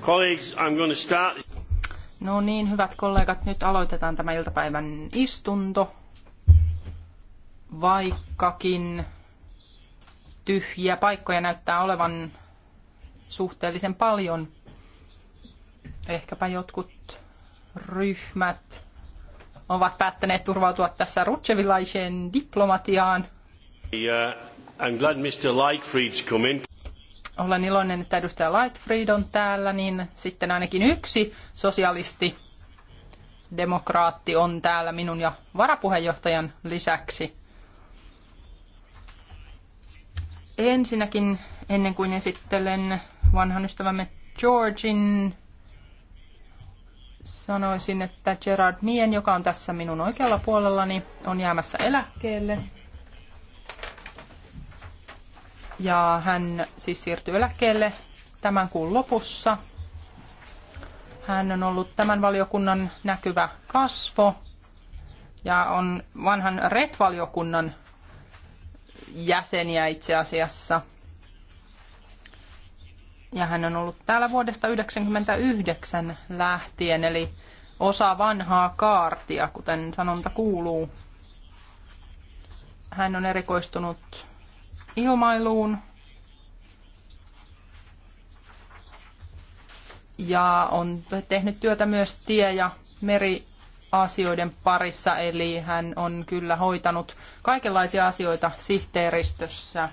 Colleagues, I'm going to start. No niin, hyvät kollegat, nyt aloitetaan tämä iltapäivän istunto. Vaikkakin tyhjiä paikkoja näyttää olevan suhteellisen paljon. Ehkäpä jotkut ryhmät ovat päättäneet turvautua tässä rutsevilaiseen diplomatiaan. Yeah, I'm glad Mr. Lightfried's come in olen iloinen, että edustaja Lightfried on täällä, niin sitten ainakin yksi sosialisti demokraatti on täällä minun ja varapuheenjohtajan lisäksi. Ensinnäkin, ennen kuin esittelen vanhan ystävämme Georgin, sanoisin, että Gerard Mien, joka on tässä minun oikealla puolellani, on jäämässä eläkkeelle ja hän siis siirtyy eläkkeelle tämän kuun lopussa. Hän on ollut tämän valiokunnan näkyvä kasvo ja on vanhan RET-valiokunnan jäseniä itse asiassa. Ja hän on ollut täällä vuodesta 1999 lähtien, eli osa vanhaa kaartia, kuten sanonta kuuluu. Hän on erikoistunut ilmailuun. Ja on tehnyt työtä myös tie- ja meriasioiden parissa, eli hän on kyllä hoitanut kaikenlaisia asioita sihteeristössä.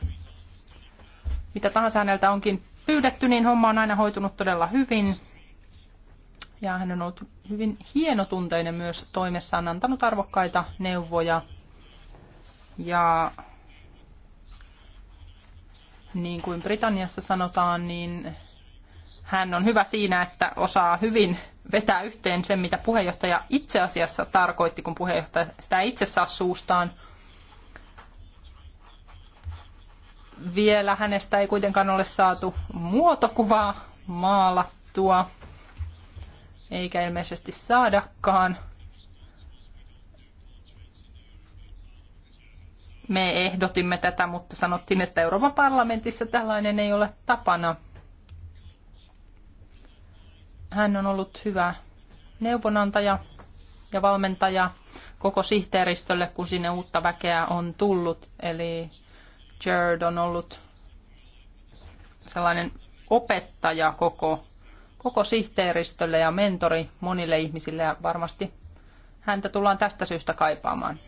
Mitä tahansa häneltä onkin pyydetty, niin homma on aina hoitunut todella hyvin. Ja hän on ollut hyvin hienotunteinen myös toimessaan, antanut arvokkaita neuvoja. Ja niin kuin Britanniassa sanotaan, niin hän on hyvä siinä, että osaa hyvin vetää yhteen sen, mitä puheenjohtaja itse asiassa tarkoitti, kun puheenjohtaja sitä itse saa suustaan. Vielä hänestä ei kuitenkaan ole saatu muotokuvaa maalattua, eikä ilmeisesti saadakaan. Me ehdotimme tätä, mutta sanottiin, että Euroopan parlamentissa tällainen ei ole tapana. Hän on ollut hyvä neuvonantaja ja valmentaja koko sihteeristölle, kun sinne uutta väkeä on tullut. Eli Jared on ollut sellainen opettaja koko, koko sihteeristölle ja mentori monille ihmisille ja varmasti häntä tullaan tästä syystä kaipaamaan.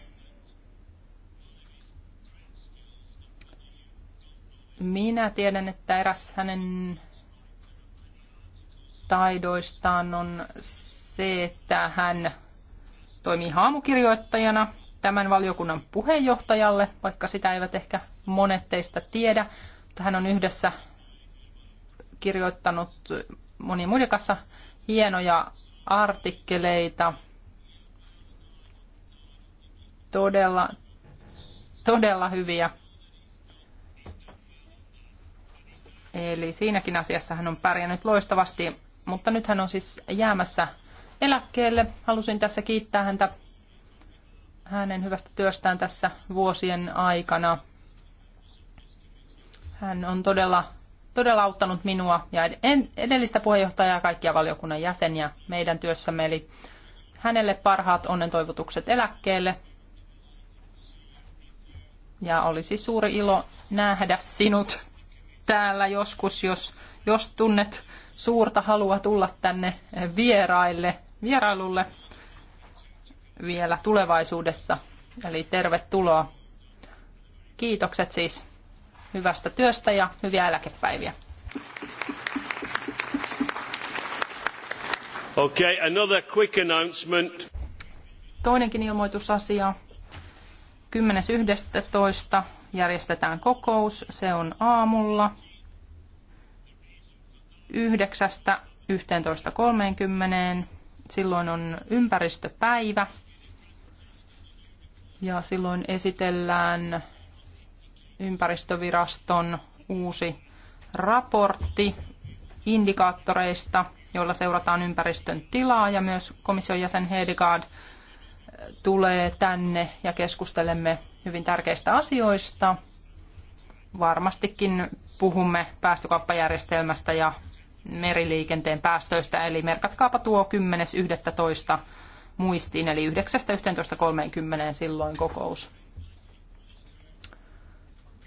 Minä tiedän, että eräs hänen taidoistaan on se, että hän toimii haamukirjoittajana tämän valiokunnan puheenjohtajalle, vaikka sitä eivät ehkä monet teistä tiedä, mutta hän on yhdessä kirjoittanut moni muiden kanssa hienoja artikkeleita. Todella, todella hyviä Eli siinäkin asiassa hän on pärjännyt loistavasti, mutta nyt hän on siis jäämässä eläkkeelle. Halusin tässä kiittää häntä hänen hyvästä työstään tässä vuosien aikana. Hän on todella, todella auttanut minua ja edellistä puheenjohtajaa ja kaikkia valiokunnan jäseniä meidän työssämme. Eli hänelle parhaat onnen toivotukset eläkkeelle. Ja olisi suuri ilo nähdä sinut täällä joskus, jos, jos tunnet suurta halua tulla tänne vieraille, vierailulle vielä tulevaisuudessa. Eli tervetuloa. Kiitokset siis hyvästä työstä ja hyviä eläkepäiviä. Okay, another quick announcement. Toinenkin ilmoitusasia. 10.11 järjestetään kokous. Se on aamulla 9.11.30. Silloin on ympäristöpäivä ja silloin esitellään ympäristöviraston uusi raportti indikaattoreista, joilla seurataan ympäristön tilaa ja myös komission jäsen Hedegaard tulee tänne ja keskustelemme hyvin tärkeistä asioista. Varmastikin puhumme päästökauppajärjestelmästä ja meriliikenteen päästöistä, eli merkatkaapa tuo 10.11. muistiin, eli 9.11.30 silloin kokous.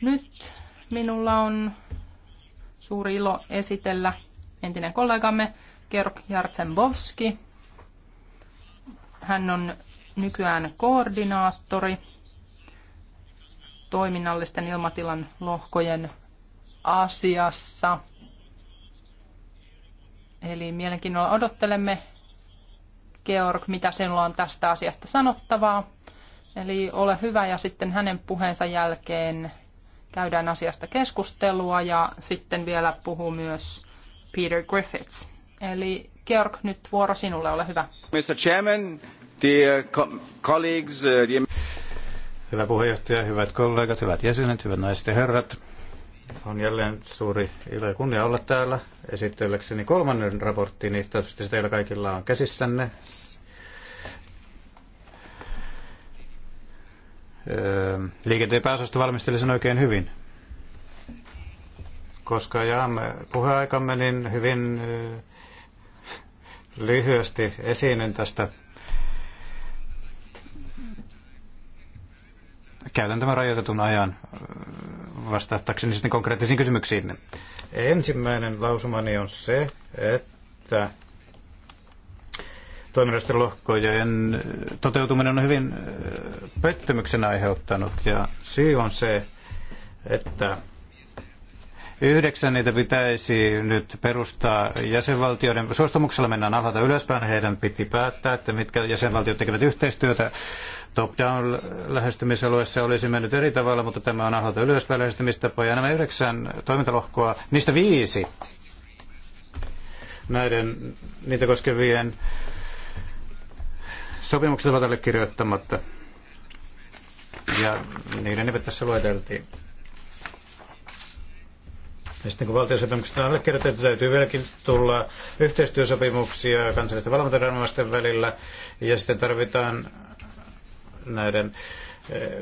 Nyt minulla on suuri ilo esitellä entinen kollegamme Georg Jartsenbowski. Hän on nykyään koordinaattori toiminnallisten ilmatilan lohkojen asiassa. Eli mielenkiinnolla odottelemme, Georg, mitä sinulla on tästä asiasta sanottavaa. Eli ole hyvä ja sitten hänen puheensa jälkeen käydään asiasta keskustelua ja sitten vielä puhuu myös Peter Griffiths. Eli Georg, nyt vuoro sinulle, ole hyvä. Mr. Chairman, dear colleagues, uh, dear... Hyvä puheenjohtaja, hyvät kollegat, hyvät jäsenet, hyvät naiset ja herrat. On jälleen suuri ilo ja kunnia olla täällä esitelläkseni kolmannen raporttini. Niin toivottavasti se teillä kaikilla on käsissänne. Öö, liikenteen pääosasto valmisteli sen oikein hyvin. Koska jaamme puheaikamme, niin hyvin öö, lyhyesti esiinnyn tästä Käytän tämän rajoitetun ajan äh, vastaattakseni sitten konkreettisiin kysymyksiin. Ensimmäinen lausumani on se, että toiminnallisten lohkojen äh, toteutuminen on hyvin äh, pettymyksen aiheuttanut ja syy on se, että Yhdeksän niitä pitäisi nyt perustaa jäsenvaltioiden suostumuksella. Mennään alhaalta ylöspäin. Heidän piti päättää, että mitkä jäsenvaltiot tekevät yhteistyötä. Top-down lähestymisalueessa olisi mennyt eri tavalla, mutta tämä on alhaalta ylöspäin lähestymistapa. Ja nämä yhdeksän toimintalohkoa, niistä viisi näiden niitä koskevien sopimukset ovat allekirjoittamatta. Ja niiden nimet tässä lueteltiin. Ja sitten kun valtiosopimukset on allekirjoitettu, täytyy vieläkin tulla yhteistyösopimuksia kansallisten valvontaranomaisten välillä. Ja sitten tarvitaan näiden eh,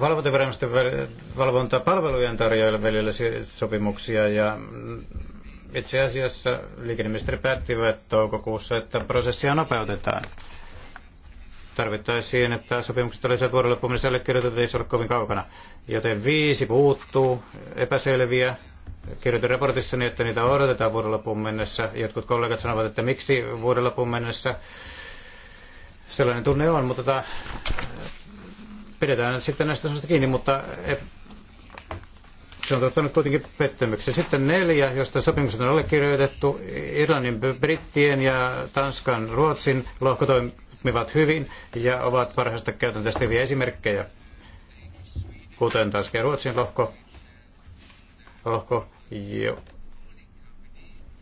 valvontaviranomaisten valvontapalvelujen tarjoajille välillä sopimuksia. Ja itse asiassa liikenneministeri päättivät toukokuussa, että prosessia nopeutetaan tarvittaisiin, että sopimukset olisivat vuoden loppuun mennessä ei se ole kovin kaukana. Joten viisi puuttuu, epäselviä. Kirjoitin raportissani, että niitä odotetaan vuoden loppuun mennessä. Jotkut kollegat sanovat, että miksi vuoden loppuun mennessä. Sellainen tunne on, mutta tota, pidetään sitten näistä sanoista kiinni, mutta e- se on tuottanut kuitenkin pettymyksen. Sitten neljä, josta sopimukset on allekirjoitettu, Irlannin, Brittien ja Tanskan, Ruotsin lohkotoimintaan toimivat hyvin ja ovat parhaista käytännössä hyviä esimerkkejä, kuten Tanskan ja Ruotsin lohko, lohko jo,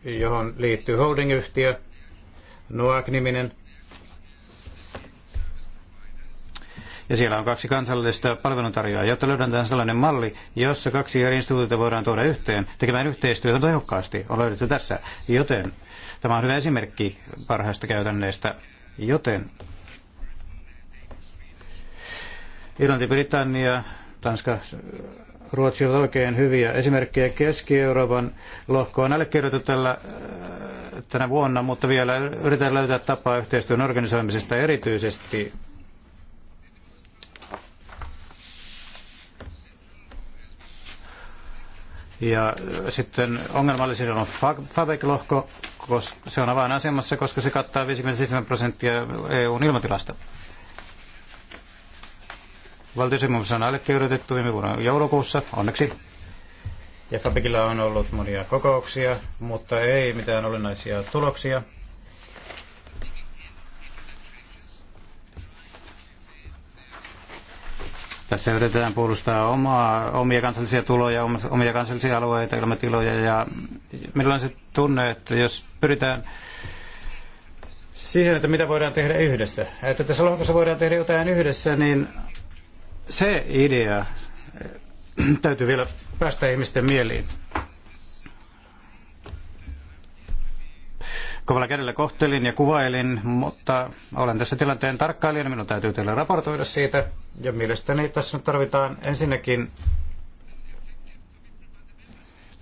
johon liittyy holdingyhtiö, Nuak-niminen, ja siellä on kaksi kansallista palveluntarjoajaa, jotta löydetään sellainen malli, jossa kaksi eri instituutiota voidaan tuoda yhteen tekemään yhteistyötä tehokkaasti. On löydetty tässä, joten tämä on hyvä esimerkki parhaista käytännöistä Joten Irlanti, Britannia, Tanska, Ruotsi ovat oikein hyviä esimerkkejä Keski-Euroopan lohkoon allekirjoitettu tällä, äh, tänä vuonna, mutta vielä yritetään löytää tapaa yhteistyön organisoimisesta erityisesti Ja äh, sitten ongelmallisin on Fabek-lohko, koska se on avainasemassa, koska se kattaa 57 prosenttia EUn ilmatilasta. Valtiosopimus on allekirjoitettu viime vuonna joulukuussa, onneksi. Ja Fabekilla on ollut monia kokouksia, mutta ei mitään olennaisia tuloksia. Tässä yritetään puolustaa omaa, omia kansallisia tuloja, omia kansallisia alueita, ilmatiloja ja minulla on se tunne, että jos pyritään siihen, että mitä voidaan tehdä yhdessä, että tässä lohkossa voidaan tehdä jotain yhdessä, niin se idea täytyy vielä päästä ihmisten mieliin. kovalla kädellä kohtelin ja kuvailin, mutta olen tässä tilanteen tarkkailijana, minun täytyy teille raportoida siitä. Ja mielestäni tässä nyt tarvitaan ensinnäkin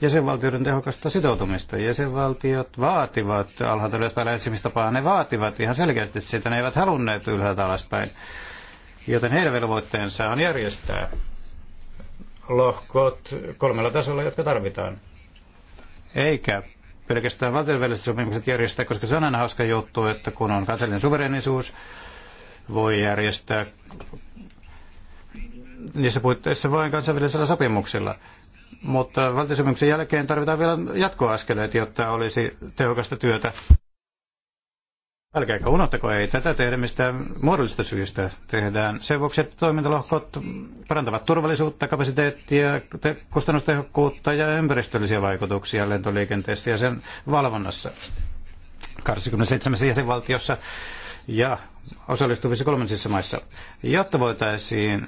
jäsenvaltioiden tehokasta sitoutumista. Jäsenvaltiot vaativat alhaalta ylöspäin lähestymistapaa, ne vaativat ihan selkeästi sitä, ne eivät halunneet ylhäältä alaspäin. Joten heidän velvoitteensa on järjestää lohkot kolmella tasolla, jotka tarvitaan. Eikä pelkästään valtionväliset sopimukset järjestää, koska se on aina hauska juttu, että kun on kansallinen suverenisuus, voi järjestää niissä puitteissa vain kansainvälisellä sopimuksilla. Mutta valtiosopimuksen jälkeen tarvitaan vielä jatkoaskeleet, jotta olisi tehokasta työtä Älkääkä unohtako, ei tätä tehdä mistään muodollisista syistä tehdään. Sen vuoksi, että toimintalohkot parantavat turvallisuutta, kapasiteettia, kustannustehokkuutta ja ympäristöllisiä vaikutuksia lentoliikenteessä ja sen valvonnassa. 27 jäsenvaltiossa ja osallistuvissa kolmansissa maissa, jotta voitaisiin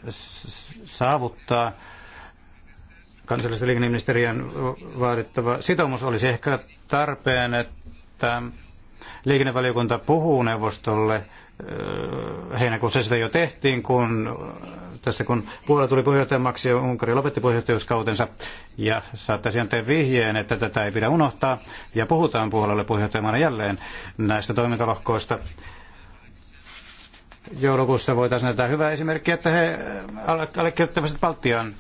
saavuttaa kansallisen liikenneministeriön vaadittava sitoumus olisi ehkä tarpeen, että Liikennevaliokunta puhuu neuvostolle heinäkuussa sitä jo tehtiin, kun tässä kun Puola tuli puheenjohtajamaksi ja Unkari lopetti puheenjohtajuuskautensa ja saattaisi antaa vihjeen, että tätä ei pidä unohtaa ja puhutaan Puolalle puheenjohtajamaana jälleen näistä toimintalohkoista. Joulukuussa voitaisiin näyttää hyvä esimerkki, että he äh, allekirjoittavat Baltian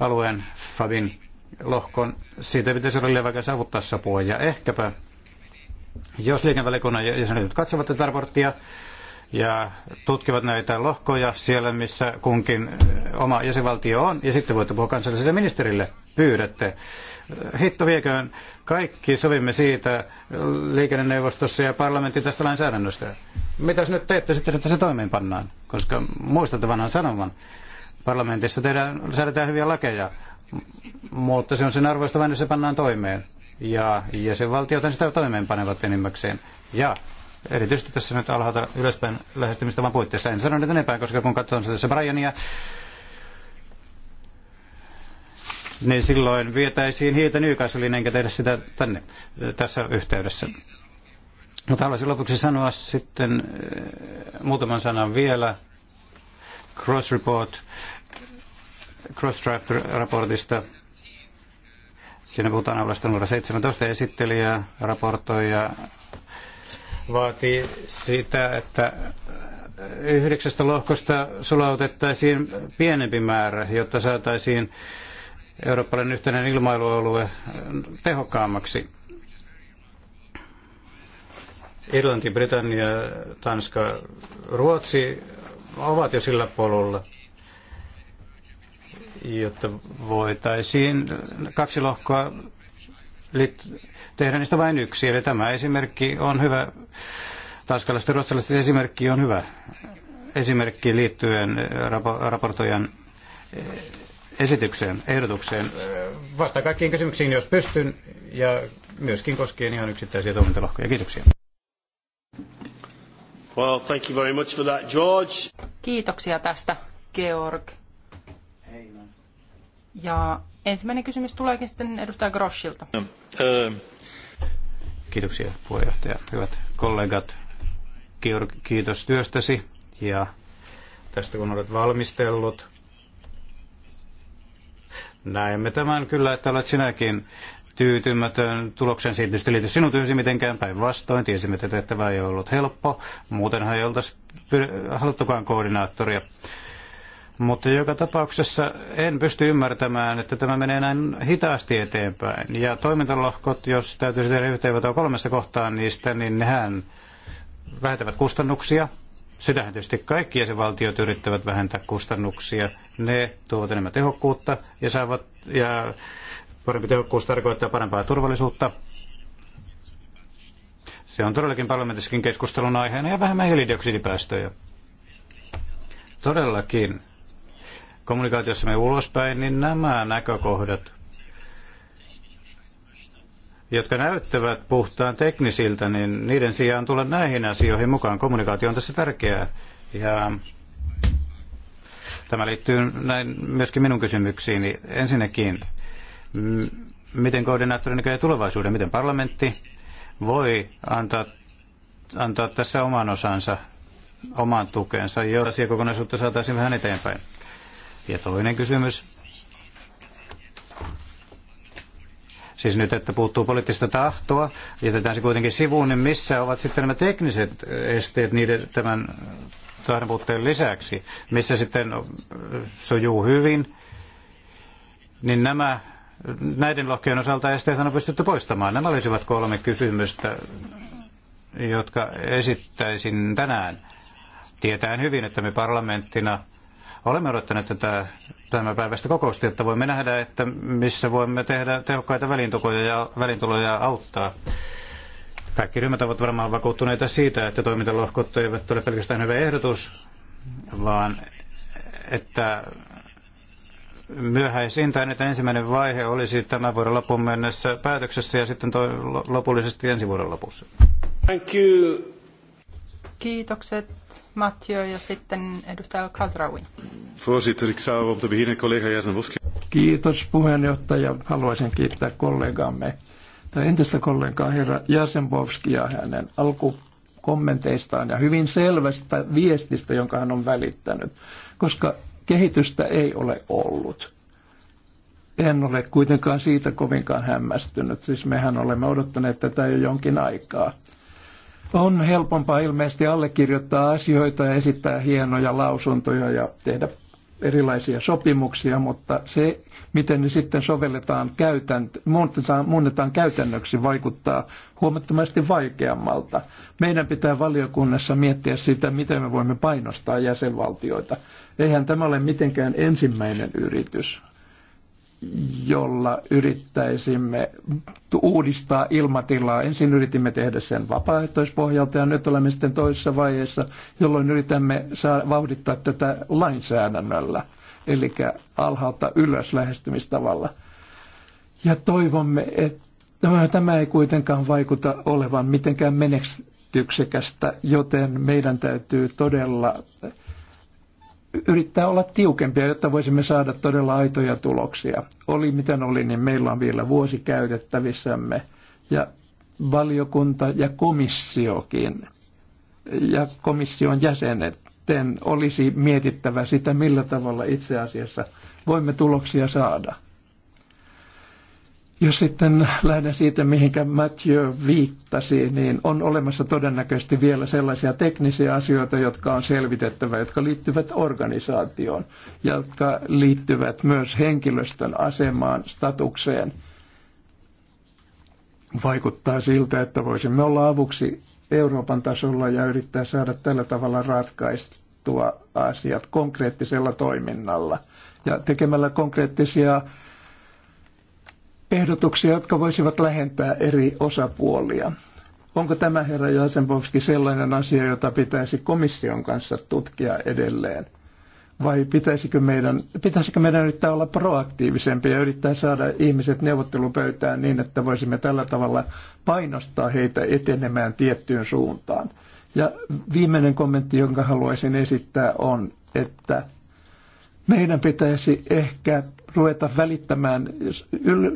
alueen Fabin lohkon. Siitä pitäisi olla leväkä saavuttaa sopua ja ehkäpä jos liikennevaliokunnan jäsenet katsovat tätä raporttia ja tutkivat näitä lohkoja siellä, missä kunkin eh, oma jäsenvaltio on, ja sitten voitte puhua kansalliselle ministerille, pyydätte. Hitto vieköön, kaikki sovimme siitä liikenneneuvostossa ja parlamentin tästä lainsäädännöstä. Mitäs nyt teette sitten, että se toimeenpannaan? Koska muistatte vanhan sanoman, parlamentissa tehdään, säädetään hyviä lakeja, mutta se on sen arvoista vain, jos se pannaan toimeen ja jäsenvaltiot sitä toimeenpanevat enimmäkseen. Ja erityisesti tässä nyt alhaalta ylöspäin vaan puitteissa. En sano nyt enempää, koska kun katson tässä Briania, niin silloin vietäisiin hiiltä Newcastleen enkä tehdä sitä tänne tässä yhteydessä. Mutta haluaisin lopuksi sanoa sitten eh, muutaman sanan vielä Cross Report, Cross Draft raportista Siinä puhutaan aulasta 017 esittelijä, raportoija vaatii sitä, että yhdeksästä lohkosta sulautettaisiin pienempi määrä, jotta saataisiin eurooppalainen yhtenäinen ilmailualue tehokkaammaksi. Irlanti, Britannia, Tanska, Ruotsi ovat jo sillä polulla – jotta voitaisiin kaksi lohkoa tehdä niistä vain yksi. Eli tämä esimerkki on hyvä, tanskalaiset ja ruotsalaiset esimerkki on hyvä esimerkki liittyen eh, raportoijan eh, esitykseen, ehdotukseen. Eh, vastaan kaikkiin kysymyksiin, jos pystyn, ja myöskin koskien ihan yksittäisiä toimintalohkoja. Kiitoksia. Well, thank you very much for that, George. Kiitoksia tästä, Georg. Ja ensimmäinen kysymys tuleekin sitten edustaja Groschilta. No, äh. Kiitoksia puheenjohtaja. Hyvät kollegat, Georg, kiitos työstäsi ja tästä kun olet valmistellut. Näemme tämän kyllä, että olet sinäkin tyytymätön tuloksen siitä liity sinun työsi mitenkään päinvastoin. Tiesimme, että tehtävä ei ollut helppo. Muutenhan ei oltaisi haluttukaan koordinaattoria. Mutta joka tapauksessa en pysty ymmärtämään, että tämä menee näin hitaasti eteenpäin. Ja toimintalohkot, jos täytyy tehdä yhteenvetoa kolmessa kohtaan niistä, niin nehän vähentävät kustannuksia. Sitähän tietysti kaikki jäsenvaltiot yrittävät vähentää kustannuksia. Ne tuovat enemmän tehokkuutta ja saavat, ja parempi tehokkuus tarkoittaa parempaa turvallisuutta. Se on todellakin parlamentissakin keskustelun aiheena ja vähemmän hiilidioksidipäästöjä. Todellakin kommunikaatiossamme ulospäin, niin nämä näkökohdat, jotka näyttävät puhtaan teknisiltä, niin niiden sijaan tulla näihin asioihin mukaan. Kommunikaatio on tässä tärkeää. Ja tämä liittyy näin myöskin minun kysymyksiini. Ensinnäkin, miten koordinaattori näkee tulevaisuuden, miten parlamentti voi antaa, antaa tässä oman osansa, oman tukensa, jotta asiakokonaisuutta saataisiin vähän eteenpäin. Ja toinen kysymys. Siis nyt, että puuttuu poliittista tahtoa, jätetään se kuitenkin sivuun, niin missä ovat sitten nämä tekniset esteet niiden tämän tahdonpuutteen lisäksi, missä sitten sojuu hyvin, niin nämä näiden lohkien osalta esteet on pystytty poistamaan. Nämä olisivat kolme kysymystä, jotka esittäisin tänään. Tietään hyvin, että me parlamenttina Olemme odottaneet tätä tämän päivästä kokousta, että voimme nähdä, että missä voimme tehdä tehokkaita välintukoja ja, välintuloja auttaa. Kaikki ryhmät ovat varmaan vakuuttuneita siitä, että toimintalohkot eivät ole pelkästään hyvä ehdotus, vaan että myöhäisintään, että ensimmäinen vaihe olisi tämän vuoden lopun mennessä päätöksessä ja sitten toi lopullisesti ensi vuoden lopussa. Thank you. Kiitokset Mattio ja sitten edustaja Kaltraui. Voorzitter, ik zou om te beginnen collega Kiitos puheenjohtaja. Haluaisin kiittää kollegaamme tai entistä kollegaa herra Jasenbovskia hänen alkukommenteistaan ja hyvin selvästä viestistä, jonka hän on välittänyt, koska kehitystä ei ole ollut. En ole kuitenkaan siitä kovinkaan hämmästynyt, siis mehän olemme odottaneet tätä jo jonkin aikaa. On helpompaa ilmeisesti allekirjoittaa asioita ja esittää hienoja lausuntoja ja tehdä erilaisia sopimuksia, mutta se, miten ne sitten sovelletaan, käytäntöön, muunnetaan, muunnetaan käytännöksi, vaikuttaa huomattavasti vaikeammalta. Meidän pitää valiokunnassa miettiä sitä, miten me voimme painostaa jäsenvaltioita. Eihän tämä ole mitenkään ensimmäinen yritys jolla yrittäisimme uudistaa ilmatilaa. Ensin yritimme tehdä sen vapaaehtoispohjalta ja nyt olemme sitten toisessa vaiheessa, jolloin yritämme saa vauhdittaa tätä lainsäädännöllä, eli alhaalta ylös lähestymistavalla. Ja toivomme, että tämä ei kuitenkaan vaikuta olevan mitenkään menestyksekästä, joten meidän täytyy todella yrittää olla tiukempia, jotta voisimme saada todella aitoja tuloksia. Oli miten oli, niin meillä on vielä vuosi käytettävissämme. Ja valiokunta ja komissiokin ja komission jäsenet olisi mietittävä sitä, millä tavalla itse asiassa voimme tuloksia saada. Jos sitten lähden siitä, mihinkä Mathieu viittasi, niin on olemassa todennäköisesti vielä sellaisia teknisiä asioita, jotka on selvitettävä, jotka liittyvät organisaatioon, jotka liittyvät myös henkilöstön asemaan, statukseen. Vaikuttaa siltä, että voisimme olla avuksi Euroopan tasolla ja yrittää saada tällä tavalla ratkaistua asiat konkreettisella toiminnalla ja tekemällä konkreettisia ehdotuksia, jotka voisivat lähentää eri osapuolia. Onko tämä herra Jasenbovski sellainen asia, jota pitäisi komission kanssa tutkia edelleen? Vai pitäisikö meidän, pitäisikö meidän yrittää olla proaktiivisempi ja yrittää saada ihmiset neuvottelupöytään niin, että voisimme tällä tavalla painostaa heitä etenemään tiettyyn suuntaan? Ja viimeinen kommentti, jonka haluaisin esittää on, että meidän pitäisi ehkä ruveta välittämään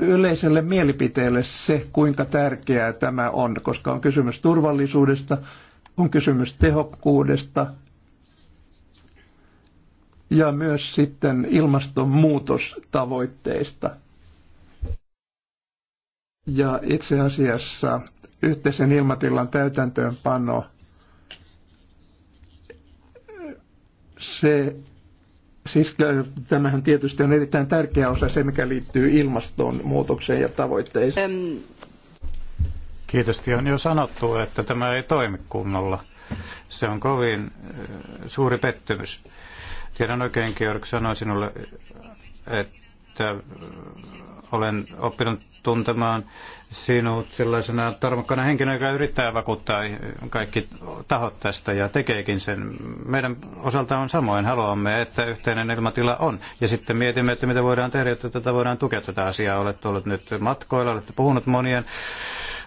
yleiselle mielipiteelle se, kuinka tärkeää tämä on, koska on kysymys turvallisuudesta, on kysymys tehokkuudesta ja myös sitten ilmastonmuutostavoitteista. Ja itse asiassa yhteisen ilmatilan täytäntöönpano, se Siis äh, tämähän tietysti on erittäin tärkeä osa se, mikä liittyy ilmastonmuutokseen ja tavoitteisiin. Ähm. Kiitos. On jo sanottu, että tämä ei toimi kunnolla. Se on kovin äh, suuri pettymys. Tiedän oikein, Georg sanoi sinulle, että äh, olen oppinut tuntemaan sinut sellaisena tarmokkana henkilönä, joka yrittää vakuuttaa kaikki tahot tästä ja tekeekin sen. Meidän osalta on samoin. Haluamme, että yhteinen ilmatila on. Ja sitten mietimme, että mitä voidaan tehdä, että tätä voidaan tukea tätä asiaa. Olet ollut nyt matkoilla, olette puhunut monien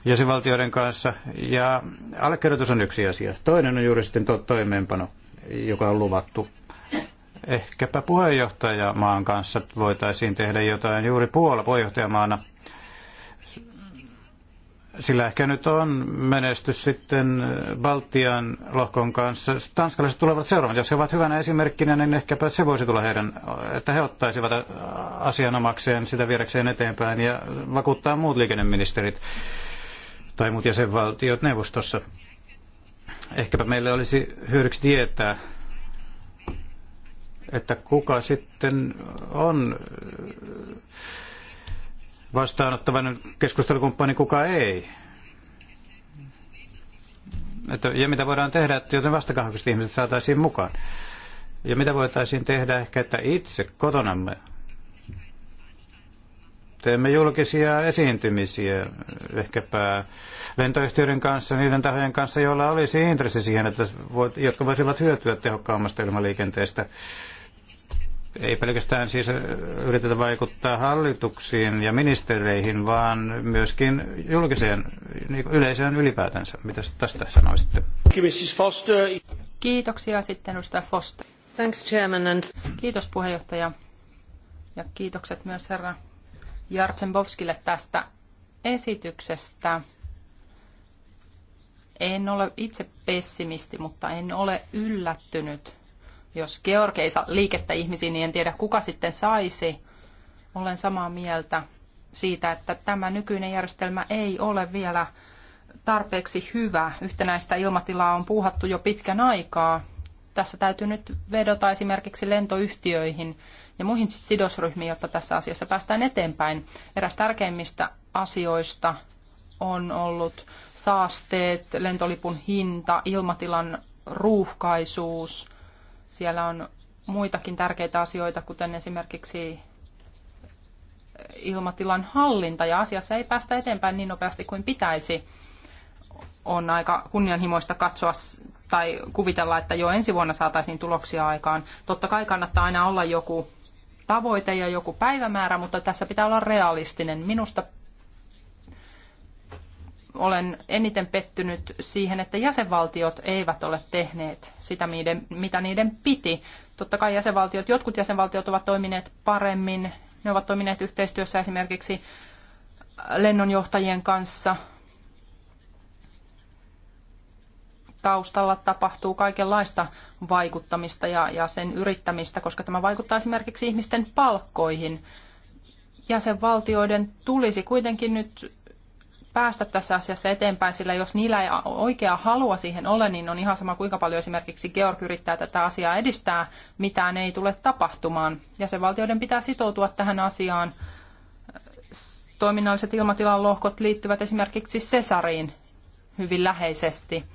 jäsenvaltioiden kanssa. Ja allekirjoitus on yksi asia. Toinen on juuri sitten tuo toimeenpano, joka on luvattu ehkäpä puheenjohtajamaan kanssa voitaisiin tehdä jotain juuri Puola puheenjohtajamaana sillä ehkä nyt on menestys sitten äh, Baltian lohkon kanssa. Tanskalaiset tulevat seuraavat. Jos he ovat hyvänä esimerkkinä, niin ehkäpä se voisi tulla heidän, että he ottaisivat äh, asian omakseen sitä viedäkseen eteenpäin ja vakuuttaa muut liikenneministerit tai muut jäsenvaltiot neuvostossa. Ehkäpä meille olisi hyödyksi tietää, että kuka sitten on äh, vastaanottavan keskustelukumppani, kuka ei. Että, ja mitä voidaan tehdä, että joten vastakahviset ihmiset saataisiin mukaan. Ja mitä voitaisiin tehdä ehkä, että itse kotonamme teemme julkisia esiintymisiä ehkäpä lentoyhtiöiden kanssa, niiden tahojen kanssa, joilla olisi intressi siihen, että voit, jotka voisivat hyötyä tehokkaammasta ilmaliikenteestä ei pelkästään siis äh, yritetä vaikuttaa hallituksiin ja ministereihin, vaan myöskin julkiseen niin yleisöön ylipäätänsä. Mitä tästä sanoisitte? Kiitoksia sitten edustaja Foster. Thanks, Chairman. And... Kiitos puheenjohtaja. Ja kiitokset myös herra Jartsenbovskille tästä esityksestä. En ole itse pessimisti, mutta en ole yllättynyt jos Georg ei saa liikettä ihmisiin, niin en tiedä kuka sitten saisi. Olen samaa mieltä siitä, että tämä nykyinen järjestelmä ei ole vielä tarpeeksi hyvä. Yhtenäistä ilmatilaa on puuhattu jo pitkän aikaa. Tässä täytyy nyt vedota esimerkiksi lentoyhtiöihin ja muihin sidosryhmiin, jotta tässä asiassa päästään eteenpäin. Eräs tärkeimmistä asioista on ollut saasteet, lentolipun hinta, ilmatilan ruuhkaisuus – siellä on muitakin tärkeitä asioita, kuten esimerkiksi ilmatilan hallinta, ja asiassa ei päästä eteenpäin niin nopeasti kuin pitäisi. On aika kunnianhimoista katsoa tai kuvitella, että jo ensi vuonna saataisiin tuloksia aikaan. Totta kai kannattaa aina olla joku tavoite ja joku päivämäärä, mutta tässä pitää olla realistinen. Minusta olen eniten pettynyt siihen, että jäsenvaltiot eivät ole tehneet sitä, mitä niiden piti. Totta kai jäsenvaltiot, jotkut jäsenvaltiot ovat toimineet paremmin. Ne ovat toimineet yhteistyössä esimerkiksi lennonjohtajien kanssa. Taustalla tapahtuu kaikenlaista vaikuttamista ja, ja sen yrittämistä, koska tämä vaikuttaa esimerkiksi ihmisten palkkoihin. Jäsenvaltioiden tulisi kuitenkin nyt päästä tässä asiassa eteenpäin, sillä jos niillä ei oikea halua siihen ole, niin on ihan sama kuinka paljon esimerkiksi Georg yrittää tätä asiaa edistää, mitään ei tule tapahtumaan. Jäsenvaltioiden pitää sitoutua tähän asiaan. Toiminnalliset ilmatilan lohkot liittyvät esimerkiksi Cesariin hyvin läheisesti.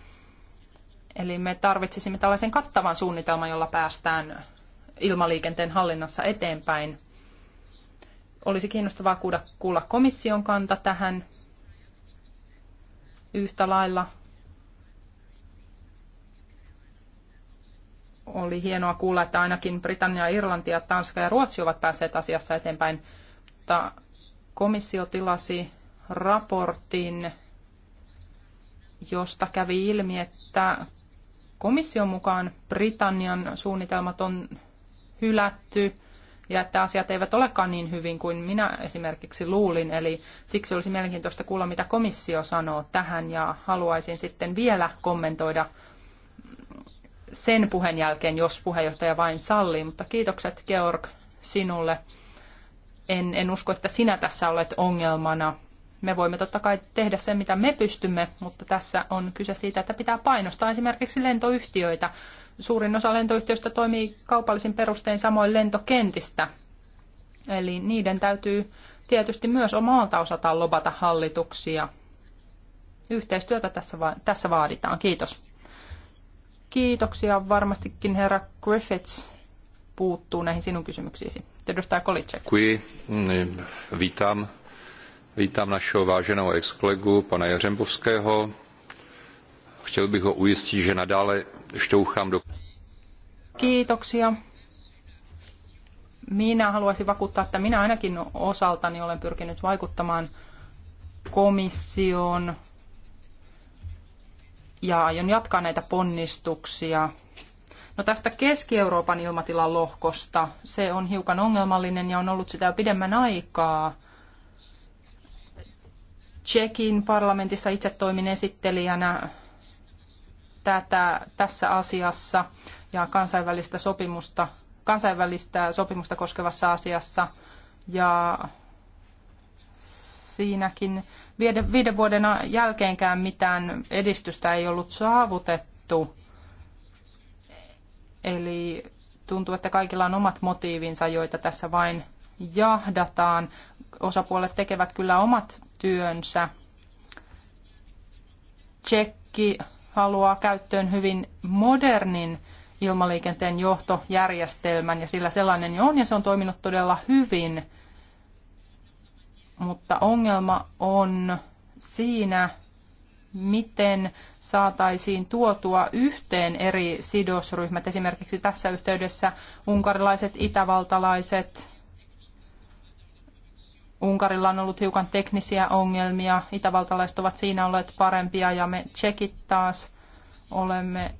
Eli me tarvitsisimme tällaisen kattavan suunnitelman, jolla päästään ilmaliikenteen hallinnassa eteenpäin. Olisi kiinnostavaa kuulla komission kanta tähän yhtä lailla oli hienoa kuulla, että ainakin Britannia, Irlanti ja Tanska ja Ruotsi ovat päässeet asiassa eteenpäin. Mutta komissio tilasi raportin, josta kävi ilmi, että komission mukaan Britannian suunnitelmat on hylätty ja että asiat eivät olekaan niin hyvin kuin minä esimerkiksi luulin. Eli siksi olisi mielenkiintoista kuulla, mitä komissio sanoo tähän ja haluaisin sitten vielä kommentoida sen puheen jälkeen, jos puheenjohtaja vain sallii. Mutta kiitokset Georg sinulle. En, en usko, että sinä tässä olet ongelmana me voimme totta kai tehdä sen, mitä me pystymme, mutta tässä on kyse siitä, että pitää painostaa esimerkiksi lentoyhtiöitä. Suurin osa lentoyhtiöistä toimii kaupallisin perustein samoin lentokentistä. Eli niiden täytyy tietysti myös omalta osataan lobata hallituksia. Yhteistyötä tässä, va- tässä vaaditaan. Kiitos. Kiitoksia. Varmastikin herra Griffiths puuttuu näihin sinun kysymyksiisi. Edustaja Kui mm, Vitam Vítám našeho váženého ex-kolegu, pana Jařembovského. Chtěl bych ho ujistit, že nadále šťouchám do... Kiitoksia. Minä haluaisin vakuuttaa, että minä ainakin osaltani olen pyrkinyt vaikuttamaan komission ja aion jatkaa näitä ponnistuksia. No tästä Keski-Euroopan ilmatilan lohkosta, se on hiukan ongelmallinen ja on ollut sitä jo pidemmän aikaa – Tsekin parlamentissa itse toimin esittelijänä tätä, tässä asiassa ja kansainvälistä sopimusta, kansainvälistä sopimusta koskevassa asiassa. Ja siinäkin viiden, viiden vuoden jälkeenkään mitään edistystä ei ollut saavutettu. Eli tuntuu, että kaikilla on omat motiivinsa, joita tässä vain jahdataan. Osapuolet tekevät kyllä omat työnsä. Tsekki haluaa käyttöön hyvin modernin ilmaliikenteen johtojärjestelmän ja sillä sellainen jo on ja se on toiminut todella hyvin. Mutta ongelma on siinä, miten saataisiin tuotua yhteen eri sidosryhmät, esimerkiksi tässä yhteydessä unkarilaiset, itävaltalaiset, Unkarilla on ollut hiukan teknisiä ongelmia, itävaltalaiset ovat siinä olleet parempia ja me tsekit taas olemme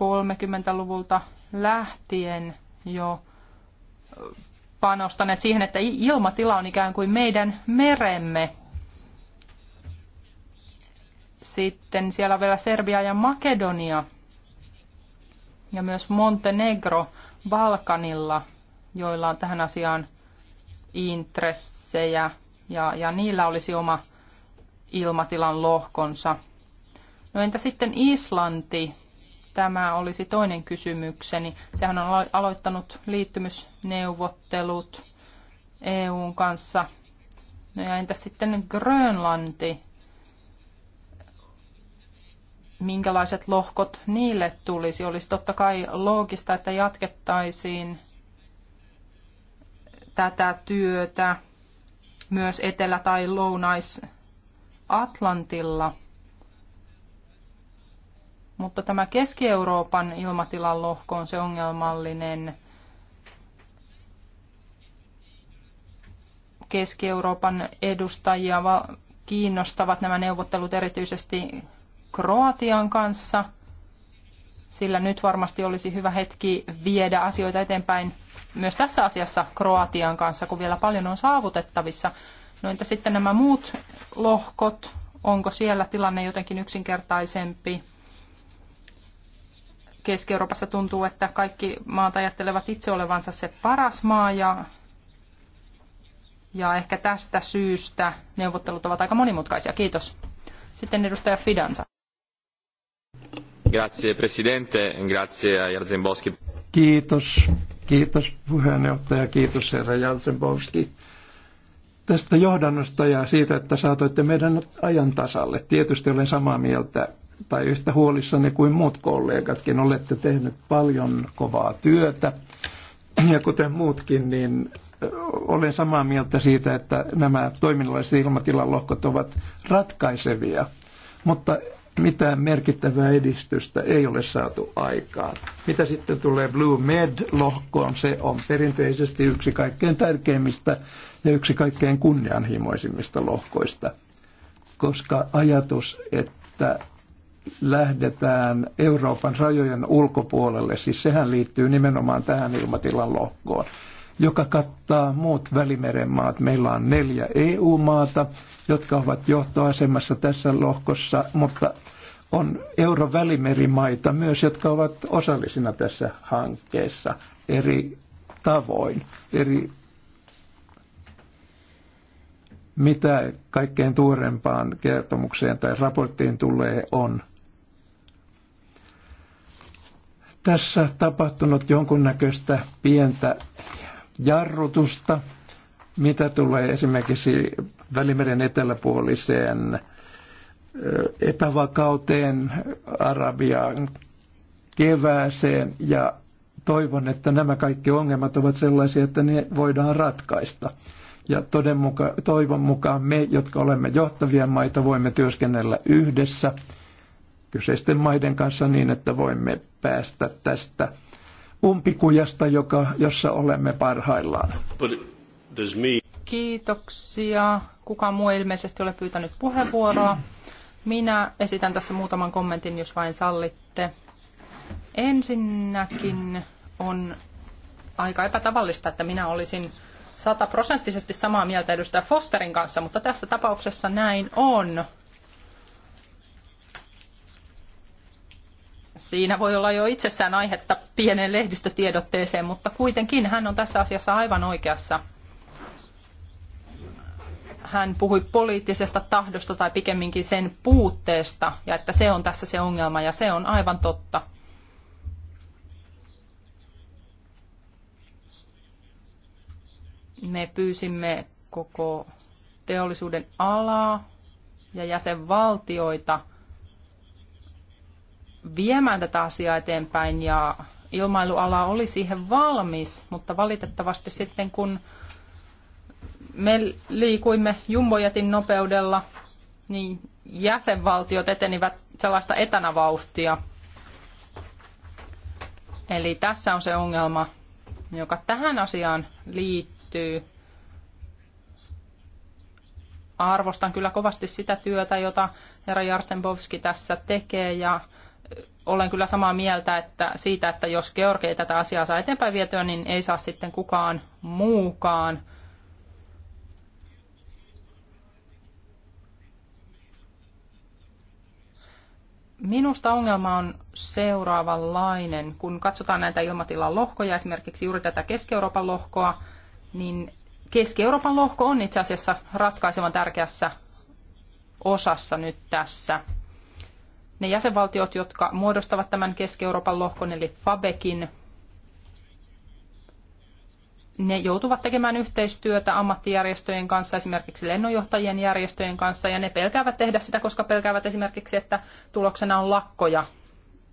30-luvulta lähtien jo panostaneet siihen, että ilmatila on ikään kuin meidän meremme. Sitten siellä on vielä Serbia ja Makedonia ja myös Montenegro Balkanilla, joilla on tähän asiaan intressejä ja, ja niillä olisi oma ilmatilan lohkonsa. No entä sitten Islanti? Tämä olisi toinen kysymykseni. Sehän on aloittanut liittymysneuvottelut EUn kanssa. No ja entä sitten Grönlanti? Minkälaiset lohkot niille tulisi? Olisi totta kai loogista, että jatkettaisiin tätä työtä myös Etelä- tai Lounais-Atlantilla. Mutta tämä Keski-Euroopan ilmatilan lohko on se ongelmallinen. Keski-Euroopan edustajia kiinnostavat nämä neuvottelut erityisesti Kroatian kanssa – sillä nyt varmasti olisi hyvä hetki viedä asioita eteenpäin myös tässä asiassa Kroatian kanssa, kun vielä paljon on saavutettavissa. No entä sitten nämä muut lohkot, onko siellä tilanne jotenkin yksinkertaisempi? Keski-Euroopassa tuntuu, että kaikki maat ajattelevat itse olevansa se paras maa ja, ja ehkä tästä syystä neuvottelut ovat aika monimutkaisia. Kiitos. Sitten edustaja Fidansa. Grazie presidente, e grazie Kiitos, kiitos puheenjohtaja, kiitos herra Jarzenboski tästä johdannosta ja siitä, että saatoitte meidän ajan tasalle. Tietysti olen samaa mieltä tai yhtä huolissani kuin muut kollegatkin. Olette tehneet paljon kovaa työtä ja kuten muutkin, niin olen samaa mieltä siitä, että nämä toiminnalliset ilmatilan lohkot ovat ratkaisevia. Mutta mitään merkittävää edistystä ei ole saatu aikaan. Mitä sitten tulee Blue Med-lohkoon, se on perinteisesti yksi kaikkein tärkeimmistä ja yksi kaikkein kunnianhimoisimmista lohkoista, koska ajatus, että lähdetään Euroopan rajojen ulkopuolelle, siis sehän liittyy nimenomaan tähän ilmatilan lohkoon joka kattaa muut Välimeren maat. Meillä on neljä EU-maata, jotka ovat johtoasemassa tässä lohkossa, mutta on eurovälimerimaita myös, jotka ovat osallisina tässä hankkeessa eri tavoin, eri mitä kaikkein tuorempaan kertomukseen tai raporttiin tulee on tässä tapahtunut jonkunnäköistä pientä jarrutusta, mitä tulee esimerkiksi Välimeren eteläpuoliseen epävakauteen, Arabian kevääseen ja toivon, että nämä kaikki ongelmat ovat sellaisia, että ne voidaan ratkaista. Ja muka, toivon mukaan me, jotka olemme johtavia maita, voimme työskennellä yhdessä kyseisten maiden kanssa niin, että voimme päästä tästä umpikujasta, joka, jossa olemme parhaillaan. Kiitoksia. Kuka muu ilmeisesti ole pyytänyt puheenvuoroa. Minä esitän tässä muutaman kommentin, jos vain sallitte. Ensinnäkin on aika epätavallista, että minä olisin sataprosenttisesti samaa mieltä edustaja Fosterin kanssa, mutta tässä tapauksessa näin on. Siinä voi olla jo itsessään aihetta pienen lehdistötiedotteeseen, mutta kuitenkin hän on tässä asiassa aivan oikeassa. Hän puhui poliittisesta tahdosta tai pikemminkin sen puutteesta ja että se on tässä se ongelma ja se on aivan totta. Me pyysimme koko teollisuuden alaa ja jäsenvaltioita viemään tätä asiaa eteenpäin ja ilmailuala oli siihen valmis, mutta valitettavasti sitten kun me liikuimme jumbojetin nopeudella, niin jäsenvaltiot etenivät sellaista etänävauhtia. Eli tässä on se ongelma, joka tähän asiaan liittyy. Arvostan kyllä kovasti sitä työtä, jota herra Jarsenbovski tässä tekee ja olen kyllä samaa mieltä että siitä, että jos Georg ei tätä asiaa saa eteenpäin vietyä, niin ei saa sitten kukaan muukaan. Minusta ongelma on seuraavanlainen. Kun katsotaan näitä ilmatilan lohkoja, esimerkiksi juuri tätä Keski-Euroopan lohkoa, niin Keski-Euroopan lohko on itse asiassa ratkaisevan tärkeässä osassa nyt tässä – ne jäsenvaltiot, jotka muodostavat tämän Keski-Euroopan lohkon, eli FABEKin, ne joutuvat tekemään yhteistyötä ammattijärjestöjen kanssa, esimerkiksi lennonjohtajien järjestöjen kanssa, ja ne pelkäävät tehdä sitä, koska pelkäävät esimerkiksi, että tuloksena on lakkoja,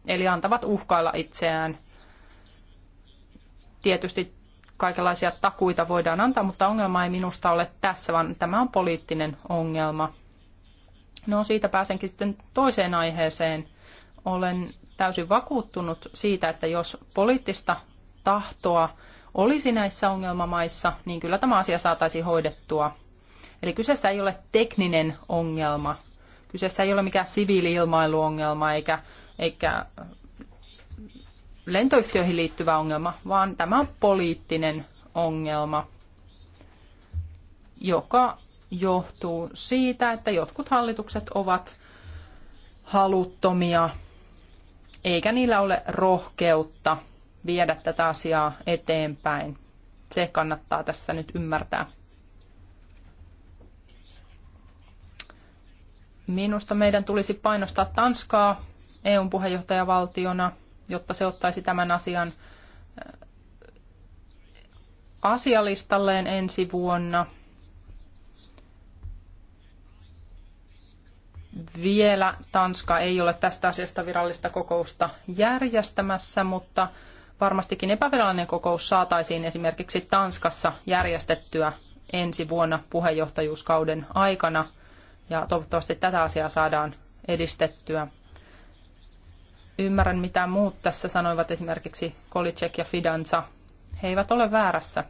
eli antavat uhkailla itseään. Tietysti kaikenlaisia takuita voidaan antaa, mutta ongelma ei minusta ole tässä, vaan tämä on poliittinen ongelma. No siitä pääsenkin sitten toiseen aiheeseen. Olen täysin vakuuttunut siitä, että jos poliittista tahtoa olisi näissä ongelmamaissa, niin kyllä tämä asia saataisiin hoidettua. Eli kyseessä ei ole tekninen ongelma. Kyseessä ei ole mikään siviili-ilmailuongelma eikä, eikä lentoyhtiöihin liittyvä ongelma, vaan tämä on poliittinen ongelma, joka johtuu siitä, että jotkut hallitukset ovat haluttomia, eikä niillä ole rohkeutta viedä tätä asiaa eteenpäin. Se kannattaa tässä nyt ymmärtää. Minusta meidän tulisi painostaa Tanskaa EUn puheenjohtajavaltiona, jotta se ottaisi tämän asian äh, asialistalleen ensi vuonna – Vielä Tanska ei ole tästä asiasta virallista kokousta järjestämässä, mutta varmastikin epävirallinen kokous saataisiin esimerkiksi Tanskassa järjestettyä ensi vuonna puheenjohtajuuskauden aikana. Ja toivottavasti tätä asiaa saadaan edistettyä. Ymmärrän, mitä muut tässä sanoivat, esimerkiksi Kolicek ja Fidanza. He eivät ole väärässä.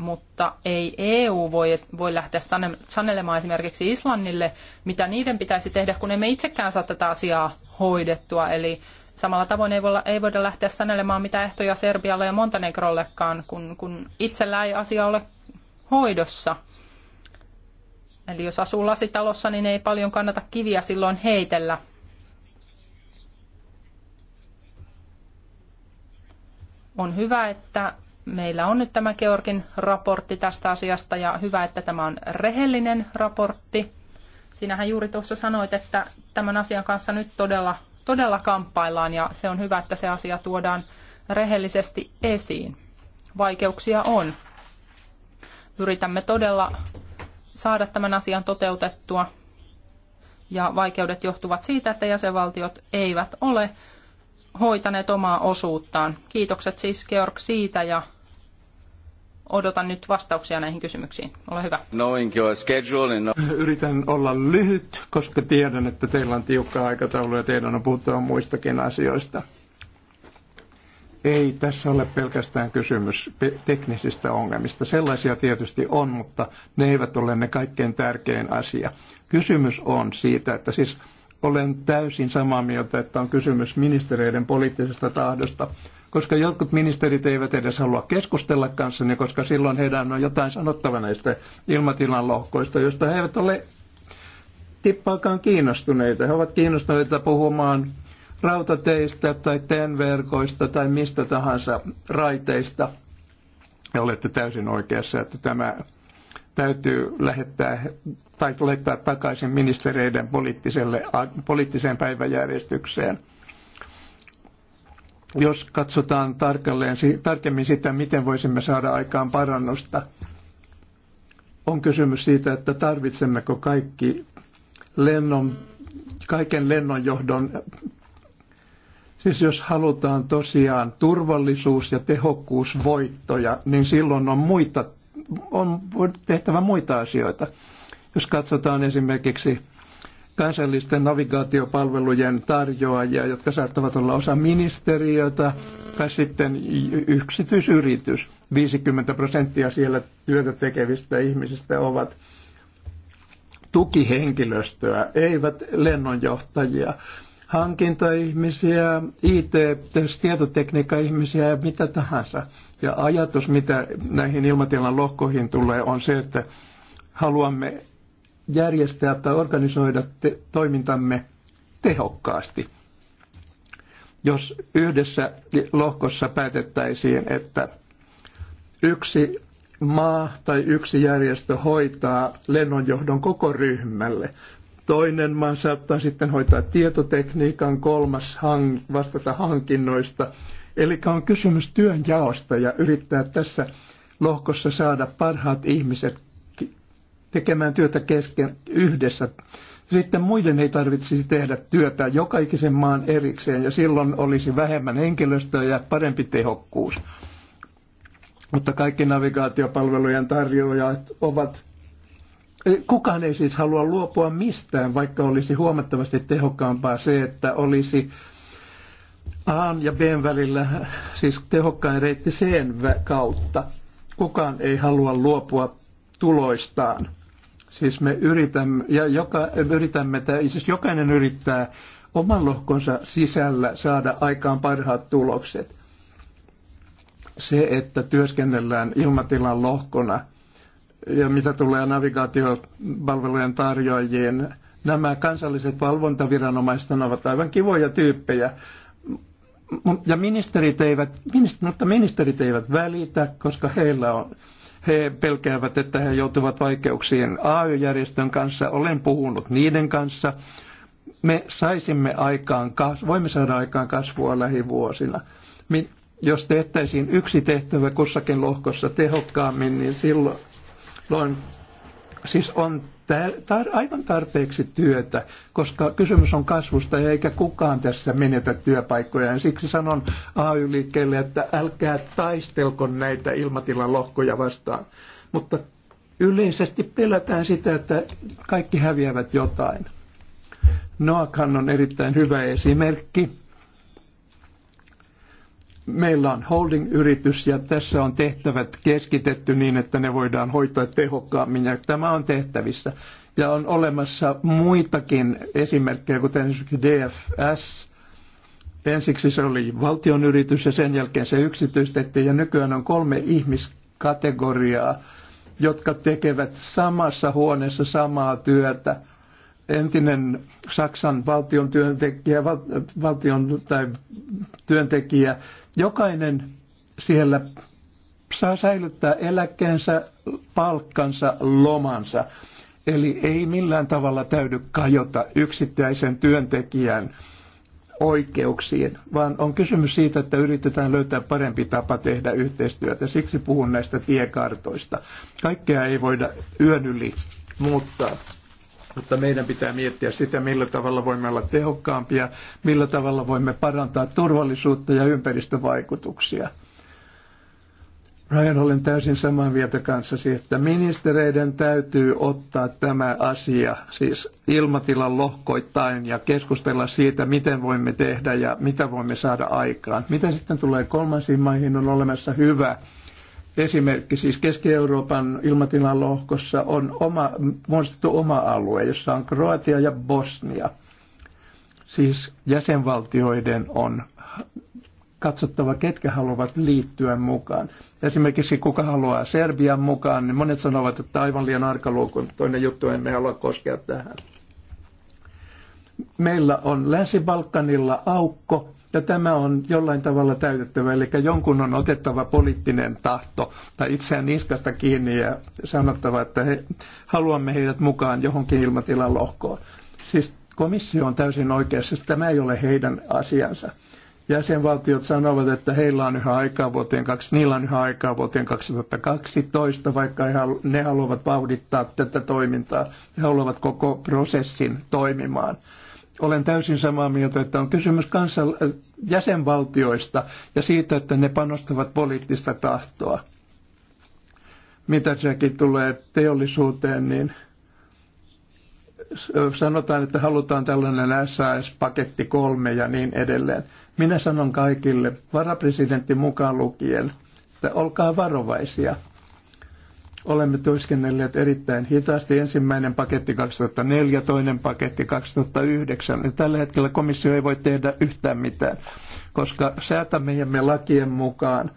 mutta ei EU voi, voi lähteä sanelemaan esimerkiksi Islannille, mitä niiden pitäisi tehdä, kun emme itsekään saa tätä asiaa hoidettua. Eli samalla tavoin ei voida, ei voida lähteä sanelemaan mitä ehtoja Serbialle ja Montenegrollekaan, kun, kun itsellä ei asia ole hoidossa. Eli jos asuu lasitalossa, niin ei paljon kannata kiviä silloin heitellä. On hyvä, että Meillä on nyt tämä Georgin raportti tästä asiasta ja hyvä, että tämä on rehellinen raportti. Sinähän juuri tuossa sanoit, että tämän asian kanssa nyt todella, todella kamppaillaan ja se on hyvä, että se asia tuodaan rehellisesti esiin. Vaikeuksia on. Yritämme todella saada tämän asian toteutettua ja vaikeudet johtuvat siitä, että jäsenvaltiot eivät ole hoitaneet omaa osuuttaan. Kiitokset siis Georg siitä ja odotan nyt vastauksia näihin kysymyksiin. Ole hyvä. Yritän olla lyhyt, koska tiedän, että teillä on tiukka aikataulu ja teidän on puhuttava muistakin asioista. Ei tässä ole pelkästään kysymys teknisistä ongelmista. Sellaisia tietysti on, mutta ne eivät ole ne kaikkein tärkein asia. Kysymys on siitä, että siis olen täysin samaa mieltä, että on kysymys ministereiden poliittisesta tahdosta koska jotkut ministerit eivät edes halua keskustella kanssani, koska silloin heidän on jotain sanottava näistä ilmatilan lohkoista, joista he eivät ole tippaakaan kiinnostuneita. He ovat kiinnostuneita puhumaan rautateistä tai tenverkoista tai mistä tahansa raiteista. Ja olette täysin oikeassa, että tämä täytyy lähettää tai laittaa takaisin ministereiden poliittiselle, poliittiseen päiväjärjestykseen – jos katsotaan tarkalleen, tarkemmin sitä, miten voisimme saada aikaan parannusta, on kysymys siitä, että tarvitsemmeko kaikki lennon, kaiken lennonjohdon, siis jos halutaan tosiaan turvallisuus- ja tehokkuusvoittoja, niin silloin on, muita, on tehtävä muita asioita. Jos katsotaan esimerkiksi kansallisten navigaatiopalvelujen tarjoajia, jotka saattavat olla osa ministeriötä tai sitten yksityisyritys. 50 prosenttia siellä työtä tekevistä ihmisistä ovat tukihenkilöstöä, eivät lennonjohtajia, hankintaihmisiä, IT, tietotekniikka-ihmisiä ja mitä tahansa. Ja ajatus, mitä näihin ilmatilan lohkoihin tulee, on se, että haluamme järjestää tai organisoida te- toimintamme tehokkaasti. Jos yhdessä lohkossa päätettäisiin, että yksi maa tai yksi järjestö hoitaa lennonjohdon koko ryhmälle, toinen maa saattaa sitten hoitaa tietotekniikan, kolmas hang- vastata hankinnoista. Eli on kysymys työnjaosta ja yrittää tässä lohkossa saada parhaat ihmiset tekemään työtä kesken yhdessä. Sitten muiden ei tarvitsisi tehdä työtä ikisen maan erikseen ja silloin olisi vähemmän henkilöstöä ja parempi tehokkuus. Mutta kaikki navigaatiopalvelujen tarjoajat ovat Kukaan ei siis halua luopua mistään, vaikka olisi huomattavasti tehokkaampaa se, että olisi A ja B välillä, siis tehokkain reitti C kautta. Kukaan ei halua luopua tuloistaan. Siis me yritämme, ja joka, yritämme, siis jokainen yrittää oman lohkonsa sisällä saada aikaan parhaat tulokset. Se, että työskennellään ilmatilan lohkona ja mitä tulee navigaatiopalvelujen tarjoajiin, nämä kansalliset valvontaviranomaiset ovat aivan kivoja tyyppejä. Ja ministerit eivät, minister, mutta ministerit eivät välitä, koska heillä on he pelkäävät, että he joutuvat vaikeuksiin. AY-järjestön kanssa olen puhunut niiden kanssa. Me saisimme aikaan, voimme saada aikaan kasvua lähivuosina. Jos tehtäisiin yksi tehtävä kussakin lohkossa tehokkaammin, niin silloin siis on tar- aivan tarpeeksi työtä, koska kysymys on kasvusta eikä kukaan tässä menetä työpaikkoja. Ja siksi sanon AY-liikkeelle, että älkää taistelko näitä ilmatilan lohkoja vastaan. Mutta yleisesti pelätään sitä, että kaikki häviävät jotain. Noakhan on erittäin hyvä esimerkki meillä on holding-yritys ja tässä on tehtävät keskitetty niin, että ne voidaan hoitaa tehokkaammin ja tämä on tehtävissä. Ja on olemassa muitakin esimerkkejä, kuten esimerkiksi DFS. Ensiksi se oli valtion yritys ja sen jälkeen se yksityistettiin ja nykyään on kolme ihmiskategoriaa, jotka tekevät samassa huoneessa samaa työtä – entinen Saksan valtion työntekijä, val, valtion tai työntekijä, jokainen siellä saa säilyttää eläkkeensä, palkkansa, lomansa. Eli ei millään tavalla täydy kajota yksittäisen työntekijän oikeuksiin, vaan on kysymys siitä, että yritetään löytää parempi tapa tehdä yhteistyötä. Siksi puhun näistä tiekartoista. Kaikkea ei voida yön yli muuttaa. Mutta meidän pitää miettiä sitä, millä tavalla voimme olla tehokkaampia, millä tavalla voimme parantaa turvallisuutta ja ympäristövaikutuksia. Ryan, olen täysin samaa mieltä kanssasi, että ministereiden täytyy ottaa tämä asia, siis ilmatilan lohkoittain ja keskustella siitä, miten voimme tehdä ja mitä voimme saada aikaan. Mitä sitten tulee kolmansiin maihin, on olemassa hyvä esimerkki, siis Keski-Euroopan ilmatilan lohkossa on oma, muodostettu oma alue, jossa on Kroatia ja Bosnia. Siis jäsenvaltioiden on katsottava, ketkä haluavat liittyä mukaan. Esimerkiksi kuka haluaa Serbian mukaan, niin monet sanovat, että aivan liian toinen juttu, emme halua koskea tähän. Meillä on Länsi-Balkanilla aukko, ja tämä on jollain tavalla täytettävä, eli jonkun on otettava poliittinen tahto tai itseään niskasta kiinni ja sanottava, että he, haluamme heidät mukaan johonkin ilmatilan lohkoon. Siis komissio on täysin oikeassa, että tämä ei ole heidän asiansa. Jäsenvaltiot sanovat, että heillä on yhä aikaa vuoteen, niillä on yhä aikaa vuoteen 2012, vaikka ne haluavat vauhdittaa tätä toimintaa. He haluavat koko prosessin toimimaan – olen täysin samaa mieltä, että on kysymys kansan, äh, jäsenvaltioista ja siitä, että ne panostavat poliittista tahtoa. Mitä sekin tulee teollisuuteen, niin sanotaan, että halutaan tällainen SAS-paketti kolme ja niin edelleen. Minä sanon kaikille, varapresidentti mukaan lukien, että olkaa varovaisia – Olemme työskennelleet erittäin hitaasti. Ensimmäinen paketti 2004, toinen paketti 2009. Tällä hetkellä komissio ei voi tehdä yhtään mitään, koska säätämme me lakien mukaan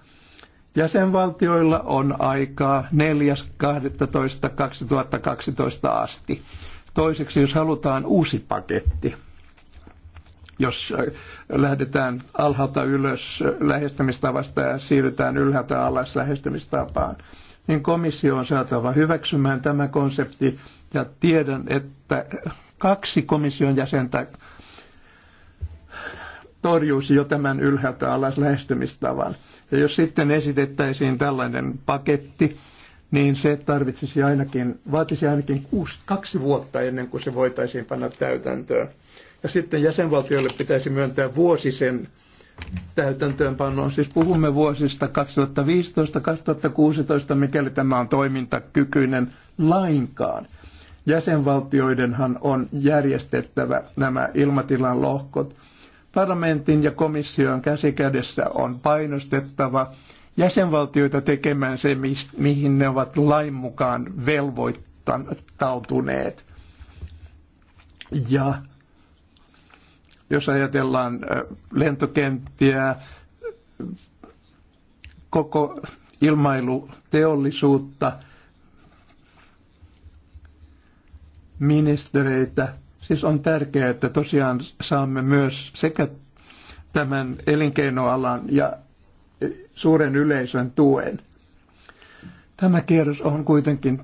jäsenvaltioilla on aikaa 4.12.2012 asti. Toiseksi, jos halutaan uusi paketti, jos äh, lähdetään alhaalta ylös lähestymistavasta ja siirrytään ylhäältä alas lähestymistapaan, niin komissio on saatava hyväksymään tämä konsepti. Ja tiedän, että kaksi komission jäsentä torjuisi jo tämän ylhäältä alas lähestymistavan. Ja jos sitten esitettäisiin tällainen paketti, niin se tarvitsisi ainakin, vaatisi ainakin kuusi, kaksi vuotta ennen kuin se voitaisiin panna täytäntöön. Ja sitten jäsenvaltiolle pitäisi myöntää vuosi sen täytäntöönpanoon. Siis puhumme vuosista 2015-2016, mikäli tämä on toimintakykyinen lainkaan. Jäsenvaltioidenhan on järjestettävä nämä ilmatilan lohkot. Parlamentin ja komission käsikädessä on painostettava jäsenvaltioita tekemään se, mihin ne ovat lain mukaan velvoittautuneet. Ja jos ajatellaan lentokenttiä, koko ilmailuteollisuutta, ministereitä. Siis on tärkeää, että tosiaan saamme myös sekä tämän elinkeinoalan ja e, suuren yleisön tuen. Tämä kierros on kuitenkin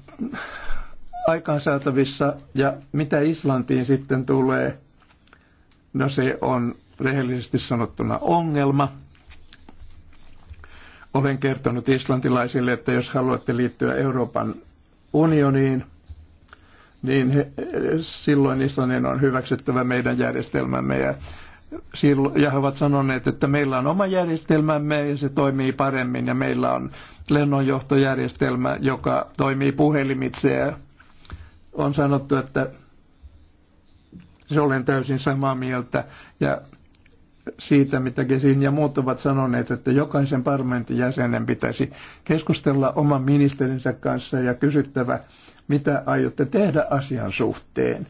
aikaansaatavissa ja mitä Islantiin sitten tulee – No se on rehellisesti sanottuna ongelma. Olen kertonut islantilaisille, että jos haluatte liittyä Euroopan unioniin, niin he, silloin Islannin on hyväksyttävä meidän järjestelmämme. Ja, ja he ovat sanoneet, että meillä on oma järjestelmämme ja se toimii paremmin ja meillä on lennonjohtojärjestelmä, joka toimii puhelimitse ja on sanottu, että olen täysin samaa mieltä ja siitä, mitä Gesin ja muut ovat sanoneet, että jokaisen parlamentin jäsenen pitäisi keskustella oman ministerinsä kanssa ja kysyttävä, mitä aiotte tehdä asian suhteen.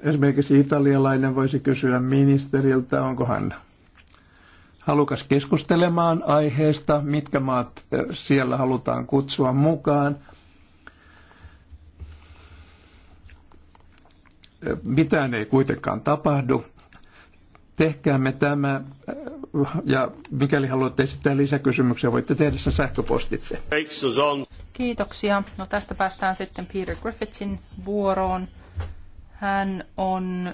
Esimerkiksi italialainen voisi kysyä ministeriltä, onko hän halukas keskustelemaan aiheesta, mitkä maat eh, siellä halutaan kutsua mukaan – Mitään ei kuitenkaan tapahdu. Tehkäämme tämä ja mikäli haluatte esittää lisäkysymyksiä, voitte tehdä sen sähköpostitse. Kiitoksia. No tästä päästään sitten Peter Griffithsin vuoroon. Hän on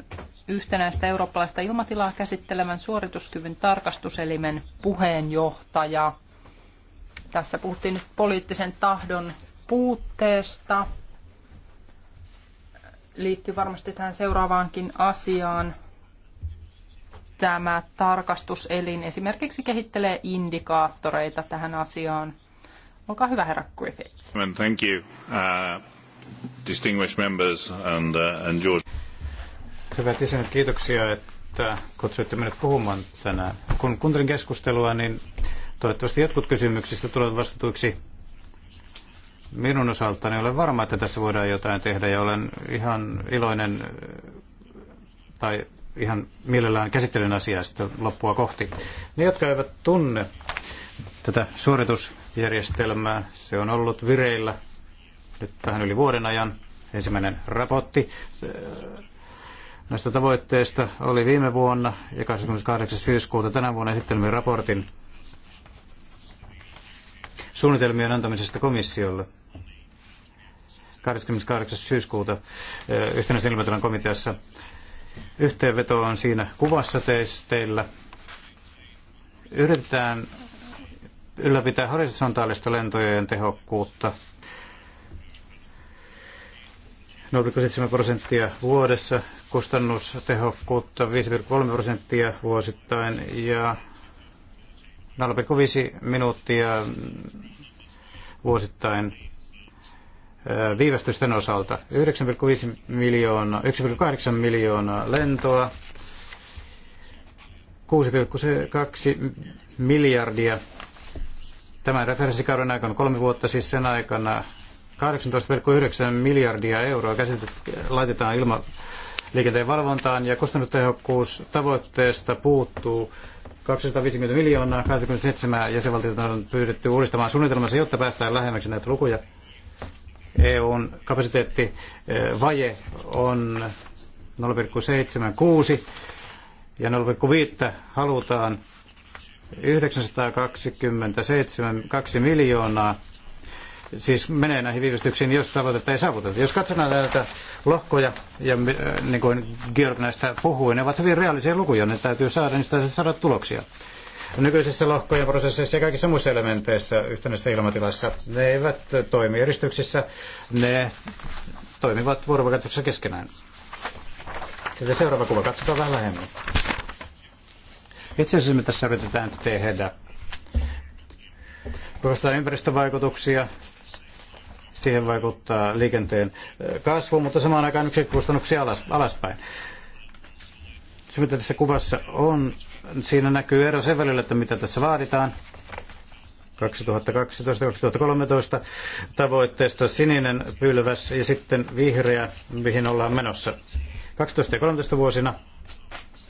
yhtenäistä eurooppalaista ilmatilaa käsittelevän suorituskyvyn tarkastuselimen puheenjohtaja. Tässä puhuttiin nyt poliittisen tahdon puutteesta liittyy varmasti tähän seuraavaankin asiaan. Tämä tarkastuselin esimerkiksi kehittelee indikaattoreita tähän asiaan. Olkaa hyvä, herra Griffiths. Thank you, uh, distinguished members and, uh, and George. Hyvät jäsenet, kiitoksia, että kutsuitte minut puhumaan tänään. Kun kuuntelin keskustelua, niin toivottavasti jotkut kysymyksistä tulevat vastatuiksi minun osaltani olen varma, että tässä voidaan jotain tehdä ja olen ihan iloinen eh, tai ihan mielellään käsittelen asiaa sitten loppua kohti. Ne, jotka eivät tunne tätä suoritusjärjestelmää, se on ollut vireillä nyt vähän yli vuoden ajan. Ensimmäinen raportti eh, näistä tavoitteista oli viime vuonna ja 28. syyskuuta tänä vuonna esittelimme raportin suunnitelmien antamisesta komissiolle 28. syyskuuta eh, yhtenäisen ilmatilan komiteassa. Yhteenveto on siinä kuvassa teillä. Yritetään ylläpitää horisontaalista lentojen tehokkuutta 0,7 prosenttia vuodessa, kustannustehokkuutta 5,3 prosenttia vuosittain ja 0,5 minuuttia vuosittain viivästysten osalta. 9,5 miljoonaa, 1,8 miljoonaa lentoa, 6,2 miljardia tämän referenssikauden aikana, kolme vuotta siis sen aikana, 18,9 miljardia euroa käsitet, laitetaan ilmaliikenteen valvontaan ja kustannustehokkuustavoitteesta puuttuu 250 miljoonaa, 27 jäsenvaltiota on pyydetty uudistamaan suunnitelmansa, jotta päästään lähemmäksi näitä lukuja. EUn kapasiteettivaje eh, on 0,76 ja 0,5 halutaan 927 2 miljoonaa siis menee näihin viivästyksiin, jos tavoitetta ei saavuteta. Jos katsotaan näitä lohkoja, ja äh, niin kuin Georg näistä puhui, ne ovat hyvin reaalisia lukuja, ne täytyy saada, niistä saada tuloksia. Nykyisissä lohkojen prosesseissa ja kaikissa muissa elementeissä yhtenäisessä ilmatilassa ne eivät toimi eristyksissä, ne toimivat vuorovaikutuksessa keskenään. Sitten seuraava kuva, katsotaan vähän lähemmin. Itse asiassa me tässä yritetään tehdä Ruokaistaan ympäristövaikutuksia, Siihen vaikuttaa liikenteen kasvu, mutta samaan aikaan yksikkökustannuksia alas, alaspäin. Se, mitä tässä kuvassa on, siinä näkyy ero sen välillä, että mitä tässä vaaditaan. 2012-2013 tavoitteesta sininen pylväs ja sitten vihreä, mihin ollaan menossa. 12 ja 13 vuosina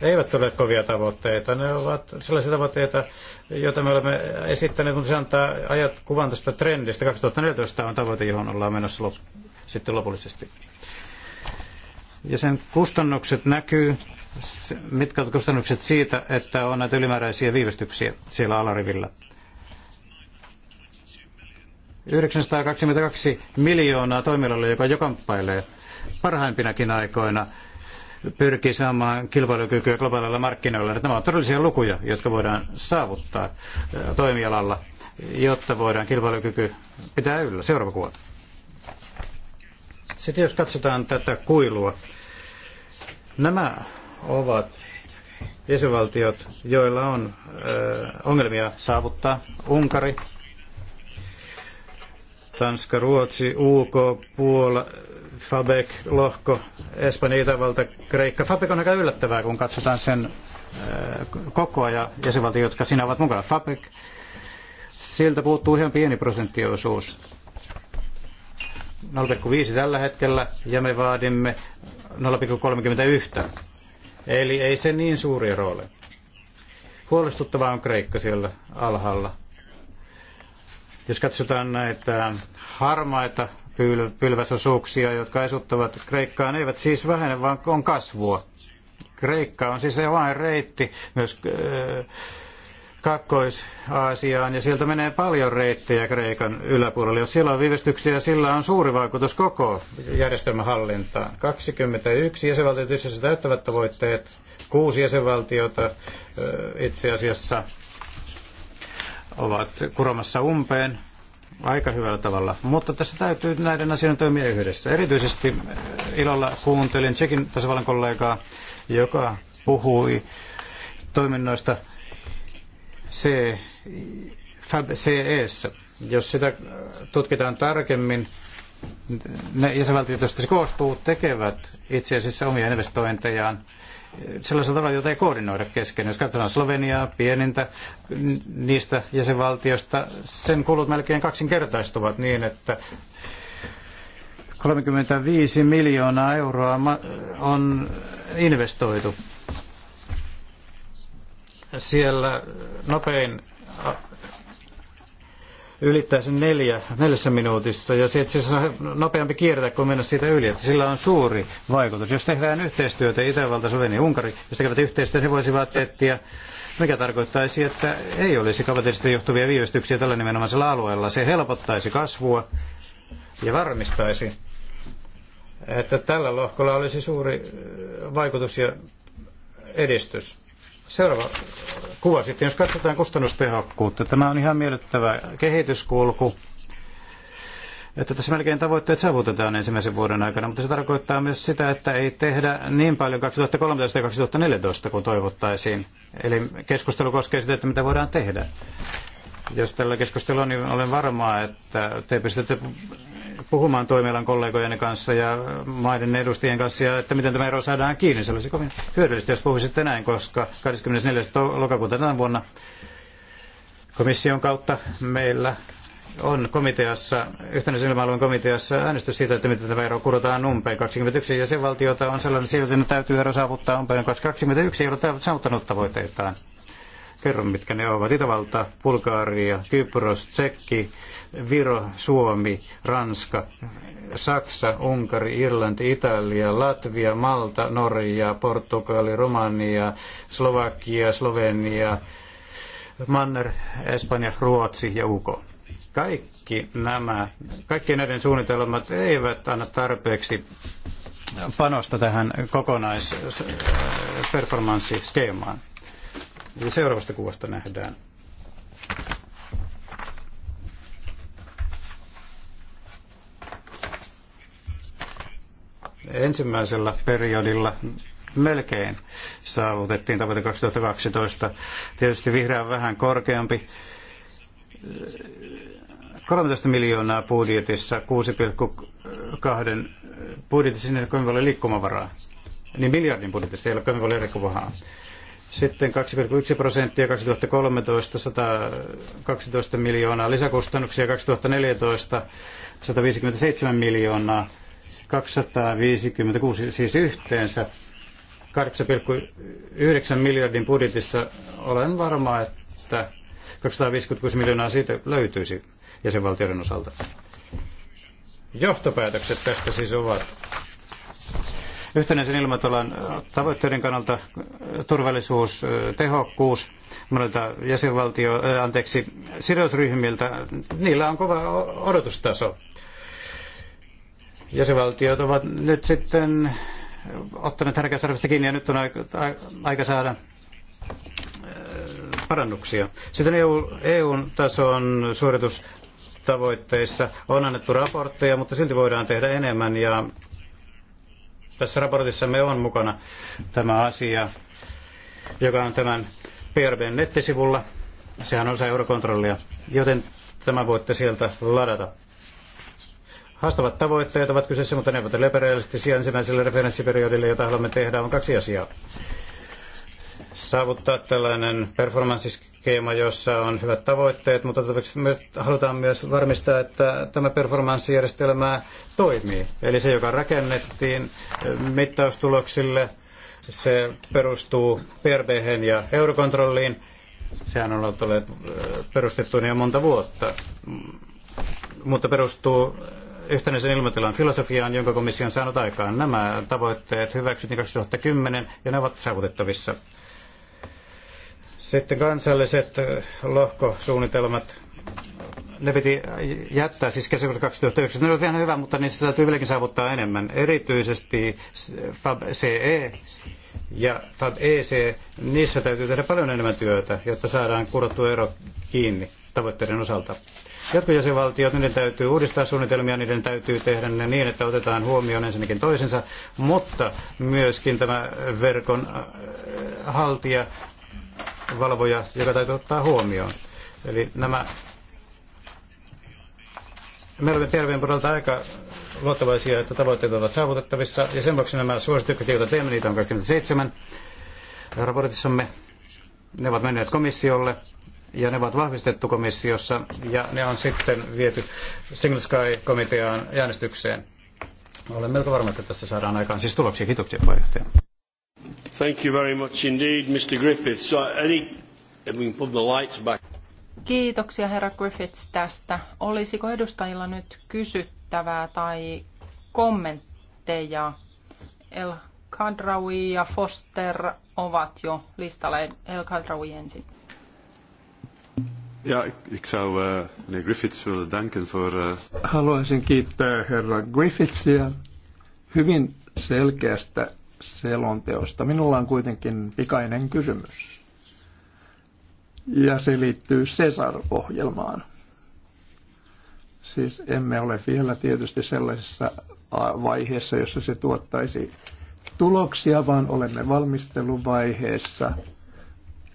eivät ole kovia tavoitteita. Ne ovat sellaisia tavoitteita, joita me olemme esittäneet, mutta se antaa ajat kuvan tästä trendistä. 2014 on tavoite, johon ollaan menossa lop- sitten lopullisesti. Ja sen kustannukset näkyy, mitkä ovat kustannukset siitä, että on näitä ylimääräisiä viivästyksiä siellä alarivillä. 922 miljoonaa toimialalle, joka jokampailee parhaimpinakin aikoina pyrkii saamaan kilpailukykyä globaaleilla markkinoilla. Nämä ovat todellisia lukuja, jotka voidaan saavuttaa toimialalla, jotta voidaan kilpailukyky pitää yllä. Seuraava kuva. Sitten jos katsotaan tätä kuilua, nämä ovat jäsenvaltiot, joilla on ongelmia saavuttaa. Unkari, Tanska, Ruotsi, UK, Puola, Fabek-lohko, Espanja, Itävalta, Kreikka. Fabek on aika yllättävää, kun katsotaan sen äh, kokoa ja jäsenvaltioita, jotka siinä ovat mukana. Fabek, sieltä puuttuu ihan pieni prosenttiosuus. 0,5 tällä hetkellä ja me vaadimme 0,31. Eli ei se niin suuri rooli. Huolestuttavaa on Kreikka siellä alhaalla. Jos katsotaan näitä harmaita pyl- pylväsosuuksia, jotka esuttavat Kreikkaan, eivät siis vähene, vaan on kasvua. Kreikka on siis vain reitti myös äh, Kakkois-Aasiaan ja sieltä menee paljon reittejä Kreikan yläpuolelle. Jos siellä on viivästyksiä, sillä on suuri vaikutus koko järjestelmän hallintaan. 21 jäsenvaltiota itse asiassa täyttävät tavoitteet, kuusi jäsenvaltiota äh, itse asiassa ovat kuromassa umpeen aika hyvällä tavalla, mutta tässä täytyy näiden asioiden toimia yhdessä. Erityisesti ilolla kuuntelin Tsekin tasavallan kollegaa, joka puhui toiminnoista C, Fab CES, Jos sitä tutkitaan tarkemmin, ne jäsenvaltiot, joista se koostuu, tekevät itse asiassa omia investointejaan sellaisella tavalla, jota ei koordinoida kesken. Jos katsotaan Sloveniaa, pienintä niistä jäsenvaltiosta, sen kulut melkein kaksinkertaistuvat niin, että 35 miljoonaa euroa on investoitu. Siellä nopein sen neljä, neljässä minuutissa ja se siis on nopeampi kiertää kuin mennä siitä yli. Että sillä on suuri vaikutus. Jos tehdään yhteistyötä Itävalta, Slovenia ja Unkari, jos tekevät yhteistyötä, he voisivat etsiä mikä tarkoittaisi, että ei olisi kapasiteetista johtuvia viivästyksiä tällä nimenomaisella alueella. Se helpottaisi kasvua ja varmistaisi, että tällä lohkolla olisi suuri vaikutus ja edistys. Seuraava kuva sitten, jos katsotaan kustannustehokkuutta. Tämä on ihan miellyttävä kehityskulku että tässä melkein tavoitteet saavutetaan ensimmäisen vuoden aikana, mutta se tarkoittaa myös sitä, että ei tehdä niin paljon 2013 ja 2014 kuin toivottaisiin. Eli keskustelu koskee sitä, että mitä voidaan tehdä. Jos tällä keskustelulla niin olen varma, että te pystytte puhumaan toimialan kollegojenne kanssa ja maiden edustajien kanssa, ja että miten tämä ero saadaan kiinni. Se olisi kovin hyödyllistä, jos puhuisitte näin, koska 24. lokakuuta tänä vuonna komission kautta meillä on komiteassa, yhtenäisen ilmailujen komiteassa äänestys siitä, että miten tämä ero kurotaan umpeen. 21 jäsenvaltiota on sellainen silti, että täytyy ero saavuttaa umpeen, koska 21 ei ole saavuttanut tavoiteitaan kerro, mitkä ne ovat. Itävalta, Bulgaria, Kypros, Tsekki, Viro, Suomi, Ranska, Saksa, Unkari, Irlanti, Italia, Latvia, Malta, Norja, Portugali, Romania, Slovakia, Slovenia, Manner, Espanja, Ruotsi ja UK. Kaikki nämä, kaikki näiden suunnitelmat eivät anna tarpeeksi panosta tähän kokonaisperformanssiskeemaan. Eli seuraavasta kuvasta nähdään. Ensimmäisellä periodilla melkein saavutettiin tavoite 2012. Tietysti vihreä on vähän korkeampi. 13 miljoonaa budjetissa, 6,2 budjetissa, sinne ei ole liikkumavaraa. Niin miljardin budjetissa ei ole kovin paljon liikkumavaraa. Sitten 2,1 prosenttia 2013 112 miljoonaa, lisäkustannuksia 2014 157 miljoonaa, 256 siis yhteensä. 8,9 miljardin budjetissa olen varma, että 256 miljoonaa siitä löytyisi jäsenvaltioiden osalta. Johtopäätökset tästä siis ovat Yhtenäisen ilmatilan tavoitteiden kannalta turvallisuus, tehokkuus monilta jäsenvaltio, anteeksi, sidosryhmiltä, niillä on kova odotustaso. Jäsenvaltiot ovat nyt sitten ottaneet härkäsarvista kiinni ja nyt on aika saada parannuksia. Sitten EU, EUn tason suoritustavoitteissa on annettu raportteja, mutta silti voidaan tehdä enemmän ja tässä raportissa me on mukana tämä asia, joka on tämän PRBn nettisivulla. Sehän on osa eurokontrollia, joten tämä voitte sieltä ladata. Haastavat tavoitteet ovat kyseessä, mutta ne ovat leperealistisia ensimmäiselle referenssiperiodille, jota haluamme tehdä, on kaksi asiaa. Saavuttaa tällainen performanssiskin schema, jossa on hyvät tavoitteet, mutta myös, halutaan myös varmistaa, että tämä performanssijärjestelmä toimii. Eli se, joka rakennettiin eh, mittaustuloksille, se perustuu PRB ja eurokontrolliin. Sehän on ollut eh, perustettu niin jo monta vuotta, mm, mutta perustuu eh, yhtenäisen ilmatilan filosofiaan, jonka komissio on saanut aikaan. Nämä tavoitteet hyväksyttiin 2010 ja ne ovat saavutettavissa. Sitten kansalliset lohkosuunnitelmat, ne piti jättää siis kesäkuussa 2009. Ne olivat ihan hyvä, mutta niistä täytyy vieläkin saavuttaa enemmän. Erityisesti FAB CE ja FAB EC, niissä täytyy tehdä paljon enemmän työtä, jotta saadaan kurottu ero kiinni tavoitteiden osalta. Jatkojäsenvaltiot, niiden täytyy uudistaa suunnitelmia, niiden täytyy tehdä ne niin, että otetaan huomioon ensinnäkin toisensa, mutta myöskin tämä verkon haltija valvoja, joka täytyy ottaa huomioon. Eli nämä, me olemme terveen puolelta aika luottavaisia, että tavoitteet ovat saavutettavissa, ja sen vuoksi nämä suositukset, joita teemme, niitä on 27 raportissamme, ne ovat menneet komissiolle, ja ne ovat vahvistettu komissiossa, ja ne on sitten viety Single Sky-komiteaan äänestykseen. Olen melko varma, että tästä saadaan aikaan siis tuloksia. Kiitoksia puheenjohtaja. Thank you very much indeed, Mr. Griffiths. So any, if we can put the lights back. Kiitoksia herra Griffiths tästä. Olisiko edustajilla nyt kysyttävää tai kommentteja? El Kadrawi ja Foster ovat jo listalla. El Kadrawi ensin. Ja, ik zou eh, meneer Griffiths willen danken voor... Eh, Haluaisin kiittää herra Griffithsia hyvin selkeästä selonteosta. Minulla on kuitenkin pikainen kysymys. Ja se liittyy Cesar-ohjelmaan. Siis emme ole vielä tietysti sellaisessa vaiheessa, jossa se tuottaisi tuloksia, vaan olemme valmisteluvaiheessa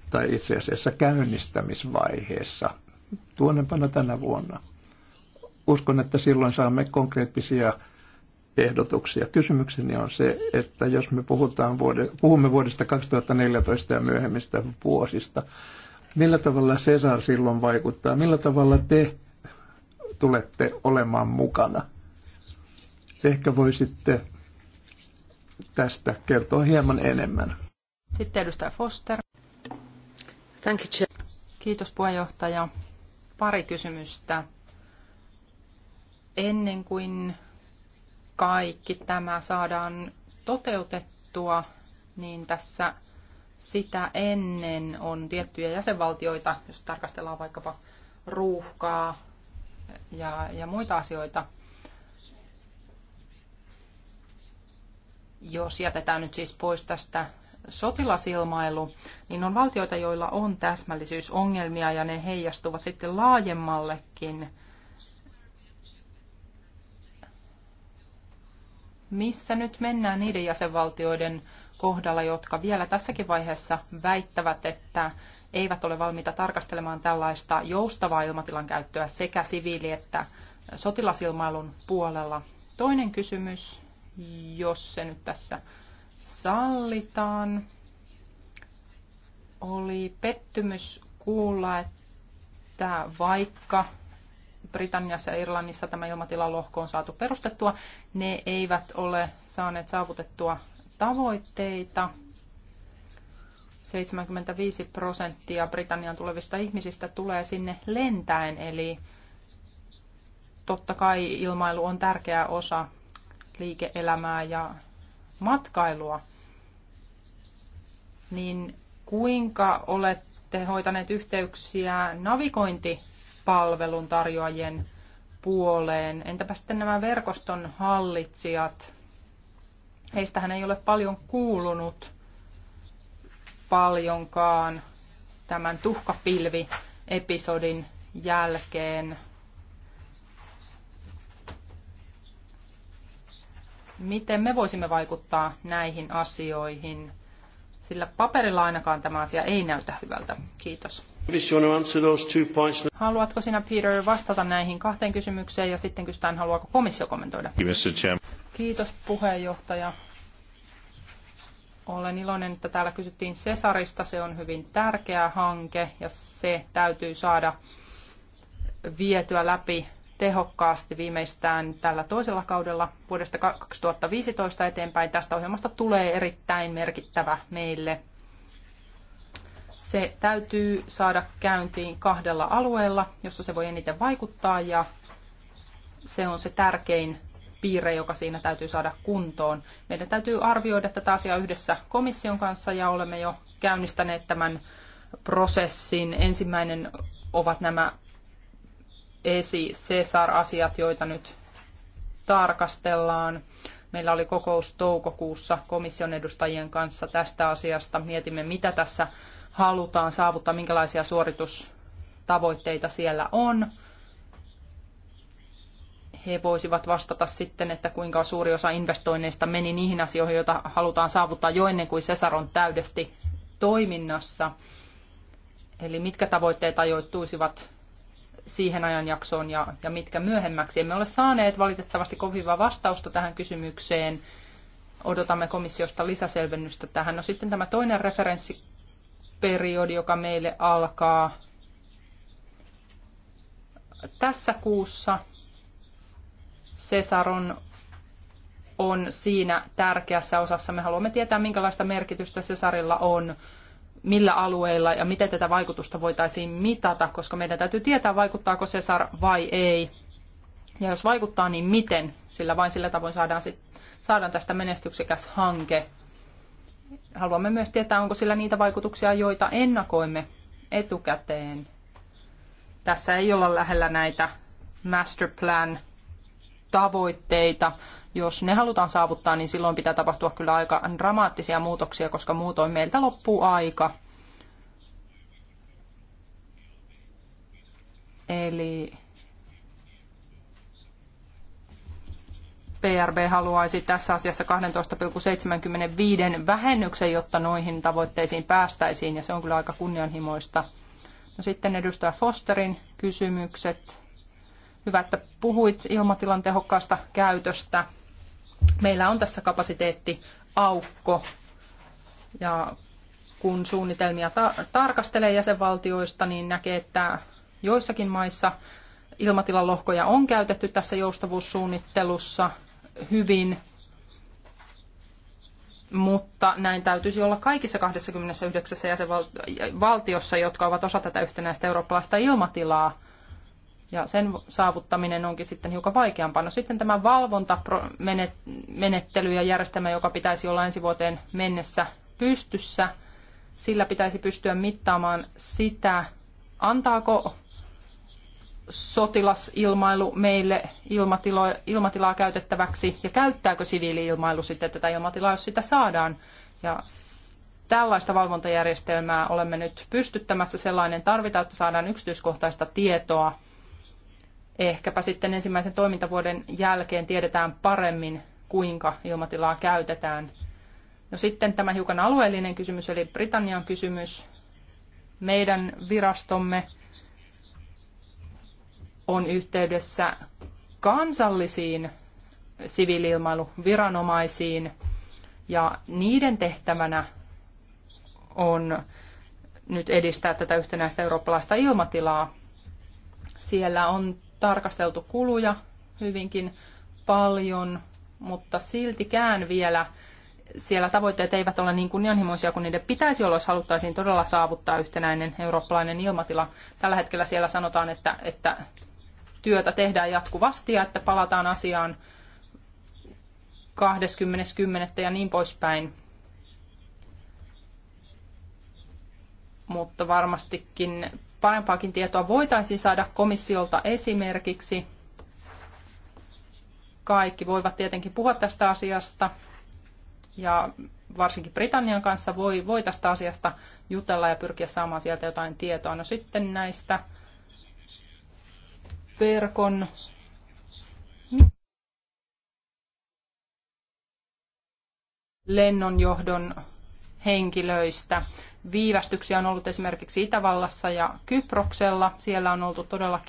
tai itse asiassa käynnistämisvaiheessa tuonnepana tänä vuonna. Uskon, että silloin saamme konkreettisia ehdotuksia. Kysymykseni on se, että jos me puhutaan vuode, puhumme vuodesta 2014 ja myöhemmistä vuosista, millä tavalla Cesar silloin vaikuttaa? Millä tavalla te tulette olemaan mukana? ehkä voisitte tästä kertoa hieman enemmän. Sitten edustaja Foster. Thank you, Kiitos puheenjohtaja. Pari kysymystä. Ennen kuin kaikki tämä saadaan toteutettua, niin tässä sitä ennen on tiettyjä jäsenvaltioita, jos tarkastellaan vaikkapa ruuhkaa ja, ja muita asioita, jos jätetään nyt siis pois tästä sotilasilmailu, niin on valtioita, joilla on täsmällisyysongelmia ja ne heijastuvat sitten laajemmallekin missä nyt mennään niiden jäsenvaltioiden kohdalla, jotka vielä tässäkin vaiheessa väittävät, että eivät ole valmiita tarkastelemaan tällaista joustavaa ilmatilan käyttöä sekä siviili- että sotilasilmailun puolella. Toinen kysymys, jos se nyt tässä sallitaan, oli pettymys kuulla, että vaikka Britanniassa ja Irlannissa tämä ilmatilalohko on saatu perustettua. Ne eivät ole saaneet saavutettua tavoitteita. 75 prosenttia Britannian tulevista ihmisistä tulee sinne lentäen, eli totta kai ilmailu on tärkeä osa liike-elämää ja matkailua. Niin kuinka olette hoitaneet yhteyksiä navigointi palveluntarjoajien puoleen. Entäpä sitten nämä verkoston hallitsijat? Heistähän ei ole paljon kuulunut paljonkaan tämän tuhkapilvi-episodin jälkeen. Miten me voisimme vaikuttaa näihin asioihin? Sillä paperilla ainakaan tämä asia ei näytä hyvältä. Kiitos. Haluatko sinä, Peter, vastata näihin kahteen kysymykseen ja sitten kysytään, haluaako komissio kommentoida? Kiitos puheenjohtaja. Olen iloinen, että täällä kysyttiin Cesarista. Se on hyvin tärkeä hanke ja se täytyy saada vietyä läpi tehokkaasti viimeistään tällä toisella kaudella vuodesta 2015 eteenpäin. Tästä ohjelmasta tulee erittäin merkittävä meille – se täytyy saada käyntiin kahdella alueella, jossa se voi eniten vaikuttaa ja se on se tärkein piirre, joka siinä täytyy saada kuntoon. Meidän täytyy arvioida tätä asiaa yhdessä komission kanssa ja olemme jo käynnistäneet tämän prosessin. Ensimmäinen ovat nämä esi-Cesar-asiat, joita nyt tarkastellaan. Meillä oli kokous toukokuussa komission edustajien kanssa tästä asiasta. Mietimme, mitä tässä halutaan saavuttaa, minkälaisia suoritustavoitteita siellä on. He voisivat vastata sitten, että kuinka suuri osa investoinneista meni niihin asioihin, joita halutaan saavuttaa jo ennen kuin Cesar on täydesti toiminnassa. Eli mitkä tavoitteet ajoittuisivat siihen ajanjaksoon ja, ja mitkä myöhemmäksi. Emme ole saaneet valitettavasti kovin vastausta tähän kysymykseen. Odotamme komissiosta lisäselvennystä tähän. No sitten tämä toinen referenssi periodi, joka meille alkaa tässä kuussa. Cesaron on siinä tärkeässä osassa. Me haluamme tietää, minkälaista merkitystä Cesarilla on, millä alueilla ja miten tätä vaikutusta voitaisiin mitata, koska meidän täytyy tietää, vaikuttaako Cesar vai ei. Ja jos vaikuttaa, niin miten, sillä vain sillä tavoin saadaan, sit, saadaan tästä menestyksekäs hanke haluamme myös tietää, onko sillä niitä vaikutuksia, joita ennakoimme etukäteen. Tässä ei olla lähellä näitä masterplan tavoitteita. Jos ne halutaan saavuttaa, niin silloin pitää tapahtua kyllä aika dramaattisia muutoksia, koska muutoin meiltä loppuu aika. Eli PRB haluaisi tässä asiassa 12,75 vähennyksen, jotta noihin tavoitteisiin päästäisiin, ja se on kyllä aika kunnianhimoista. No sitten edustaja Fosterin kysymykset. Hyvä, että puhuit ilmatilan tehokkaasta käytöstä. Meillä on tässä kapasiteettiaukko, ja kun suunnitelmia ta- tarkastelee jäsenvaltioista, niin näkee, että joissakin maissa ilmatilan lohkoja on käytetty tässä joustavuussuunnittelussa hyvin, mutta näin täytyisi olla kaikissa 29 jäsenvaltiossa, jotka ovat osa tätä yhtenäistä eurooppalaista ilmatilaa. Ja sen saavuttaminen onkin sitten hiukan vaikeampaa. No sitten tämä valvontamenettely ja järjestelmä, joka pitäisi olla ensi vuoteen mennessä pystyssä, sillä pitäisi pystyä mittaamaan sitä, antaako sotilasilmailu meille ilmatilo, ilmatilaa käytettäväksi ja käyttääkö siviiliilmailu sitten tätä ilmatilaa, jos sitä saadaan. Ja tällaista valvontajärjestelmää olemme nyt pystyttämässä. Sellainen tarvitaan, että saadaan yksityiskohtaista tietoa. Ehkäpä sitten ensimmäisen toimintavuoden jälkeen tiedetään paremmin, kuinka ilmatilaa käytetään. No sitten tämä hiukan alueellinen kysymys, eli Britannian kysymys. Meidän virastomme on yhteydessä kansallisiin siviiliilmailuviranomaisiin ja niiden tehtävänä on nyt edistää tätä yhtenäistä eurooppalaista ilmatilaa. Siellä on tarkasteltu kuluja hyvinkin paljon, mutta siltikään vielä siellä tavoitteet eivät ole niin kunnianhimoisia kuin niiden pitäisi olla, jos haluttaisiin todella saavuttaa yhtenäinen eurooppalainen ilmatila. Tällä hetkellä siellä sanotaan, että, että työtä tehdään jatkuvasti ja että palataan asiaan 20.10. ja niin poispäin. Mutta varmastikin parempaakin tietoa voitaisiin saada komissiolta esimerkiksi. Kaikki voivat tietenkin puhua tästä asiasta ja varsinkin Britannian kanssa voi, voi tästä asiasta jutella ja pyrkiä saamaan sieltä jotain tietoa. No sitten näistä verkon lennonjohdon henkilöistä. Viivästyksiä on ollut esimerkiksi Itävallassa ja Kyproksella. Siellä on oltu todella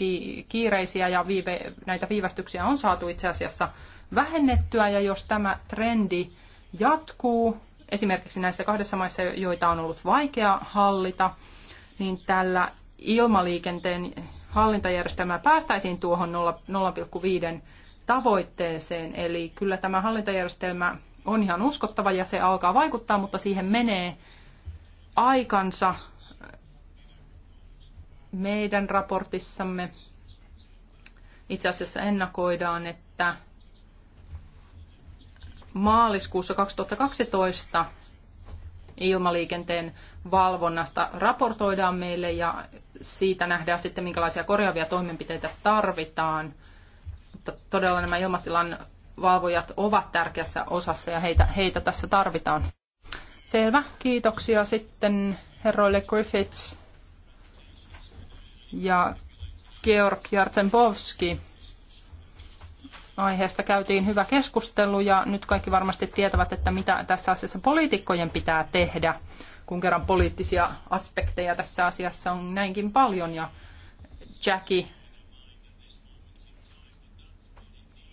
kiireisiä ja viive, näitä viivästyksiä on saatu itse asiassa vähennettyä. Ja jos tämä trendi jatkuu, esimerkiksi näissä kahdessa maissa, joita on ollut vaikea hallita, niin tällä ilmaliikenteen hallintajärjestelmää päästäisiin tuohon 0,5 tavoitteeseen. Eli kyllä tämä hallintajärjestelmä on ihan uskottava ja se alkaa vaikuttaa, mutta siihen menee aikansa meidän raportissamme. Itse asiassa ennakoidaan, että maaliskuussa 2012 ilmaliikenteen valvonnasta raportoidaan meille ja siitä nähdään sitten, minkälaisia korjaavia toimenpiteitä tarvitaan. Mutta todella nämä ilmatilan valvojat ovat tärkeässä osassa ja heitä, heitä tässä tarvitaan. Selvä, kiitoksia sitten herroille Griffiths ja Georg Jartsenbowski. Aiheesta käytiin hyvä keskustelu ja nyt kaikki varmasti tietävät, että mitä tässä asiassa poliitikkojen pitää tehdä kun kerran poliittisia aspekteja tässä asiassa on näinkin paljon ja Jackie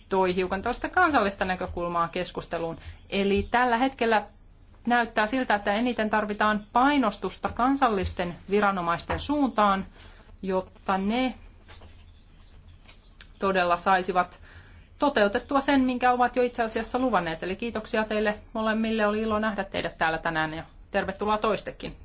toi hiukan tällaista kansallista näkökulmaa keskusteluun. Eli tällä hetkellä näyttää siltä, että eniten tarvitaan painostusta kansallisten viranomaisten suuntaan, jotta ne todella saisivat toteutettua sen, minkä ovat jo itse asiassa luvanneet. Eli kiitoksia teille molemmille. Oli ilo nähdä teidät täällä tänään ja tervetuloa toistekin.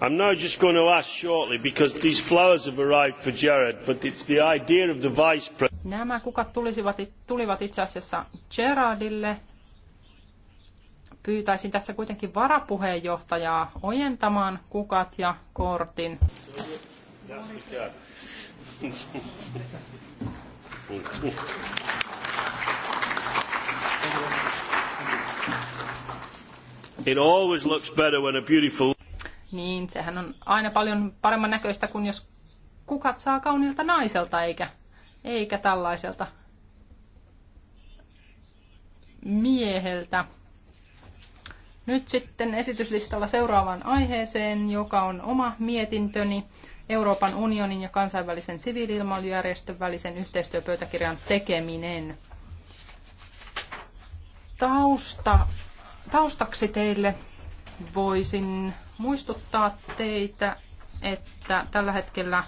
I'm now just going to ask shortly because these flowers have arrived for Jared, but it's the idea of the vice president. Nämä kukat tulisivat, tulivat itse asiassa Gerardille. Pyytäisin tässä kuitenkin varapuheenjohtajaa ojentamaan kukat ja kortin. That's the It always looks better when a beautiful... Niin, sehän on aina paljon paremman näköistä kuin jos kukat saa kaunilta naiselta, eikä, eikä tällaiselta mieheltä. Nyt sitten esityslistalla seuraavaan aiheeseen, joka on oma mietintöni Euroopan unionin ja kansainvälisen siviiliilmailujärjestön välisen yhteistyöpöytäkirjan tekeminen. Tausta, taustaksi teille voisin muistuttaa teitä, että tällä hetkellä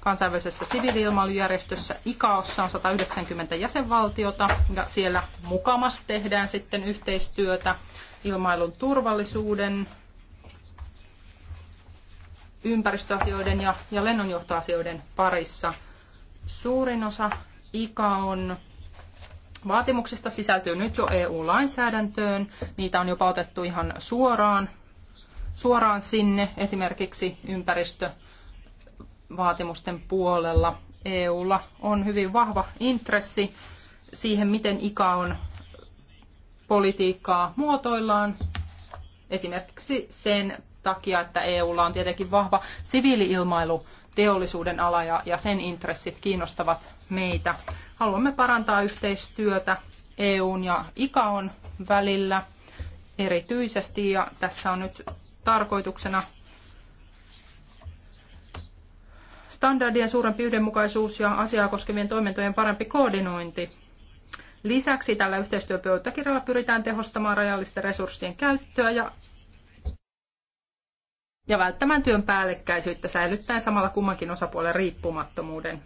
kansainvälisessä siviiliilmailujärjestössä ICAOssa on 190 jäsenvaltiota ja siellä mukamas tehdään sitten yhteistyötä ilmailun turvallisuuden ympäristöasioiden ja, ja lennonjohtoasioiden parissa. Suurin osa ICAON vaatimuksista sisältyy nyt jo EU-lainsäädäntöön. Niitä on jopa otettu ihan suoraan, suoraan sinne, esimerkiksi ympäristövaatimusten puolella. EUlla on hyvin vahva intressi siihen, miten ICAON politiikkaa muotoillaan, esimerkiksi sen takia, että EUlla on tietenkin vahva siviiliilmailu teollisuuden ala ja, ja sen intressit kiinnostavat meitä. Haluamme parantaa yhteistyötä EUn ja ICAON välillä erityisesti ja tässä on nyt tarkoituksena standardien suurempi yhdenmukaisuus ja asiaa koskevien toimintojen parempi koordinointi. Lisäksi tällä yhteistyöpöytäkirjalla pyritään tehostamaan rajallisten resurssien käyttöä ja ja välttämään työn päällekkäisyyttä säilyttäen samalla kummankin osapuolen riippumattomuuden.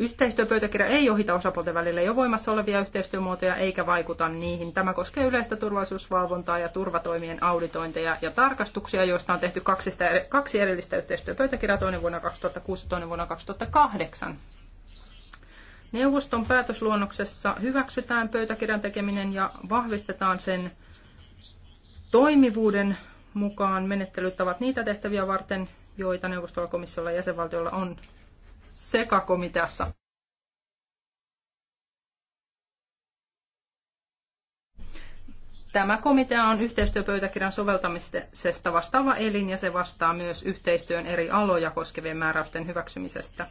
Yhteistyöpöytäkirja ei ohita osapuolten välillä jo voimassa olevia yhteistyömuotoja eikä vaikuta niihin. Tämä koskee yleistä turvallisuusvalvontaa ja turvatoimien auditointeja ja tarkastuksia, joista on tehty kaksi erillistä yhteistyöpöytäkirjaa, toinen vuonna 2006 toinen vuonna 2008. Neuvoston päätösluonnoksessa hyväksytään pöytäkirjan tekeminen ja vahvistetaan sen toimivuuden mukaan ovat niitä tehtäviä varten, joita neuvostolla, komissiolla ja jäsenvaltiolla on sekakomiteassa. Tämä komitea on yhteistyöpöytäkirjan soveltamisesta vastaava elin ja se vastaa myös yhteistyön eri aloja koskevien määräysten hyväksymisestä.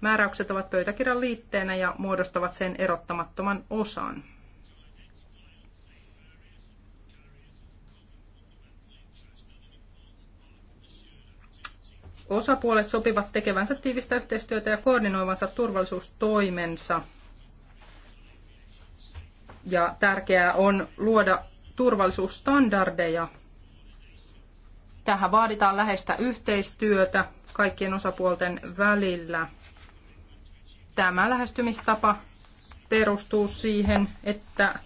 Määräykset ovat pöytäkirjan liitteenä ja muodostavat sen erottamattoman osan. osapuolet sopivat tekevänsä tiivistä yhteistyötä ja koordinoivansa turvallisuustoimensa. Ja tärkeää on luoda turvallisuusstandardeja. Tähän vaaditaan läheistä yhteistyötä kaikkien osapuolten välillä. Tämä lähestymistapa perustuu siihen, että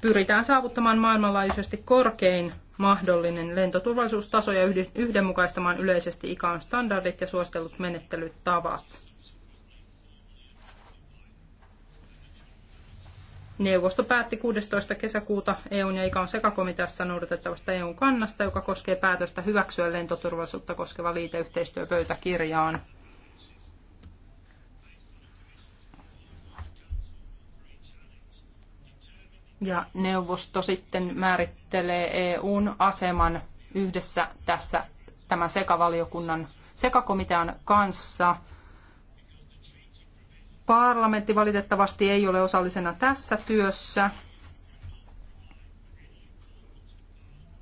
pyritään saavuttamaan maailmanlaajuisesti korkein mahdollinen lentoturvallisuustaso ja yhdenmukaistamaan yleisesti ICAon standardit ja suositellut menettelytavat. Neuvosto päätti 16. kesäkuuta EUn ja ICAon sekakomiteassa noudatettavasta EUn kannasta, joka koskee päätöstä hyväksyä lentoturvallisuutta koskeva liiteyhteistyöpöytäkirjaan. Ja neuvosto sitten määrittelee EUn aseman yhdessä tässä tämän sekavaliokunnan sekakomitean kanssa. Parlamentti valitettavasti ei ole osallisena tässä työssä,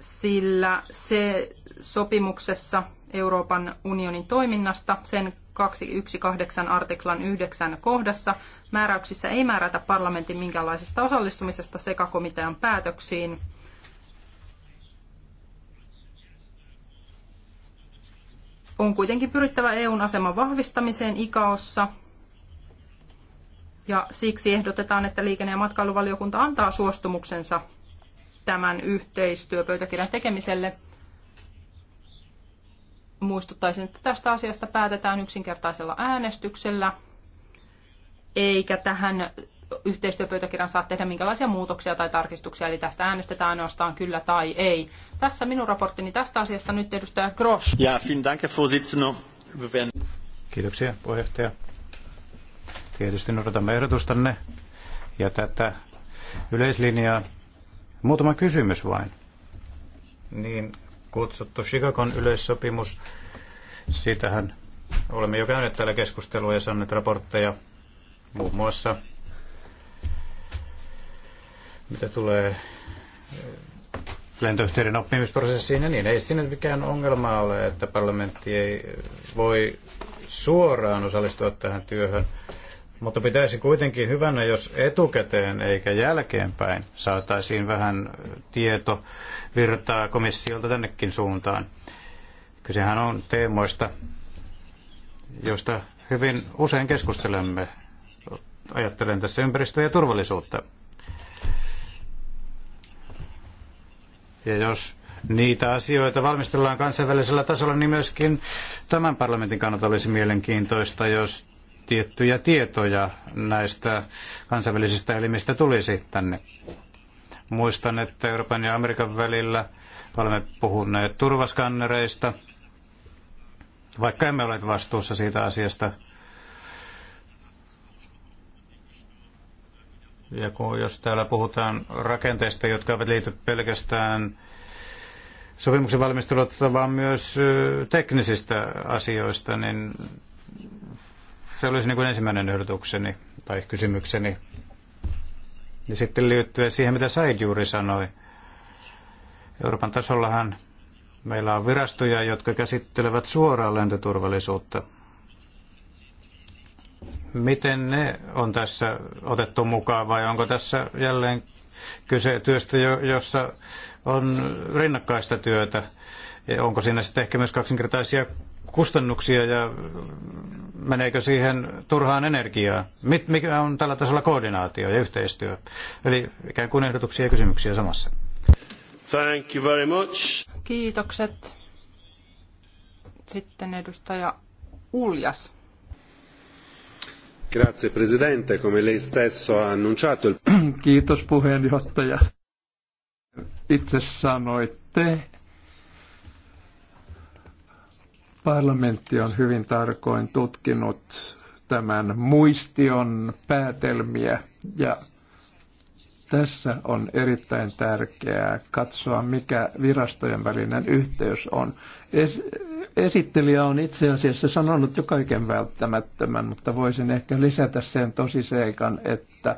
sillä se sopimuksessa Euroopan unionin toiminnasta, sen 218 artiklan 9 kohdassa määräyksissä ei määrätä parlamentin minkäänlaisesta osallistumisesta sekakomitean päätöksiin. On kuitenkin pyrittävä EUn aseman vahvistamiseen ICAOssa ja siksi ehdotetaan, että liikenne- ja matkailuvaliokunta antaa suostumuksensa tämän yhteistyöpöytäkirjan tekemiselle – muistuttaisin, että tästä asiasta päätetään yksinkertaisella äänestyksellä, eikä tähän yhteistyöpöytäkirjan saa tehdä minkälaisia muutoksia tai tarkistuksia, eli tästä äänestetään ainoastaan kyllä tai ei. Tässä minun raporttini tästä asiasta nyt edustaja Grosch. Ja, danke, Kiitoksia, puheenjohtaja. Tietysti noudatamme ehdotustanne ja tätä yleislinjaa. Muutama kysymys vain. Niin kutsuttu Chicagon yleissopimus. Siitähän olemme jo käyneet täällä keskustelua ja saaneet raportteja muun muassa, mitä tulee eh, lentoyhtiöiden oppimisprosessiin ja niin. Ei siinä mikään ongelma ole, että parlamentti ei voi suoraan osallistua tähän työhön mutta pitäisi kuitenkin hyvänä, jos etukäteen eikä jälkeenpäin saataisiin vähän tietovirtaa komissiolta tännekin suuntaan. Kysehän on teemoista, joista hyvin usein keskustelemme. Ajattelen tässä ympäristöä ja turvallisuutta. Ja jos niitä asioita valmistellaan kansainvälisellä tasolla, niin myöskin tämän parlamentin kannalta olisi mielenkiintoista, jos tiettyjä tietoja näistä kansainvälisistä elimistä tulisi tänne. Muistan, että Euroopan ja Amerikan välillä olemme puhuneet turvaskannereista, vaikka emme ole vastuussa siitä asiasta. Ja kun, jos täällä puhutaan rakenteista, jotka eivät liity pelkästään sopimuksen valmistelua, vaan myös teknisistä asioista, niin se olisi niin kuin ensimmäinen ehdotukseni tai kysymykseni. Ja sitten liittyen siihen, mitä Said juuri sanoi. Euroopan tasollahan meillä on virastoja, jotka käsittelevät suoraan lentoturvallisuutta. Miten ne on tässä otettu mukaan vai onko tässä jälleen kyse työstä, jossa on rinnakkaista työtä? Onko siinä sitten ehkä myös kaksinkertaisia kustannuksia ja meneekö siihen turhaan energiaa? Mit, mikä on tällä tasolla koordinaatio ja yhteistyö? Eli ikään kuin ehdotuksia ja kysymyksiä samassa. Thank you very much. Kiitokset. Sitten edustaja Uljas. Grazie Presidente, come lei stesso ha annunciato. Kiitos puheenjohtaja. Itse sanoitte, Parlamentti on hyvin tarkoin tutkinut tämän muistion päätelmiä ja tässä on erittäin tärkeää katsoa, mikä virastojen välinen yhteys on. Es- esittelijä on itse asiassa sanonut jo kaiken välttämättömän, mutta voisin ehkä lisätä sen tosiseikan, että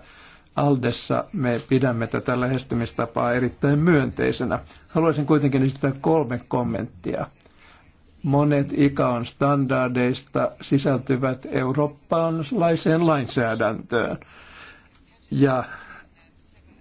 Aldessa me pidämme tätä lähestymistapaa erittäin myönteisenä. Haluaisin kuitenkin esittää kolme kommenttia monet ICAon standardeista sisältyvät eurooppalaiseen lainsäädäntöön. Ja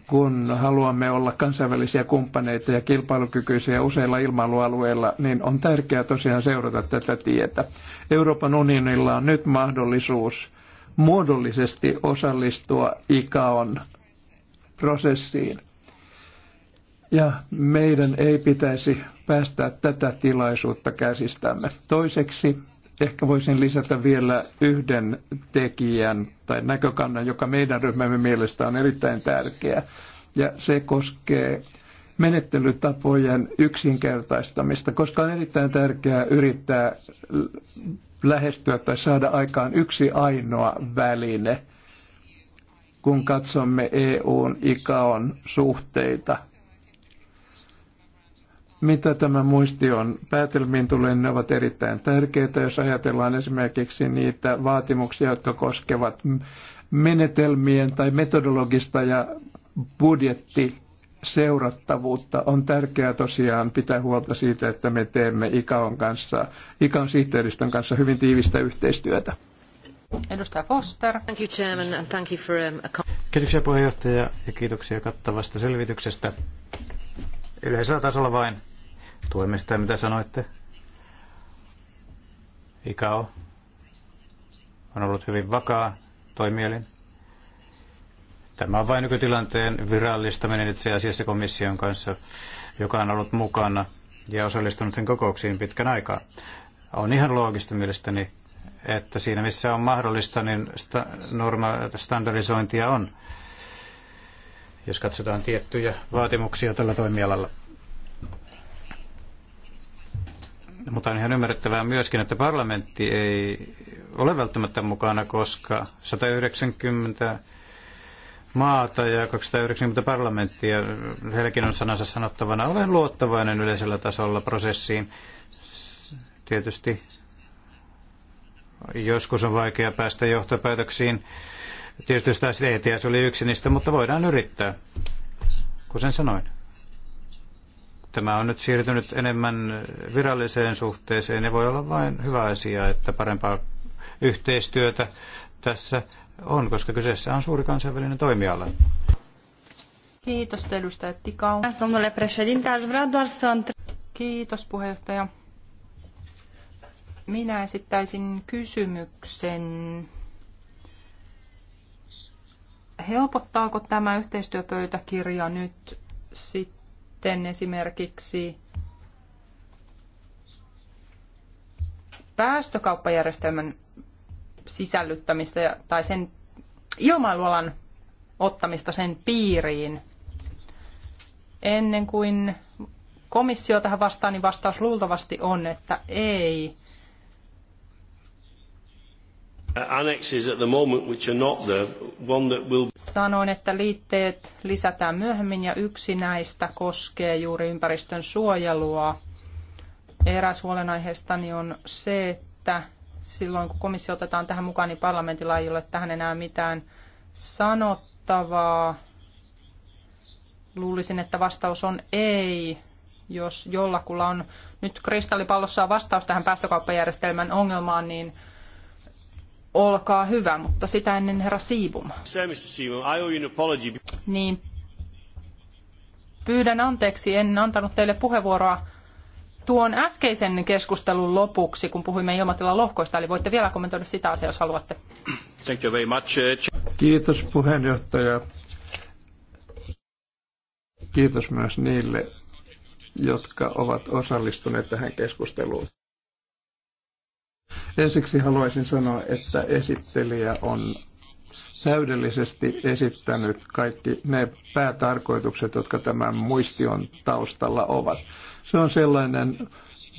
kun haluamme olla kansainvälisiä kumppaneita ja kilpailukykyisiä useilla ilmailualueilla, niin on tärkeää tosiaan seurata tätä tietä. Euroopan unionilla on nyt mahdollisuus muodollisesti osallistua ICAon prosessiin. Ja meidän ei pitäisi päästää tätä tilaisuutta käsistämme. Toiseksi ehkä voisin lisätä vielä yhden tekijän tai näkökannan, joka meidän ryhmämme mielestä on erittäin tärkeä, ja se koskee menettelytapojen yksinkertaistamista, koska on erittäin tärkeää yrittää lähestyä tai saada aikaan yksi ainoa väline, kun katsomme EUn ikaon suhteita – mitä tämä on päätelmiin tulee, ne ovat erittäin tärkeitä, jos ajatellaan esimerkiksi niitä vaatimuksia, jotka koskevat menetelmien tai metodologista ja budjetti seurattavuutta. On tärkeää tosiaan pitää huolta siitä, että me teemme ICAON kanssa, ICAON sihteeristön kanssa hyvin tiivistä yhteistyötä. Edustaja Foster. Thank you, Chairman, and thank you for, um, a... Kiitoksia puheenjohtaja ja kiitoksia kattavasta selvityksestä. Yleisellä tasolla vain Tuemme sitä, mitä sanoitte. Ikao on ollut hyvin vakaa toimielin. Tämä on vain nykytilanteen virallistaminen itse asiassa komission kanssa, joka on ollut mukana ja osallistunut sen kokouksiin pitkän aikaa. On ihan loogista mielestäni, että siinä missä on mahdollista, niin sta- norma- standardisointia on, jos katsotaan tiettyjä vaatimuksia tällä toimialalla. Mutta on ihan ymmärrettävää myöskin, että parlamentti ei ole välttämättä mukana, koska 190 maata ja 290 parlamenttia, heilläkin on sanansa sanottavana. Olen luottavainen yleisellä tasolla prosessiin. Tietysti joskus on vaikea päästä johtopäätöksiin. Tietysti taas ETS oli yksi niistä, mutta voidaan yrittää, kuten sanoin. Tämä on nyt siirtynyt enemmän viralliseen suhteeseen ja voi olla vain hyvä asia, että parempaa yhteistyötä tässä on, koska kyseessä on suuri kansainvälinen toimiala. Kiitos, edustaja Tikau. Kiitos, puheenjohtaja. Minä esittäisin kysymyksen. Helpottaako tämä yhteistyöpöytäkirja nyt sit sitten esimerkiksi päästökauppajärjestelmän sisällyttämistä tai sen ilmailualan ottamista sen piiriin. Ennen kuin komissio tähän vastaa, niin vastaus luultavasti on, että ei. Sanoin, että liitteet lisätään myöhemmin ja yksi näistä koskee juuri ympäristön suojelua. Eräs huolenaiheestani on se, että silloin kun komissio otetaan tähän mukaan, niin parlamentilla ei ole tähän enää mitään sanottavaa. Luulisin, että vastaus on ei, jos jollakulla on nyt kristallipallossa vastaus tähän päästökauppajärjestelmän ongelmaan, niin Olkaa hyvä, mutta sitä ennen herra Siibum. Niin, pyydän anteeksi, en antanut teille puheenvuoroa tuon äskeisen keskustelun lopuksi, kun puhuimme ilmatilan lohkoista, eli voitte vielä kommentoida sitä asiaa, jos haluatte. Thank you very much. Uh, Kiitos puheenjohtaja. Kiitos myös niille, jotka ovat osallistuneet tähän keskusteluun. Ensiksi haluaisin sanoa, että esittelijä on täydellisesti esittänyt kaikki ne päätarkoitukset, jotka tämän muistion taustalla ovat. Se on sellainen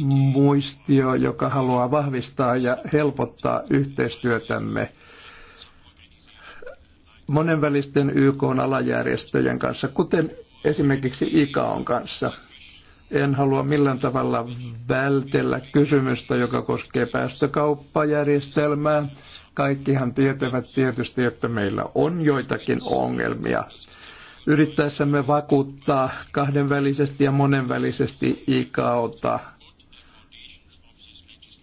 muistio, joka haluaa vahvistaa ja helpottaa yhteistyötämme monenvälisten YK-alajärjestöjen kanssa, kuten esimerkiksi ICAON kanssa. En halua millään tavalla vältellä kysymystä, joka koskee päästökauppajärjestelmää. Kaikkihan tietävät tietysti, että meillä on joitakin ongelmia yrittäessämme vakuuttaa kahdenvälisesti ja monenvälisesti ikaota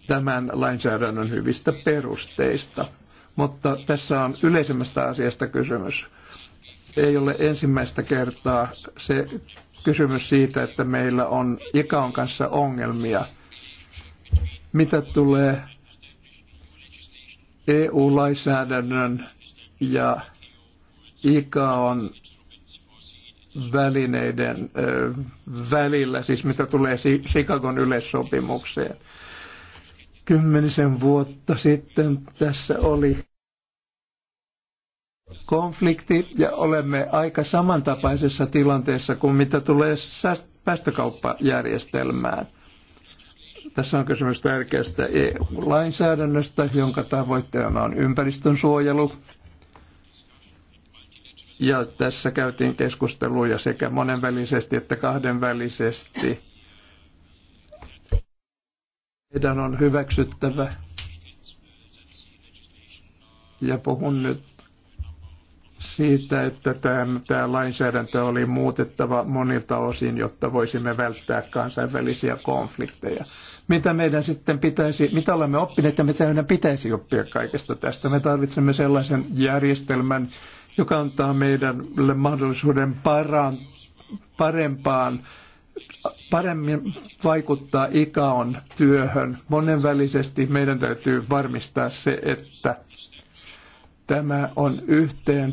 tämän lainsäädännön hyvistä perusteista. Mutta tässä on yleisemmästä asiasta kysymys. Ei ole ensimmäistä kertaa se kysymys siitä, että meillä on ikaon kanssa ongelmia. Mitä tulee EU-lainsäädännön ja ikaon välineiden ö, välillä, siis mitä tulee Chicagon yleissopimukseen. Kymmenisen vuotta sitten tässä oli konflikti ja olemme aika samantapaisessa tilanteessa kuin mitä tulee päästökauppajärjestelmään. Tässä on kysymys tärkeästä EU-lainsäädännöstä, jonka tavoitteena on ympäristön suojelu. Ja tässä käytiin keskusteluja sekä monenvälisesti että kahdenvälisesti. Meidän on hyväksyttävä, ja puhun nyt siitä, että tämä, tämä lainsäädäntö oli muutettava monilta osin, jotta voisimme välttää kansainvälisiä konflikteja. Mitä meidän sitten pitäisi, mitä olemme oppineet ja mitä meidän pitäisi oppia kaikesta tästä? Me tarvitsemme sellaisen järjestelmän, joka antaa meidän mahdollisuuden paran, parempaan paremmin vaikuttaa ikaon työhön. Monenvälisesti meidän täytyy varmistaa se, että Tämä on yhteen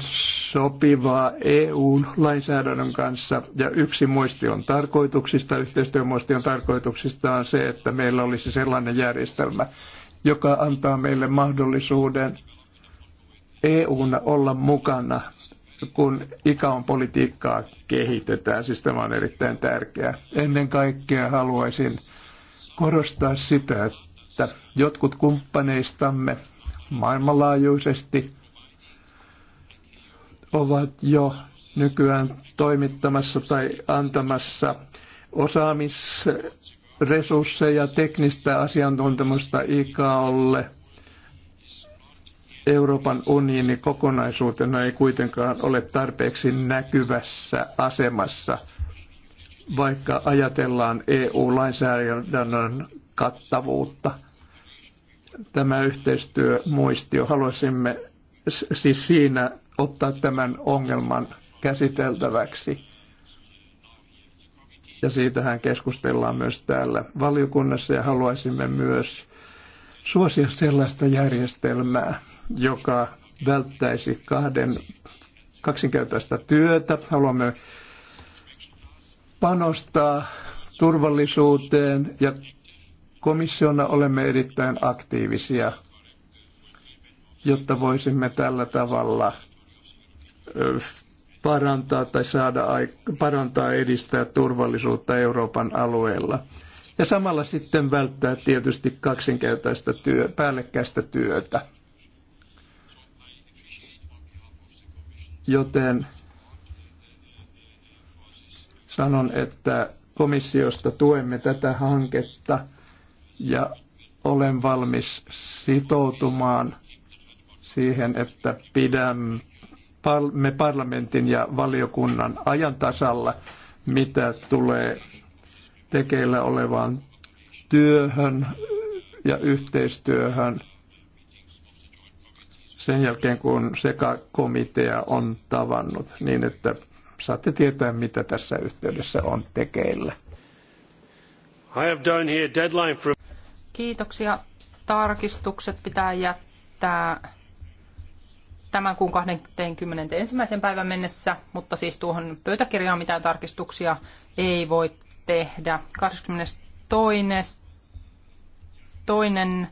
sopivaa EU-lainsäädännön kanssa ja yksi muistion tarkoituksista, yhteistyömuistion tarkoituksista on se, että meillä olisi sellainen järjestelmä, joka antaa meille mahdollisuuden EUna olla mukana, kun ikaon politiikkaa kehitetään. Siis tämä on erittäin tärkeää. Ennen kaikkea haluaisin korostaa sitä, että jotkut kumppaneistamme maailmanlaajuisesti – ovat jo nykyään toimittamassa tai antamassa osaamisresursseja, teknistä asiantuntemusta IKAOlle. Euroopan unioni kokonaisuutena ei kuitenkaan ole tarpeeksi näkyvässä asemassa, vaikka ajatellaan EU-lainsäädännön kattavuutta. Tämä yhteistyömuistio haluaisimme, siis siinä ottaa tämän ongelman käsiteltäväksi. Ja siitähän keskustellaan myös täällä valiokunnassa ja haluaisimme myös suosia sellaista järjestelmää, joka välttäisi kahden kaksinkertaista työtä. Haluamme panostaa turvallisuuteen ja komissiona olemme erittäin aktiivisia, jotta voisimme tällä tavalla parantaa tai saada parantaa edistää turvallisuutta Euroopan alueella. Ja samalla sitten välttää tietysti kaksinkertaista työ, päällekkäistä työtä. Joten sanon, että komissiosta tuemme tätä hanketta ja olen valmis sitoutumaan siihen, että pidän me parlamentin ja valiokunnan ajan tasalla, mitä tulee tekeillä olevaan työhön ja yhteistyöhön sen jälkeen, kun sekakomitea on tavannut, niin että saatte tietää, mitä tässä yhteydessä on tekeillä. I have done here deadline for... Kiitoksia. Tarkistukset pitää jättää tämän kuun 21. päivän mennessä, mutta siis tuohon pöytäkirjaan mitään tarkistuksia ei voi tehdä. 22. Toinen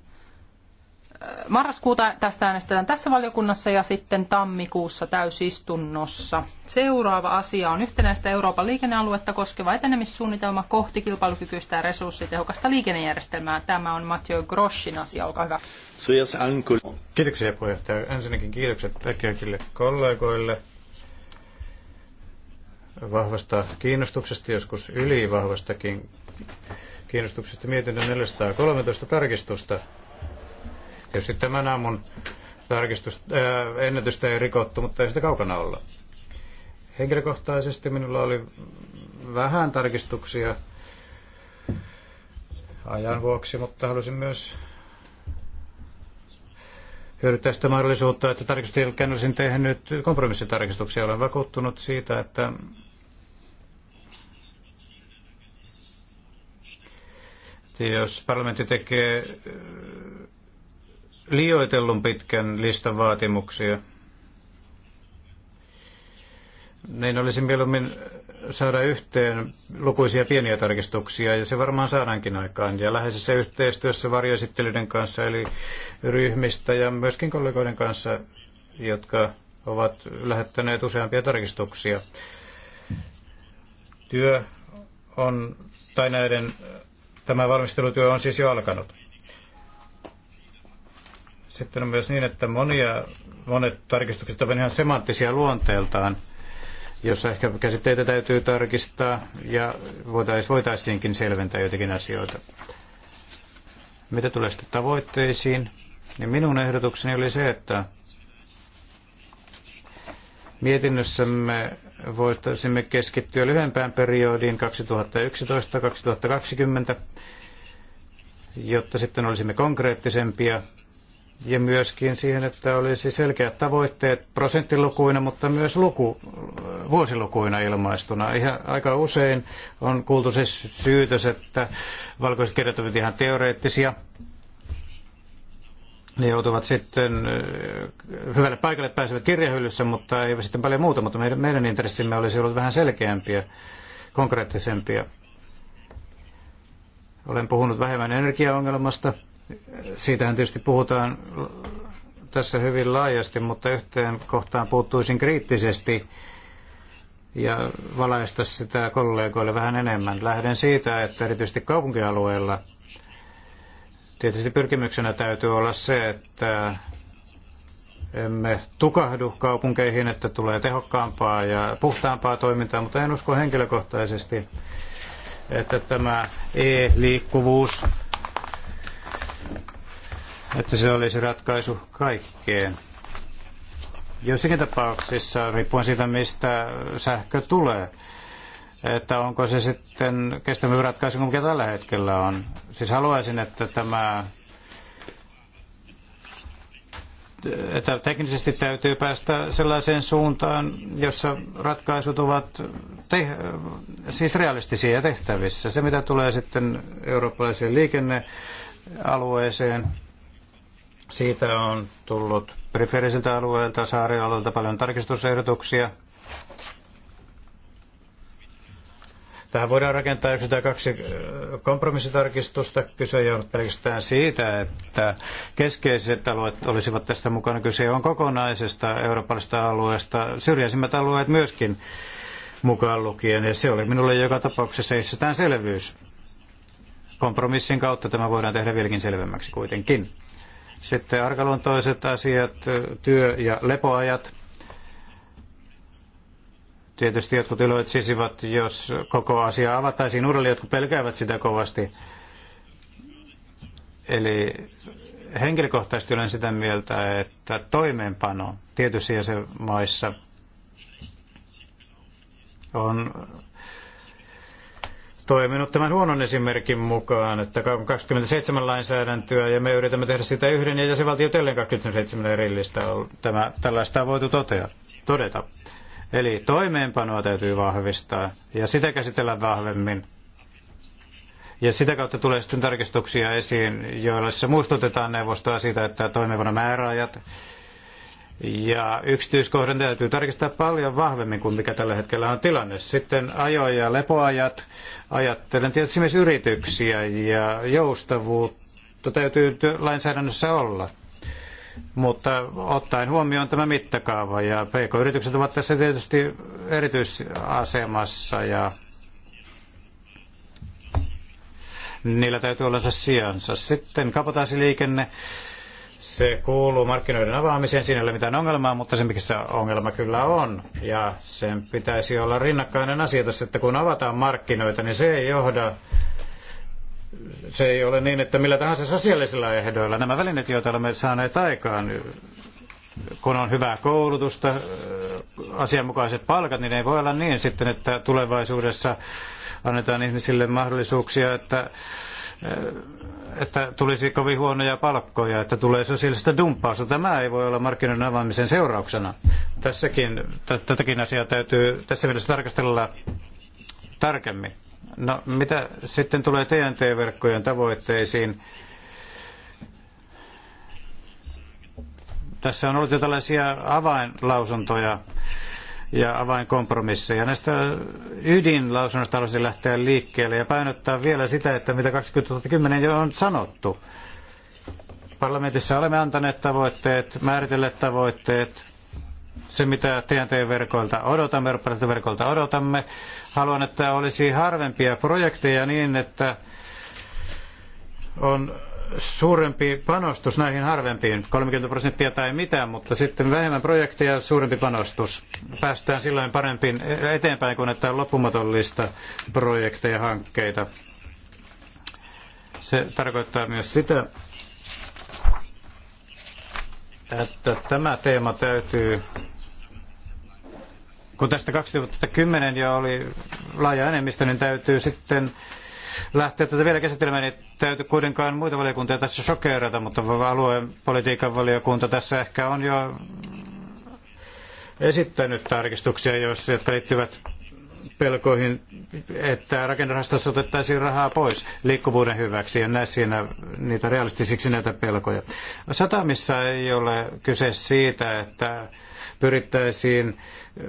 marraskuuta tästä äänestetään tässä valiokunnassa ja sitten tammikuussa täysistunnossa. Seuraava asia on yhtenäistä Euroopan liikennealuetta koskeva etenemissuunnitelma kohti kilpailukykyistä ja resurssitehokasta liikennejärjestelmää. Tämä on Mathieu Groschin asia, olkaa hyvä. Kiitoksia puheenjohtaja. Ensinnäkin kiitokset kaikille kollegoille vahvasta kiinnostuksesta, joskus yli vahvastakin kiinnostuksesta mietinnön 413 tarkistusta Tietysti tämän aamun tarkistus, ää, äh, ennätystä ei rikottu, mutta ei sitä kaukana olla. Henkilökohtaisesti minulla oli vähän tarkistuksia ajan vuoksi, mutta halusin myös hyödyttää sitä mahdollisuutta, että tarkistusten jälkeen olisin tehnyt kompromissitarkistuksia. Olen vakuuttunut siitä, että jos parlamentti tekee liioitellun pitkän listan vaatimuksia, niin olisi mieluummin saada yhteen lukuisia pieniä tarkistuksia, ja se varmaan saadaankin aikaan. Ja läheisessä yhteistyössä varjoesittelyiden kanssa, eli ryhmistä ja myöskin kollegoiden kanssa, jotka ovat lähettäneet useampia tarkistuksia. Työ on, tai näiden, tämä valmistelutyö on siis jo alkanut. Sitten on myös niin, että monia, monet tarkistukset ovat ihan semanttisia luonteeltaan, jossa ehkä käsitteitä täytyy tarkistaa ja voitaisiin, voitaisiinkin selventää jotakin asioita. Mitä tulee sitten tavoitteisiin, niin minun ehdotukseni oli se, että mietinnössämme voisimme keskittyä lyhyempään periodiin 2011-2020, jotta sitten olisimme konkreettisempia ja myöskin siihen, että olisi selkeät tavoitteet prosenttilukuina, mutta myös luku, vuosilukuina ilmaistuna. Ihan aika usein on kuultu se syytös, että valkoiset kirjat ovat ihan teoreettisia. Ne joutuvat sitten hyvälle paikalle pääsevät kirjahyllyssä, mutta ei sitten paljon muuta, mutta meidän, meidän intressimme olisi ollut vähän selkeämpiä, konkreettisempia. Olen puhunut vähemmän energiaongelmasta, Siitähän tietysti puhutaan tässä hyvin laajasti, mutta yhteen kohtaan puuttuisin kriittisesti ja valaista sitä kollegoille vähän enemmän. Lähden siitä, että erityisesti kaupunkialueella tietysti pyrkimyksenä täytyy olla se, että emme tukahdu kaupunkeihin, että tulee tehokkaampaa ja puhtaampaa toimintaa, mutta en usko henkilökohtaisesti, että tämä e-liikkuvuus että se olisi ratkaisu kaikkeen. Joissakin tapauksissa, riippuen siitä, mistä sähkö tulee, että onko se sitten kestävä ratkaisu kuin mikä tällä hetkellä on. Siis haluaisin, että tämä että teknisesti täytyy päästä sellaiseen suuntaan, jossa ratkaisut ovat te- siis realistisia ja tehtävissä. Se, mitä tulee sitten eurooppalaiseen liikennealueeseen, siitä on tullut periferisiltä alueilta, saarialueilta paljon tarkistusehdotuksia. Tähän voidaan rakentaa yksi tai kaksi äh, kompromissitarkistusta. Kyse ei ole pelkästään siitä, että keskeiset alueet olisivat tästä mukana. Kyse on kokonaisesta eurooppalaisesta alueesta, syrjäisimmät alueet myöskin mukaan lukien. Ja se oli minulle joka tapauksessa itsestäänselvyys. Kompromissin kautta tämä voidaan tehdä vieläkin selvemmäksi kuitenkin. Sitten arkaluontoiset asiat, työ- ja lepoajat. Tietysti jotkut iloitsisivat, jos koko asia avattaisiin uudelleen, jotkut pelkäävät sitä kovasti. Eli henkilökohtaisesti olen sitä mieltä, että toimeenpano tietyissä jäsenmaissa on toiminut tämän huonon esimerkin mukaan, että on 27 lainsäädäntöä ja me yritämme tehdä sitä yhden ja valtio jälleen 27 erillistä. Tämä, tällaista on voitu totea, todeta. Eli toimeenpanoa täytyy vahvistaa ja sitä käsitellään vahvemmin. Ja sitä kautta tulee sitten tarkistuksia esiin, joilla se muistutetaan neuvostoa siitä, että toimivana määräajat ja yksityiskohdan täytyy tarkistaa paljon vahvemmin kuin mikä tällä hetkellä on tilanne. Sitten ajo- ja lepoajat. Ajattelen tietysti myös yrityksiä ja joustavuutta täytyy lainsäädännössä olla. Mutta ottaen huomioon tämä mittakaava ja PK-yritykset ovat tässä tietysti erityisasemassa ja niillä täytyy olla se sijansa. Sitten kapotaasiliikenne. liikenne se kuuluu markkinoiden avaamiseen, siinä ei ole mitään ongelmaa, mutta se mikä ongelma kyllä on, ja sen pitäisi olla rinnakkainen asia tässä, että kun avataan markkinoita, niin se ei johda se ei ole niin, että millä tahansa sosiaalisilla ehdoilla nämä välineet, joita olemme saaneet aikaan, kun on hyvää koulutusta, asianmukaiset palkat, niin ei voi olla niin sitten, että tulevaisuudessa annetaan ihmisille mahdollisuuksia, että Äh, että tulisi kovin huonoja palkkoja, että tulee sosiaalista dumppausta. Tämä ei voi olla markkinoiden avaamisen seurauksena. Tässäkin, tätäkin asiaa täytyy tässä mielessä tarkastella tarkemmin. No, mitä sitten tulee TNT-verkkojen tavoitteisiin? Tässä on ollut jo tällaisia avainlausuntoja ja avainkompromisseja. Näistä ydinlausunnoista haluaisin lähteä liikkeelle ja painottaa vielä sitä, että mitä 2010 jo on sanottu. Parlamentissa olemme antaneet tavoitteet, määritelleet tavoitteet, se mitä TNT-verkoilta odotamme, eurooppalaisilta verkoilta odotamme. Haluan, että olisi harvempia projekteja niin, että on suurempi panostus näihin harvempiin, 30 prosenttia tai mitään, mutta sitten vähemmän projekteja, suurempi panostus. Päästään silloin parempiin eteenpäin, kuin että on loppumatonlista projekteja, hankkeita. Se tarkoittaa myös sitä, että tämä teema täytyy kun tästä 2010 jo oli laaja enemmistö, niin täytyy sitten lähteä tätä vielä käsittelemään, niin täytyy kuitenkaan muita valiokuntia tässä sokeerata, mutta aluepolitiikan valiokunta tässä ehkä on jo esittänyt tarkistuksia, jos, jotka liittyvät pelkoihin, että rakennerahastossa otettaisiin rahaa pois liikkuvuuden hyväksi ja näe siinä niitä realistisiksi näitä pelkoja. Satamissa ei ole kyse siitä, että pyrittäisiin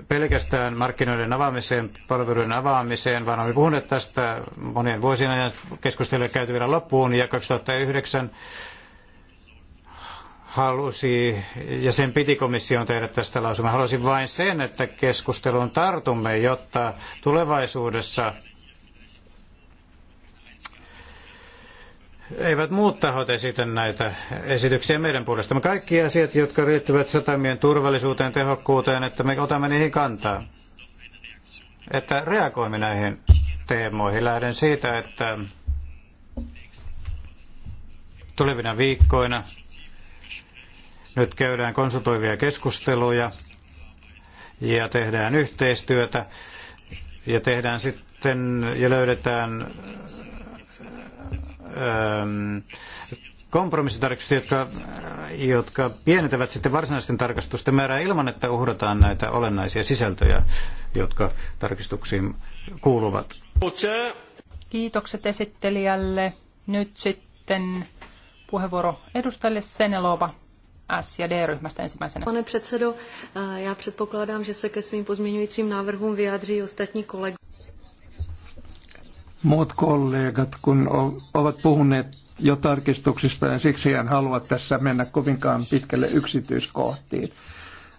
pelkästään markkinoiden avaamiseen, palveluiden avaamiseen, vaan olemme puhuneet tästä monien vuosien ajan keskustelua käyty vielä loppuun ja 2009 halusi, ja sen piti komission tehdä tästä lausuma. Halusin vain sen, että keskusteluun tartumme, jotta tulevaisuudessa eivät muut tahot esitä näitä esityksiä meidän puolestamme. Kaikki asiat, jotka liittyvät satamien turvallisuuteen, tehokkuuteen, että me otamme niihin kantaa. Että reagoimme näihin teemoihin. Lähden siitä, että tulevina viikkoina nyt käydään konsultoivia keskusteluja ja tehdään yhteistyötä ja tehdään sitten ja löydetään Ähm, kompromissitarkistuksia, jotka, äh, jotka pienentävät sitten varsinaisten tarkastusten määrää ilman, että uhrataan näitä olennaisia sisältöjä, jotka tarkistuksiin kuuluvat. Kiitokset esittelijälle. Nyt sitten puheenvuoro edustajille Senelova. S ja D-ryhmästä ensimmäisenä. Pane předsedo, eh, já předpokládám, že se ke svým pozměňujícím návrhům vyjádří ostatní kolegy muut kollegat, kun ovat puhuneet jo tarkistuksista, ja niin siksi en halua tässä mennä kovinkaan pitkälle yksityiskohtiin.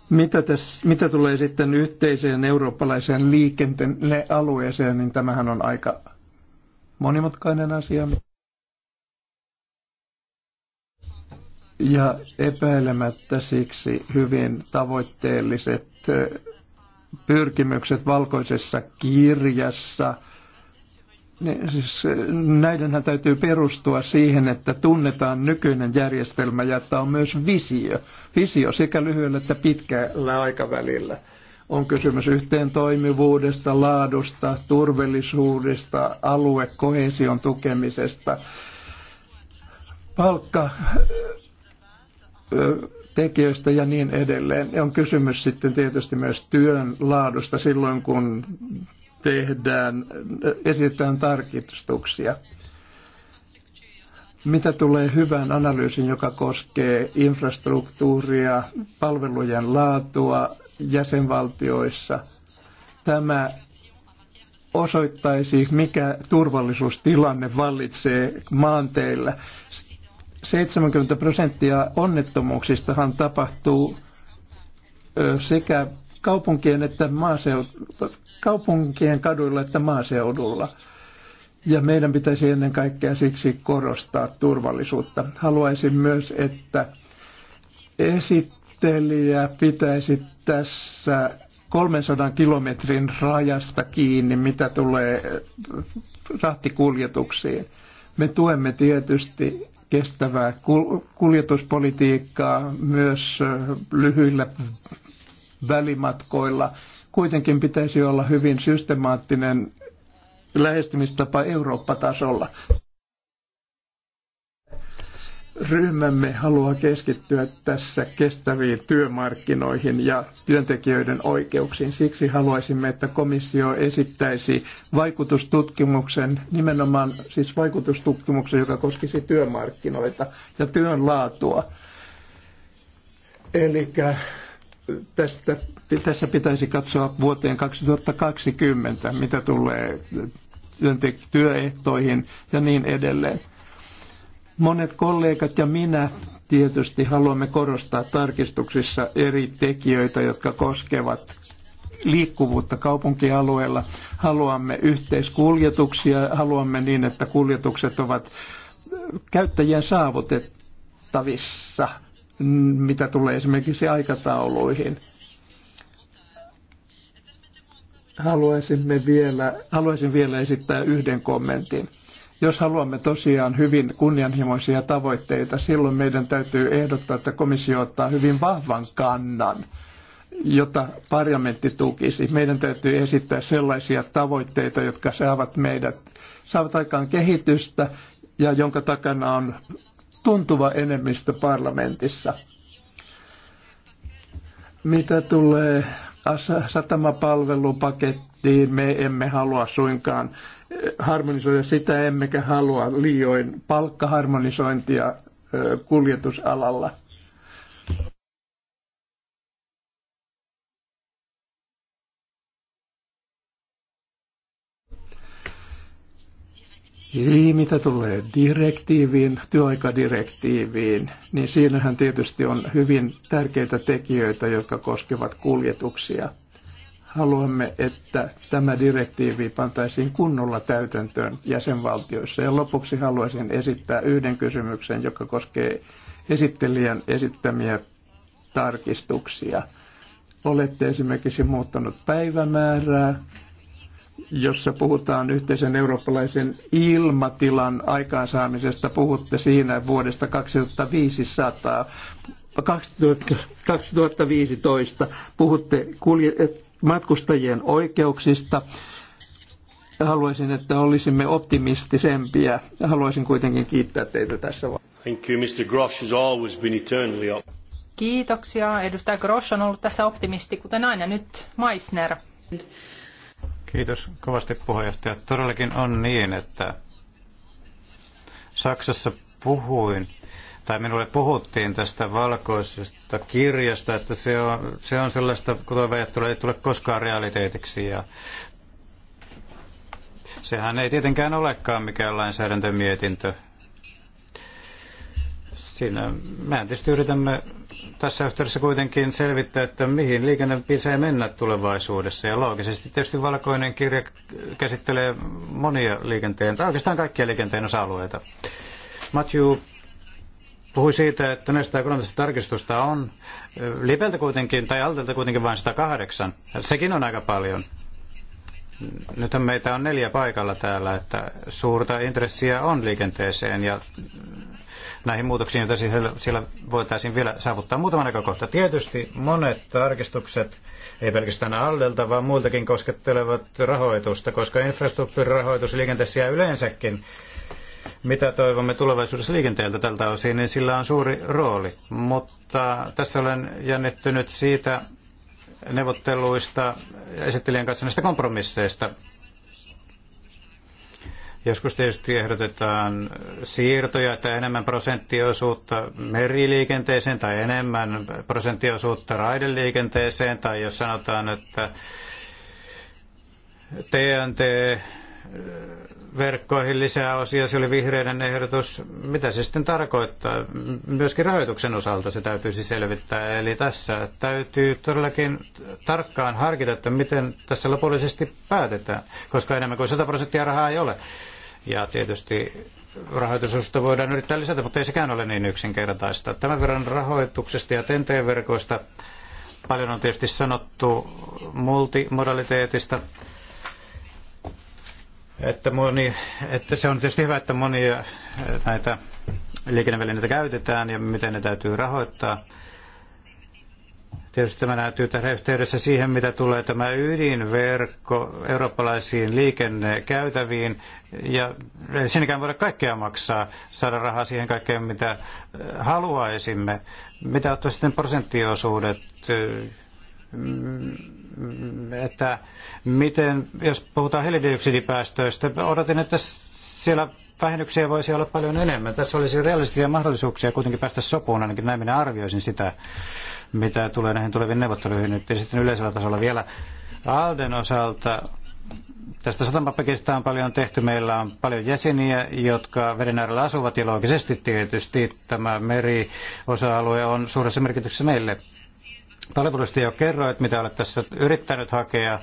Mitä, tässä, mitä tulee sitten yhteiseen eurooppalaiseen liikentealueeseen, niin tämähän on aika monimutkainen asia. Ja epäilemättä siksi hyvin tavoitteelliset pyrkimykset valkoisessa kirjassa – Siis eh, näidenhän täytyy perustua siihen, että tunnetaan nykyinen järjestelmä ja että on myös visio. Visio sekä lyhyellä että pitkällä aikavälillä. On kysymys yhteen toimivuudesta, laadusta, turvallisuudesta, aluekohesion tukemisesta, palkka eh, tekijöistä ja niin edelleen. On kysymys sitten tietysti myös työn laadusta silloin, kun tehdään, esitetään tarkistuksia. Mitä tulee hyvään analyysin, joka koskee infrastruktuuria, palvelujen laatua jäsenvaltioissa, tämä osoittaisi, mikä turvallisuustilanne vallitsee maanteillä. 70 prosenttia onnettomuuksistahan tapahtuu sekä kaupunkien, että maaseud- kaupunkien kaduilla että maaseudulla. Ja meidän pitäisi ennen kaikkea siksi korostaa turvallisuutta. Haluaisin myös, että esittelijä pitäisi tässä 300 kilometrin rajasta kiinni, mitä tulee rahtikuljetuksiin. Me tuemme tietysti kestävää kuljetuspolitiikkaa myös lyhyillä välimatkoilla. Kuitenkin pitäisi olla hyvin systemaattinen lähestymistapa Eurooppa-tasolla. Ryhmämme haluaa keskittyä tässä kestäviin työmarkkinoihin ja työntekijöiden oikeuksiin. Siksi haluaisimme, että komissio esittäisi vaikutustutkimuksen, nimenomaan siis vaikutustutkimuksen, joka koskisi työmarkkinoita ja työn laatua. Eli tästä, tässä pitäisi katsoa vuoteen 2020, mitä tulee työehtoihin ja niin edelleen. Monet kollegat ja minä tietysti haluamme korostaa tarkistuksissa eri tekijöitä, jotka koskevat liikkuvuutta kaupunkialueella. Haluamme yhteiskuljetuksia, haluamme niin, että kuljetukset ovat käyttäjien saavutettavissa – mitä tulee esimerkiksi aikatauluihin. Haluaisimme vielä, haluaisin vielä esittää yhden kommentin. Jos haluamme tosiaan hyvin kunnianhimoisia tavoitteita, silloin meidän täytyy ehdottaa, että komissio ottaa hyvin vahvan kannan jota parlamentti tukisi. Meidän täytyy esittää sellaisia tavoitteita, jotka saavat meidät, saavat aikaan kehitystä ja jonka takana on tuntuva enemmistö parlamentissa. Mitä tulee satamapalvelupakettiin, me emme halua suinkaan eh, harmonisoida sitä, emmekä halua liioin palkkaharmonisointia eh, kuljetusalalla. Mitä tulee direktiiviin, työaikadirektiiviin, niin siinähän tietysti on hyvin tärkeitä tekijöitä, jotka koskevat kuljetuksia. Haluamme, että tämä direktiivi pantaisiin kunnolla täytäntöön jäsenvaltioissa. Ja lopuksi haluaisin esittää yhden kysymyksen, joka koskee esittelijän esittämiä tarkistuksia. Olette esimerkiksi muuttanut päivämäärää jossa puhutaan yhteisen eurooppalaisen ilmatilan aikaansaamisesta. Puhutte siinä vuodesta 2500, 2015. Puhutte matkustajien oikeuksista. Haluaisin, että olisimme optimistisempia. Haluaisin kuitenkin kiittää teitä tässä vaiheessa. Kiitoksia. Edustaja Grosh on ollut tässä optimisti, kuten aina nyt Meissner. Kiitos kovasti puheenjohtaja. Todellakin on niin, että Saksassa puhuin, tai minulle puhuttiin tästä valkoisesta kirjasta, että se on, se on sellaista, kun ei tule koskaan realiteetiksi. Ja sehän ei tietenkään olekaan mikään lainsäädäntömietintö. Siinä mehän tietysti yritämme tässä yhteydessä kuitenkin selvittää, että mihin liikenne pitää mennä tulevaisuudessa. Ja loogisesti tietysti valkoinen kirja käsittelee monia liikenteen, tai oikeastaan kaikkia liikenteen osa-alueita. Matthew puhui siitä, että näistä 413 tarkistusta on Lipeltä kuitenkin, tai Altelta kuitenkin vain 108. Sekin on aika paljon. Nyt meitä on neljä paikalla täällä, että suurta intressiä on liikenteeseen ja näihin muutoksiin, joita siellä, siellä voitaisiin vielä saavuttaa. Muutama näkökohta. Tietysti monet tarkistukset, ei pelkästään Aldelta, vaan muiltakin koskettelevat rahoitusta, koska infrastruktuurirahoitus liikenteessä ja yleensäkin mitä toivomme tulevaisuudessa liikenteeltä tältä osin, niin sillä on suuri rooli. Mutta tässä olen jännittynyt siitä neuvotteluista esittelijän kanssa näistä kompromisseista, Joskus tietysti ehdotetaan siirtoja, että enemmän prosenttiosuutta meriliikenteeseen tai enemmän prosenttiosuutta raideliikenteeseen, tai jos sanotaan, että TNT verkkoihin lisää osia, se oli vihreiden ehdotus. Mitä se sitten tarkoittaa? Myöskin rahoituksen osalta se täytyisi selvittää. Eli tässä täytyy todellakin tarkkaan harkita, että miten tässä lopullisesti päätetään, koska enemmän kuin 100 prosenttia rahaa ei ole. Ja tietysti rahoitusosuutta voidaan yrittää lisätä, mutta ei sekään ole niin yksinkertaista. Tämän verran rahoituksesta ja TNT-verkoista paljon on tietysti sanottu multimodaliteetista. Että, moni, että se on tietysti hyvä, että monia näitä liikennevälineitä käytetään ja miten ne täytyy rahoittaa. Tietysti tämä näytyy tehdä yhteydessä siihen, mitä tulee tämä ydinverkko eurooppalaisiin liikennekäytäviin. Ja ei sinnekään voida kaikkea maksaa, saada rahaa siihen kaikkeen, mitä äh, haluaisimme. Mitä ottaa sitten prosenttiosuudet? Äh, mm, että miten, jos puhutaan hiilidioksidipäästöistä, odotin, että siellä vähennyksiä voisi olla paljon enemmän. Tässä olisi realistisia mahdollisuuksia kuitenkin päästä sopuun, ainakin näin minä arvioisin sitä mitä tulee näihin tuleviin neuvotteluihin nyt. Ja sitten yleisellä tasolla vielä Alden osalta Tästä satamapakista on paljon tehty. Meillä on paljon jäseniä, jotka veden äärellä asuvat ja loogisesti tietysti tämä meriosa-alue on suuressa merkityksessä meille. Palvelusta jo kerroit, mitä olet tässä yrittänyt hakea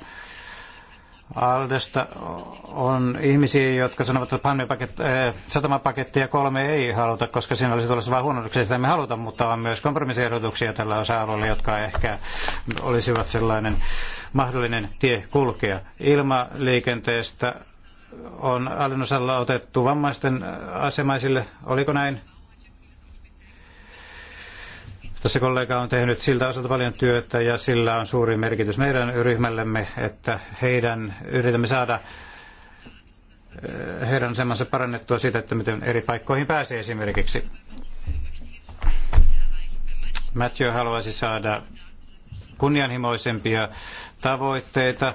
Aldesta on ihmisiä, jotka sanovat, että äh, satamapakettia kolme ei haluta, koska siinä olisi tulossa vain huononnuksia, sitä me haluta, mutta on myös kompromissiehdotuksia tällä osa-alueella, jotka ehkä olisivat sellainen mahdollinen tie kulkea. Ilmaliikenteestä on alennusalla otettu vammaisten asemaisille, oliko näin? Tässä kollega on tehnyt siltä osalta paljon työtä ja sillä on suuri merkitys meidän ryhmällemme, että heidän yritämme saada eh, heidän asemansa parannettua siitä, että miten eri paikkoihin pääsee esimerkiksi. Matthew haluaisi saada kunnianhimoisempia tavoitteita,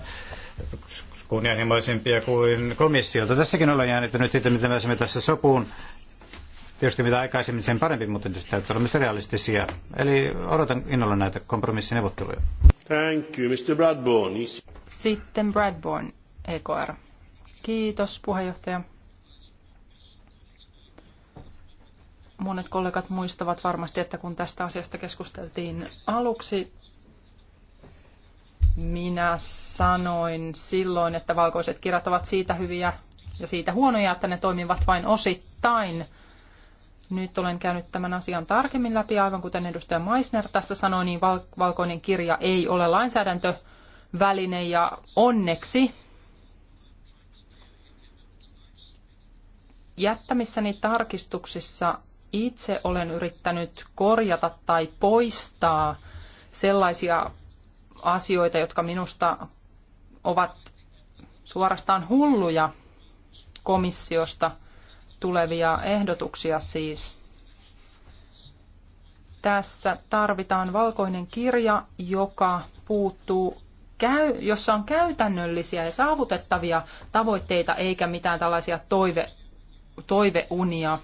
kunnianhimoisempia kuin komissiolta. Tässäkin ollaan jäänyt nyt siitä, miten pääsemme tässä sopuun Tietysti mitä aikaisemmin sen parempi, mutta tietysti täytyy olla myös realistisia. Eli odotan innolla näitä kompromissineuvotteluja. Thank you, Mr. Bradbourne. Sitten Bradbourne, EKR. Kiitos, puheenjohtaja. Monet kollegat muistavat varmasti, että kun tästä asiasta keskusteltiin aluksi, minä sanoin silloin, että valkoiset kirjat ovat siitä hyviä ja siitä huonoja, että ne toimivat vain osittain – nyt olen käynyt tämän asian tarkemmin läpi, aivan kuten edustaja Meissner tässä sanoi, niin valkoinen kirja ei ole lainsäädäntöväline ja onneksi jättämissäni tarkistuksissa itse olen yrittänyt korjata tai poistaa sellaisia asioita, jotka minusta ovat suorastaan hulluja komissiosta – tulevia ehdotuksia siis. Tässä tarvitaan valkoinen kirja, joka puuttuu käy, jossa on käytännöllisiä ja saavutettavia tavoitteita eikä mitään tällaisia toive, toiveunia.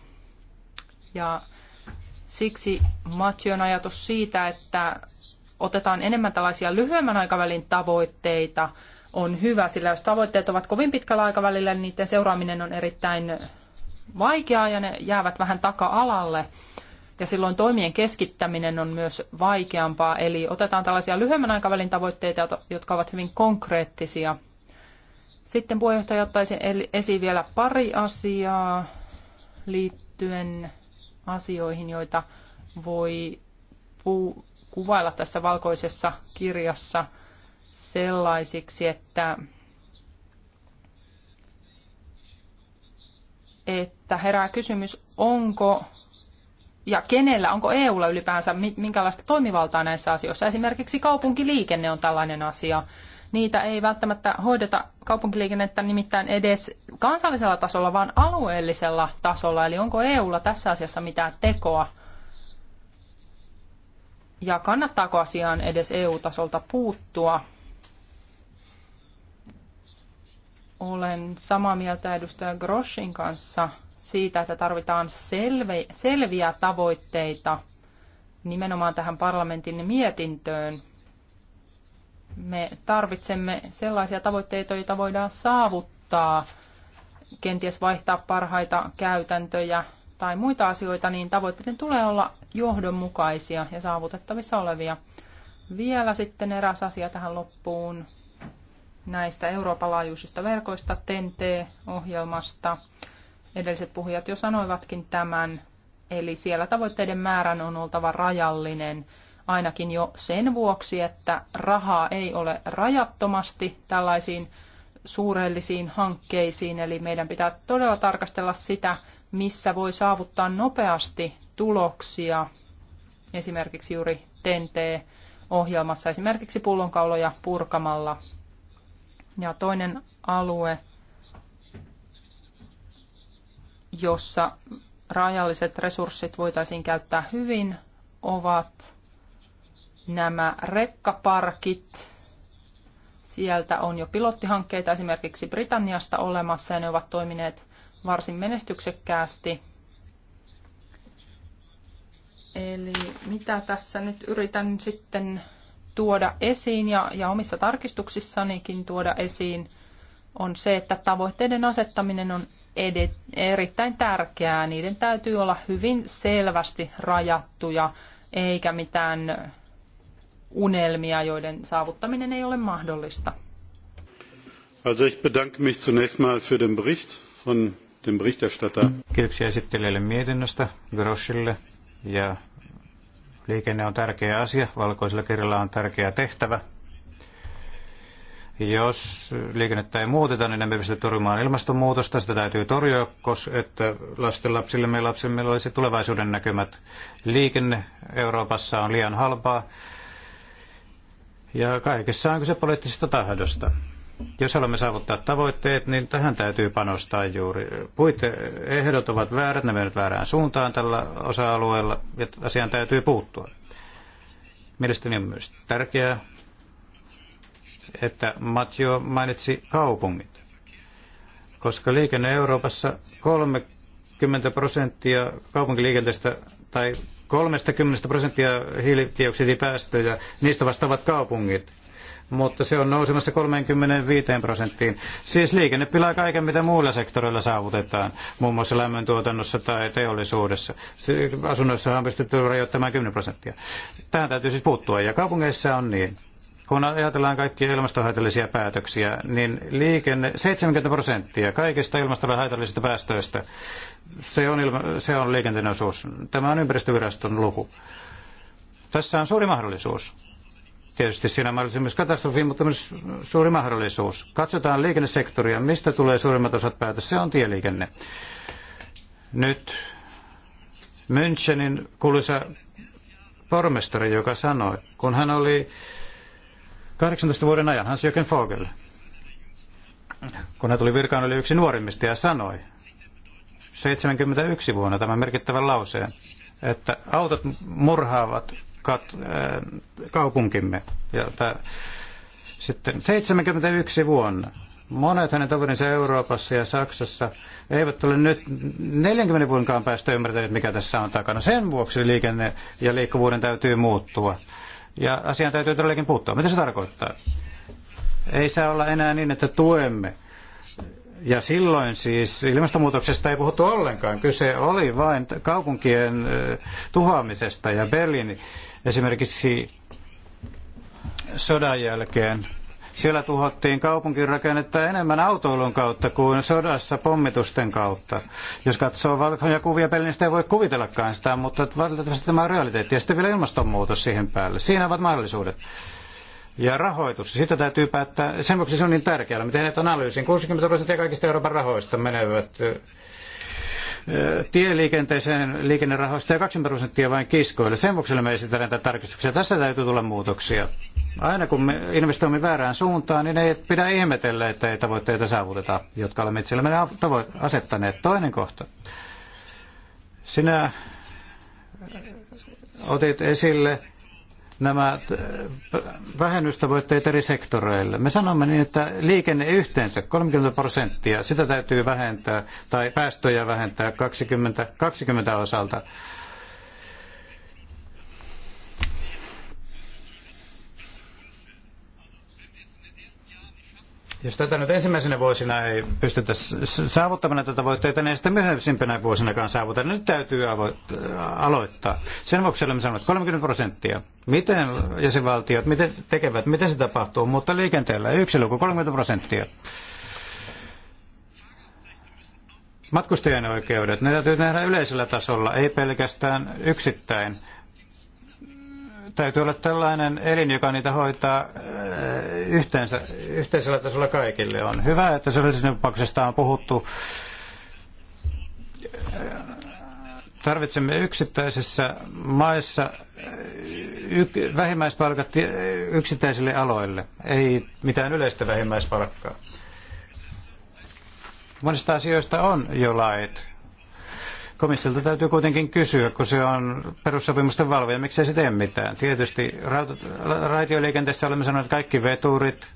Ja siksi Matjon ajatus siitä, että otetaan enemmän tällaisia lyhyemmän aikavälin tavoitteita, on hyvä, sillä jos tavoitteet ovat kovin pitkällä aikavälillä, niin niiden seuraaminen on erittäin vaikeaa ja ne jäävät vähän taka-alalle. Ja silloin toimien keskittäminen on myös vaikeampaa, eli otetaan tällaisia lyhyemmän aikavälin tavoitteita, jotka ovat hyvin konkreettisia. Sitten puheenjohtaja ottaisi esiin vielä pari asiaa liittyen asioihin, joita voi puu- kuvailla tässä valkoisessa kirjassa sellaisiksi, että että herää kysymys, onko ja kenellä, onko EUlla ylipäänsä minkälaista toimivaltaa näissä asioissa. Esimerkiksi kaupunkiliikenne on tällainen asia. Niitä ei välttämättä hoideta kaupunkiliikennettä nimittäin edes kansallisella tasolla, vaan alueellisella tasolla. Eli onko EUlla tässä asiassa mitään tekoa? Ja kannattaako asiaan edes EU-tasolta puuttua? Olen samaa mieltä edustaja Groshin kanssa siitä, että tarvitaan selve, selviä tavoitteita nimenomaan tähän parlamentin mietintöön. Me tarvitsemme sellaisia tavoitteita, joita voidaan saavuttaa, kenties vaihtaa parhaita käytäntöjä tai muita asioita, niin tavoitteiden tulee olla johdonmukaisia ja saavutettavissa olevia. Vielä sitten eräs asia tähän loppuun näistä Euroopan laajuisista verkoista, TEN-T-ohjelmasta. Edelliset puhujat jo sanoivatkin tämän, eli siellä tavoitteiden määrän on oltava rajallinen, ainakin jo sen vuoksi, että rahaa ei ole rajattomasti tällaisiin suurellisiin hankkeisiin, eli meidän pitää todella tarkastella sitä, missä voi saavuttaa nopeasti tuloksia, esimerkiksi juuri TNT-ohjelmassa, esimerkiksi pullonkauloja purkamalla ja toinen alue, jossa rajalliset resurssit voitaisiin käyttää hyvin, ovat nämä rekkaparkit. Sieltä on jo pilottihankkeita esimerkiksi Britanniasta olemassa ja ne ovat toimineet varsin menestyksekkäästi. Eli mitä tässä nyt yritän sitten tuoda esiin ja, ja omissa tarkistuksissanikin tuoda esiin, on se, että tavoitteiden asettaminen on edet, erittäin tärkeää. Niiden täytyy olla hyvin selvästi rajattuja, eikä mitään unelmia, joiden saavuttaminen ei ole mahdollista. Also ich bedanke mich zunächst mal für den Bericht von dem Berichterstatter. Kiitoksia esittelijälle mietinnöstä, Groschille ja Liikenne on tärkeä asia, valkoisella kirjalla on tärkeä tehtävä. Jos liikennettä ei muuteta, niin emme pysty torjumaan ilmastonmuutosta. Sitä täytyy torjua, koska että lasten lapsillemme ja lapsemme olisi tulevaisuuden näkymät. Liikenne Euroopassa on liian halpaa. Ja kaikessa on kyse poliittisesta tahdosta. Jos haluamme saavuttaa tavoitteet, niin tähän täytyy panostaa juuri. Puiteehdot ovat väärät, ne menevät väärään suuntaan tällä osa-alueella, ja asiaan täytyy puuttua. Mielestäni on myös tärkeää, että Matjo mainitsi kaupungit, koska liikenne Euroopassa 30 prosenttia kaupunkiliikenteestä tai 30 prosenttia hiilidioksidipäästöjä, niistä vastaavat kaupungit mutta se on nousemassa 35 prosenttiin. Siis liikenne pilaa kaiken, mitä muilla sektoreilla saavutetaan, muun muassa lämmöntuotannossa tai teollisuudessa. Asunnoissa on pystytty rajoittamaan 10 prosenttia. Tähän täytyy siis puuttua, ja kaupungeissa on niin. Kun ajatellaan kaikkia ilmastohaitallisia päätöksiä, niin liikenne 70 prosenttia kaikista ilmastohaitallisista päästöistä, se on, ilma, se on liikenteen osuus. Tämä on ympäristöviraston luku. Tässä on suuri mahdollisuus Tietysti siinä on mahdollisuus myös katastrofi, mutta myös suuri mahdollisuus. Katsotaan liikennesektoria, mistä tulee suurimmat osat päätös. Se on tieliikenne. Nyt Münchenin kuuluisa pormestari, joka sanoi, kun hän oli 18 vuoden ajan, Hans-Jürgen Vogel, kun hän tuli virkaan, oli yksi nuorimmista ja sanoi 71 vuonna tämän merkittävän lauseen, että autot murhaavat kat, ää, äh, kaupunkimme. Ja tää, sitten 71 vuonna. Monet hänen toverinsa Euroopassa ja Saksassa eivät ole nyt 40 vuodenkaan päästä ymmärtäneet, mikä tässä on takana. Sen vuoksi liikenne ja liikkuvuuden täytyy muuttua. Ja asiaan täytyy todellakin puuttua. Mitä se tarkoittaa? Ei saa olla enää niin, että tuemme ja silloin siis ilmastonmuutoksesta ei puhuttu ollenkaan. Kyse oli vain kaupunkien äh, tuhoamisesta ja Berliini Esimerkiksi sodan jälkeen siellä tuhottiin kaupunkirakennetta enemmän autoilun kautta kuin sodassa pommitusten kautta. Jos katsoo valkoja kuvia pelin, niin sitä ei voi kuvitellakaan sitä, mutta valitettavasti tämä on realiteetti. Ja sitten vielä ilmastonmuutos siihen päälle. Siinä ovat mahdollisuudet. Ja rahoitus, sitä täytyy päättää. Sen vuoksi se on niin tärkeää. Me tehneet analyysin. 60 prosenttia kaikista Euroopan rahoista menevät tieliikenteeseen liikennerahoista ja 2 prosenttia vain kiskoille. Sen vuoksi me esitämme näitä tarkistuksia. Tässä täytyy tulla muutoksia. Aina kun me investoimme väärään suuntaan, niin ei pidä ihmetellä, että ei tavoitteita saavuteta, jotka olemme itsellemme asettaneet. Toinen kohta. Sinä otit esille nämä äh, vähennystavoitteet eri sektoreille. Me sanomme niin, että liikenne yhteensä 30 prosenttia, sitä täytyy vähentää, tai päästöjä vähentää 20, 20 osalta Jos tätä nyt ensimmäisenä vuosina ei pystytä saavuttamaan tätä voitteita, niin sitten myöhemmin vuosinakaan saavuta. Nyt täytyy äh, aloittaa. Sen vuoksi olemme sanoneet 30 prosenttia. Miten jäsenvaltiot miten tekevät, miten se tapahtuu, mutta liikenteellä yksi luku 30 prosenttia. Matkustajien oikeudet, ne täytyy nähdä yleisellä tasolla, ei pelkästään yksittäin täytyy olla tällainen elin, joka niitä hoitaa äh, yhteensä, yhteisellä tasolla kaikille. On hyvä, että sosiaalisuusneuvoksesta on puhuttu. Tarvitsemme yksittäisissä maissa äh, y- vähimmäispalkat äh, yksittäisille aloille, ei mitään yleistä vähimmäispalkkaa. Monista asioista on jo lait, Komissiolta täytyy kuitenkin kysyä, kun se on perussopimusten valvoja, miksei se tee mitään. Tietysti raitioliikenteessä olemme sanoneet että kaikki veturit,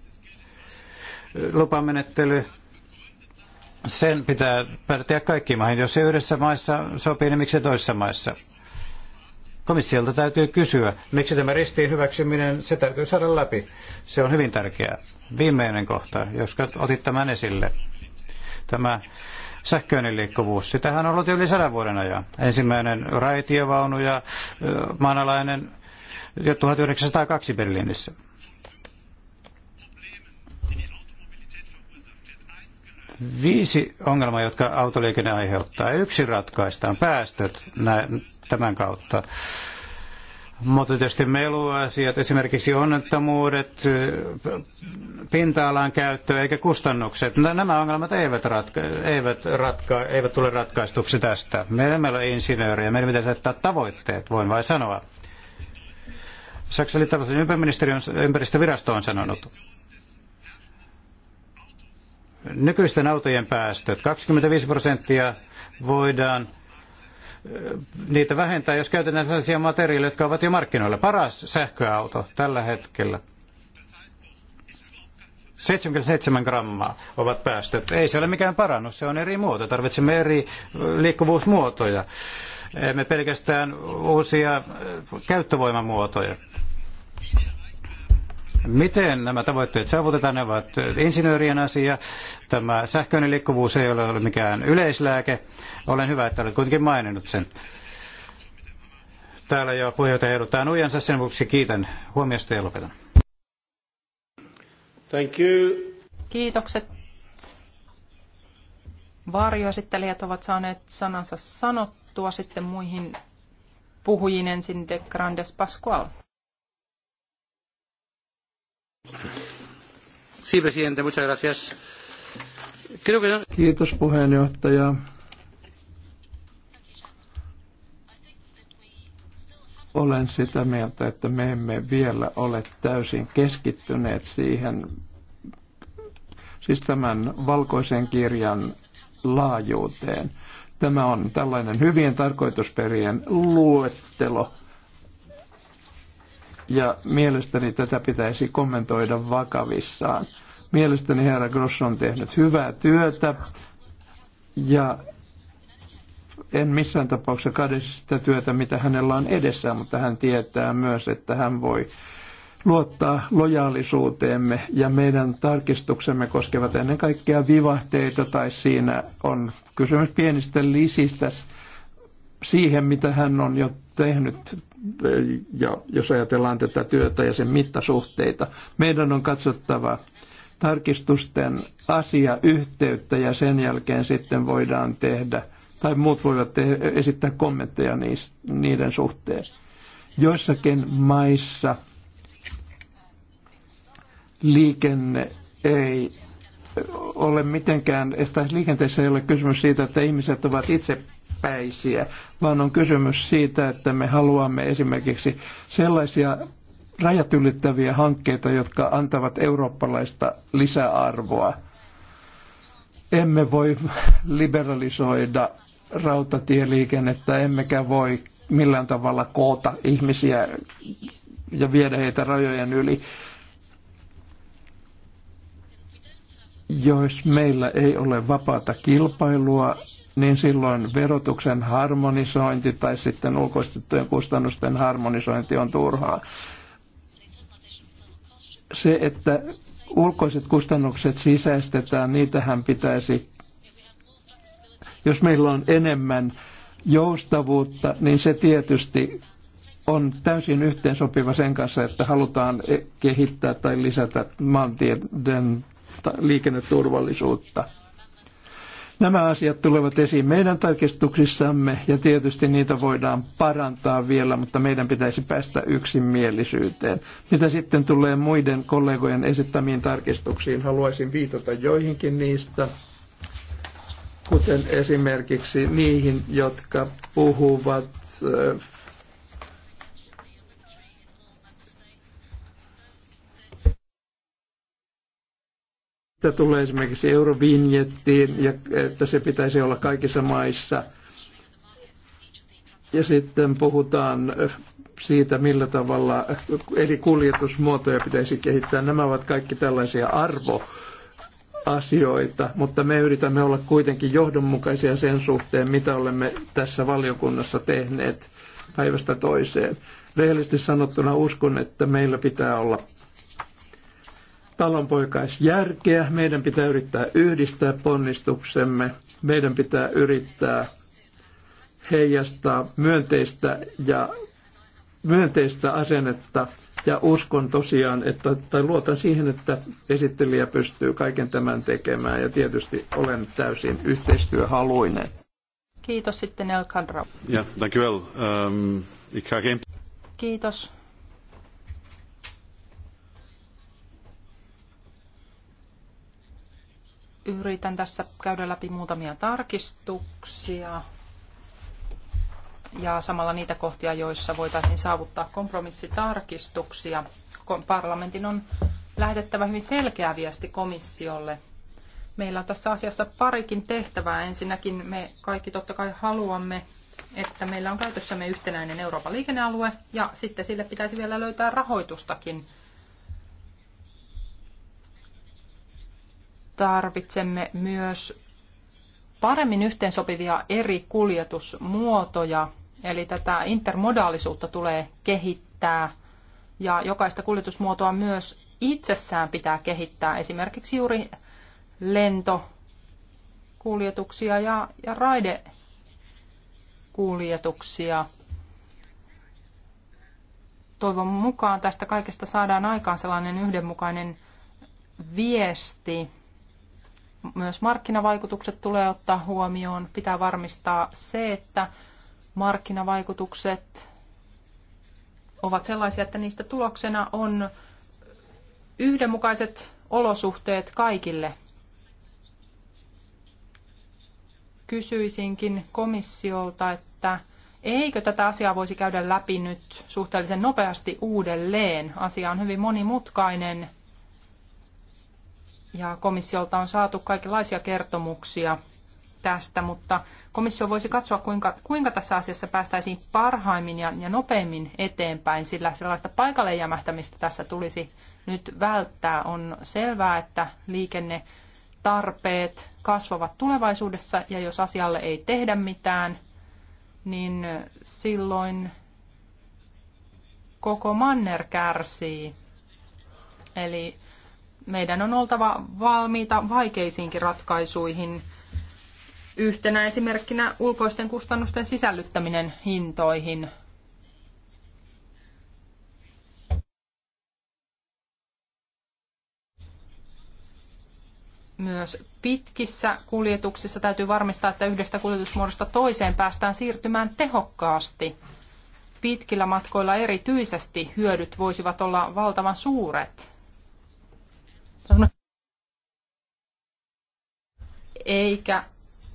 lupamenettely, sen pitää päättää kaikkiin maihin. Jos se yhdessä maissa sopii, niin miksi toisessa maissa? Komissiolta täytyy kysyä, miksi tämä ristiin hyväksyminen, se täytyy saada läpi. Se on hyvin tärkeää. Viimeinen kohta, jos otit tämän esille. Tämä sähköinen liikkuvuus. Sitähän on ollut yli sadan vuoden ajan. Ensimmäinen raitiovaunu ja maanalainen jo 1902 Berliinissä. Viisi ongelmaa, jotka autoliikenne aiheuttaa. Yksi ratkaistaan, päästöt tämän kautta. Mutta tietysti meluasiat, esimerkiksi onnettomuudet, pinta-alan käyttö eikä kustannukset, nämä ongelmat eivät, ratka- eivät, ratka- eivät tule ratkaistuksi tästä. Meillä ei ole insinööriä, meidän pitäisi asettaa tavoitteet, voin vain sanoa. Saksan liittolaisen ympäristövirasto on sanonut, nykyisten autojen päästöt, 25 prosenttia voidaan niitä vähentää, jos käytetään sellaisia materiaaleja, jotka ovat jo markkinoilla. Paras sähköauto tällä hetkellä. 77 grammaa ovat päästöt. Ei se ole mikään parannus, se on eri muoto. Tarvitsemme eri liikkuvuusmuotoja. Emme pelkästään uusia käyttövoimamuotoja. Miten nämä tavoitteet saavutetaan, ne ovat insinöörien asia. Tämä sähköinen liikkuvuus ei ole mikään yleislääke. Olen hyvä, että olet kuitenkin maininnut sen. Täällä jo puheenjohtaja eduttaa nuijansa, sen vuoksi kiitän huomiosta ja lopetan. Thank you. Kiitokset. Varjoesittelijät ovat saaneet sanansa sanottua sitten muihin puhujiin ensin de Grandes Pascual. Sí, presidente, muchas gracias. Creo que... No- Kiitos puheenjohtaja. Olen sitä mieltä, että me emme vielä ole täysin keskittyneet siihen, siis tämän valkoisen kirjan laajuuteen. Tämä on tällainen hyvien tarkoitusperien luettelo ja mielestäni tätä pitäisi kommentoida vakavissaan. Mielestäni herra Gross on tehnyt hyvää työtä ja en missään tapauksessa kade sitä työtä, mitä hänellä on edessään, mutta hän tietää myös, että hän voi luottaa lojaalisuuteemme ja meidän tarkistuksemme koskevat ennen kaikkea vivahteita tai siinä on kysymys pienistä lisistä siihen, mitä hän on jo tehnyt, ja jos ajatellaan tätä työtä ja sen mittasuhteita, meidän on katsottava tarkistusten asiayhteyttä ja sen jälkeen sitten voidaan tehdä, tai muut voivat te- esittää kommentteja niistä, niiden suhteen. Joissakin maissa liikenne ei ole mitenkään, että liikenteessä ei ole kysymys siitä, että ihmiset ovat itse päisiä, vaan on kysymys siitä, että me haluamme esimerkiksi sellaisia rajat ylittäviä hankkeita, jotka antavat eurooppalaista lisäarvoa. Emme voi liberalisoida rautatieliikennettä, emmekä voi millään tavalla koota ihmisiä ja viedä heitä rajojen yli. Jos meillä ei ole vapaata kilpailua, niin silloin verotuksen harmonisointi tai sitten ulkoistettujen kustannusten harmonisointi on turhaa. Se, että ulkoiset kustannukset sisäistetään, niitähän pitäisi, jos meillä on enemmän joustavuutta, niin se tietysti on täysin yhteensopiva sen kanssa, että halutaan kehittää tai lisätä maantieteen liikenneturvallisuutta. Nämä asiat tulevat esiin meidän tarkistuksissamme ja tietysti niitä voidaan parantaa vielä, mutta meidän pitäisi päästä yksimielisyyteen. Mitä sitten tulee muiden kollegojen esittämiin tarkistuksiin, haluaisin viitata joihinkin niistä, kuten esimerkiksi niihin, jotka puhuvat Tämä tulee esimerkiksi eurovinjettiin ja että se pitäisi olla kaikissa maissa. Ja sitten puhutaan siitä, millä tavalla eri kuljetusmuotoja pitäisi kehittää. Nämä ovat kaikki tällaisia arvo asioita, mutta me yritämme olla kuitenkin johdonmukaisia sen suhteen, mitä olemme tässä valiokunnassa tehneet päivästä toiseen. Rehellisesti sanottuna uskon, että meillä pitää olla talonpoikaisjärkeä. Meidän pitää yrittää yhdistää ponnistuksemme. Meidän pitää yrittää heijastaa myönteistä ja myönteistä asennetta ja uskon tosiaan, että, tai luotan siihen, että esittelijä pystyy kaiken tämän tekemään ja tietysti olen täysin yhteistyöhaluinen. Kiitos sitten El Kadra. Ja, yeah, dankjewel. Um, geen... Kiitos. Yritän tässä käydä läpi muutamia tarkistuksia ja samalla niitä kohtia, joissa voitaisiin saavuttaa kompromissitarkistuksia. Parlamentin on lähetettävä hyvin selkeä viesti komissiolle. Meillä on tässä asiassa parikin tehtävää. Ensinnäkin me kaikki totta kai haluamme, että meillä on käytössämme yhtenäinen Euroopan liikennealue ja sitten sille pitäisi vielä löytää rahoitustakin – tarvitsemme myös paremmin yhteensopivia eri kuljetusmuotoja, eli tätä intermodaalisuutta tulee kehittää ja jokaista kuljetusmuotoa myös itsessään pitää kehittää, esimerkiksi juuri lentokuljetuksia ja, ja raidekuljetuksia. Toivon mukaan tästä kaikesta saadaan aikaan sellainen yhdenmukainen viesti, myös markkinavaikutukset tulee ottaa huomioon. Pitää varmistaa se, että markkinavaikutukset ovat sellaisia, että niistä tuloksena on yhdenmukaiset olosuhteet kaikille. Kysyisinkin komissiolta, että eikö tätä asiaa voisi käydä läpi nyt suhteellisen nopeasti uudelleen. Asia on hyvin monimutkainen ja komissiolta on saatu kaikenlaisia kertomuksia tästä, mutta komissio voisi katsoa, kuinka, kuinka tässä asiassa päästäisiin parhaimmin ja, ja nopeimmin eteenpäin, sillä sellaista paikalle jämähtämistä tässä tulisi nyt välttää. On selvää, että liikennetarpeet kasvavat tulevaisuudessa ja jos asialle ei tehdä mitään, niin silloin koko manner kärsii. Eli meidän on oltava valmiita vaikeisiinkin ratkaisuihin. Yhtenä esimerkkinä ulkoisten kustannusten sisällyttäminen hintoihin. Myös pitkissä kuljetuksissa täytyy varmistaa, että yhdestä kuljetusmuodosta toiseen päästään siirtymään tehokkaasti. Pitkillä matkoilla erityisesti hyödyt voisivat olla valtavan suuret. Eikä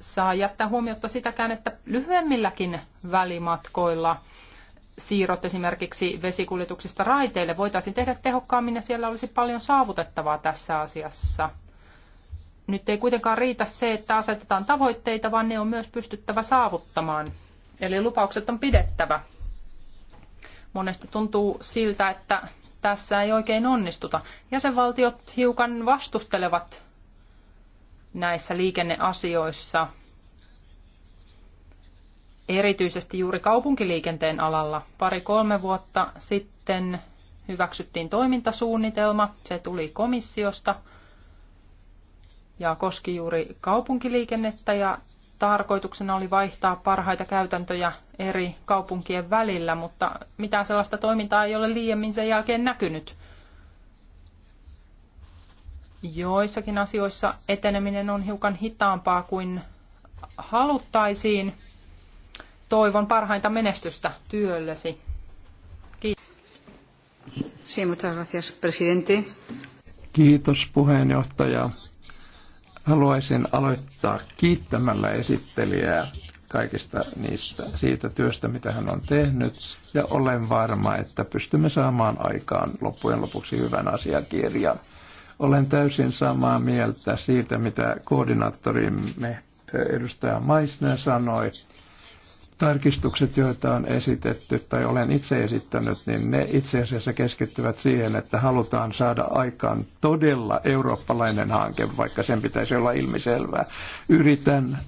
saa jättää huomiota sitäkään, että lyhyemmilläkin välimatkoilla siirrot esimerkiksi vesikuljetuksista raiteille voitaisiin tehdä tehokkaammin ja siellä olisi paljon saavutettavaa tässä asiassa. Nyt ei kuitenkaan riitä se, että asetetaan tavoitteita, vaan ne on myös pystyttävä saavuttamaan. Eli lupaukset on pidettävä. Monesti tuntuu siltä, että tässä ei oikein onnistuta. Jäsenvaltiot hiukan vastustelevat näissä liikenneasioissa, erityisesti juuri kaupunkiliikenteen alalla. Pari-kolme vuotta sitten hyväksyttiin toimintasuunnitelma, se tuli komissiosta ja koski juuri kaupunkiliikennettä ja tarkoituksena oli vaihtaa parhaita käytäntöjä eri kaupunkien välillä, mutta mitään sellaista toimintaa ei ole liiemmin sen jälkeen näkynyt. Joissakin asioissa eteneminen on hiukan hitaampaa kuin haluttaisiin. Toivon parhainta menestystä työllesi. Kiitos. Sí, muchas gracias, presidente. Kiitos puheenjohtaja. Haluaisin aloittaa kiittämällä esittelijää kaikista niistä siitä työstä, mitä hän on tehnyt, ja olen varma, että pystymme saamaan aikaan loppujen lopuksi hyvän asiakirjan. Olen täysin samaa mieltä siitä, mitä koordinaattorimme eh, edustaja Maisner sanoi tarkistukset, joita on esitetty tai olen itse esittänyt, niin ne itse asiassa keskittyvät siihen, että halutaan saada aikaan todella eurooppalainen hanke, vaikka sen pitäisi olla ilmiselvää. Yritän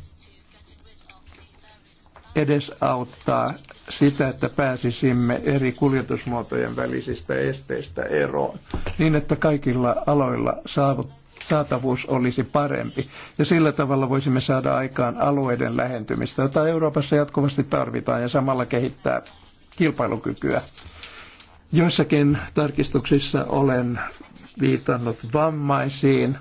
edesauttaa sitä, että pääsisimme eri kuljetusmuotojen välisistä esteistä eroon, niin että kaikilla aloilla saavut, saatavuus olisi parempi. Ja sillä tavalla voisimme saada aikaan alueiden lähentymistä, jota Euroopassa jatkuvasti tarvitaan ja samalla kehittää kilpailukykyä. Joissakin tarkistuksissa olen viitannut vammaisiin.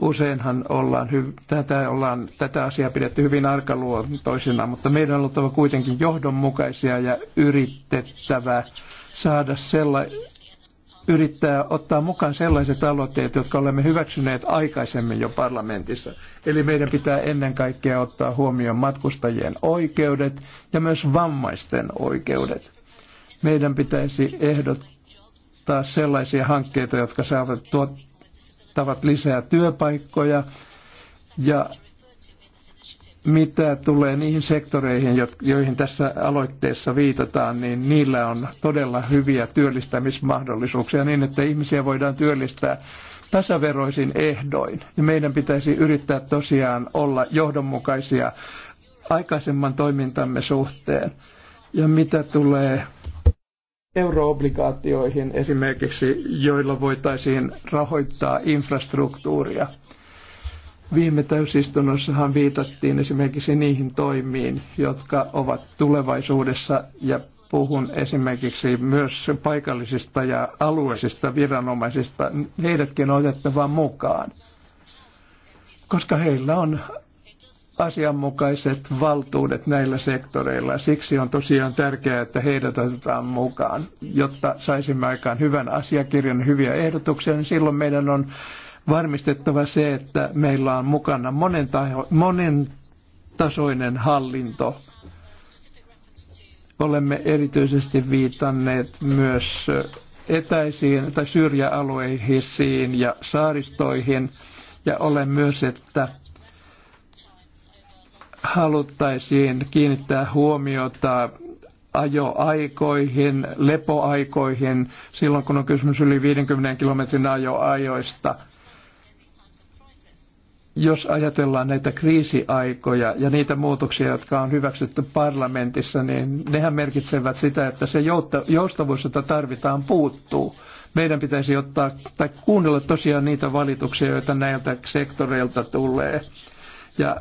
Useinhan ollaan hy- tätä, ollaan, tätä asiaa pidetty hyvin arkaluontoisena, mutta meidän on oltava kuitenkin johdonmukaisia ja yritettävä saada sella- yrittää ottaa mukaan sellaiset aloitteet, jotka olemme hyväksyneet aikaisemmin jo parlamentissa. Eli meidän pitää ennen kaikkea ottaa huomioon matkustajien oikeudet ja myös vammaisten oikeudet. Meidän pitäisi ehdottaa sellaisia hankkeita, jotka saavat tuottavat lisää työpaikkoja ja mitä tulee niihin sektoreihin, joihin tässä aloitteessa viitataan, niin niillä on todella hyviä työllistämismahdollisuuksia niin, että ihmisiä voidaan työllistää tasaveroisin ehdoin. meidän pitäisi yrittää tosiaan olla johdonmukaisia aikaisemman toimintamme suhteen. Ja mitä tulee euroobligaatioihin esimerkiksi, joilla voitaisiin rahoittaa infrastruktuuria – Viime täysistunnossahan viitattiin esimerkiksi niihin toimiin, jotka ovat tulevaisuudessa ja puhun esimerkiksi myös paikallisista ja alueisista viranomaisista. Heidätkin on otettava mukaan, koska heillä on asianmukaiset valtuudet näillä sektoreilla. Siksi on tosiaan tärkeää, että heidät otetaan mukaan, jotta saisimme aikaan hyvän asiakirjan, hyviä ehdotuksia, niin silloin meidän on varmistettava se, että meillä on mukana monen, taho, monen tasoinen hallinto. Olemme erityisesti viitanneet myös etäisiin tai syrjäalueisiin ja saaristoihin ja olen myös, että haluttaisiin kiinnittää huomiota ajoaikoihin, lepoaikoihin, silloin kun on kysymys yli 50 kilometrin ajoajoista – jos ajatellaan näitä kriisiaikoja ja niitä muutoksia, jotka on hyväksytty parlamentissa, niin nehän merkitsevät sitä, että se joustavuus, jota tarvitaan, puuttuu. Meidän pitäisi ottaa tai kuunnella tosiaan niitä valituksia, joita näiltä sektoreilta tulee. Ja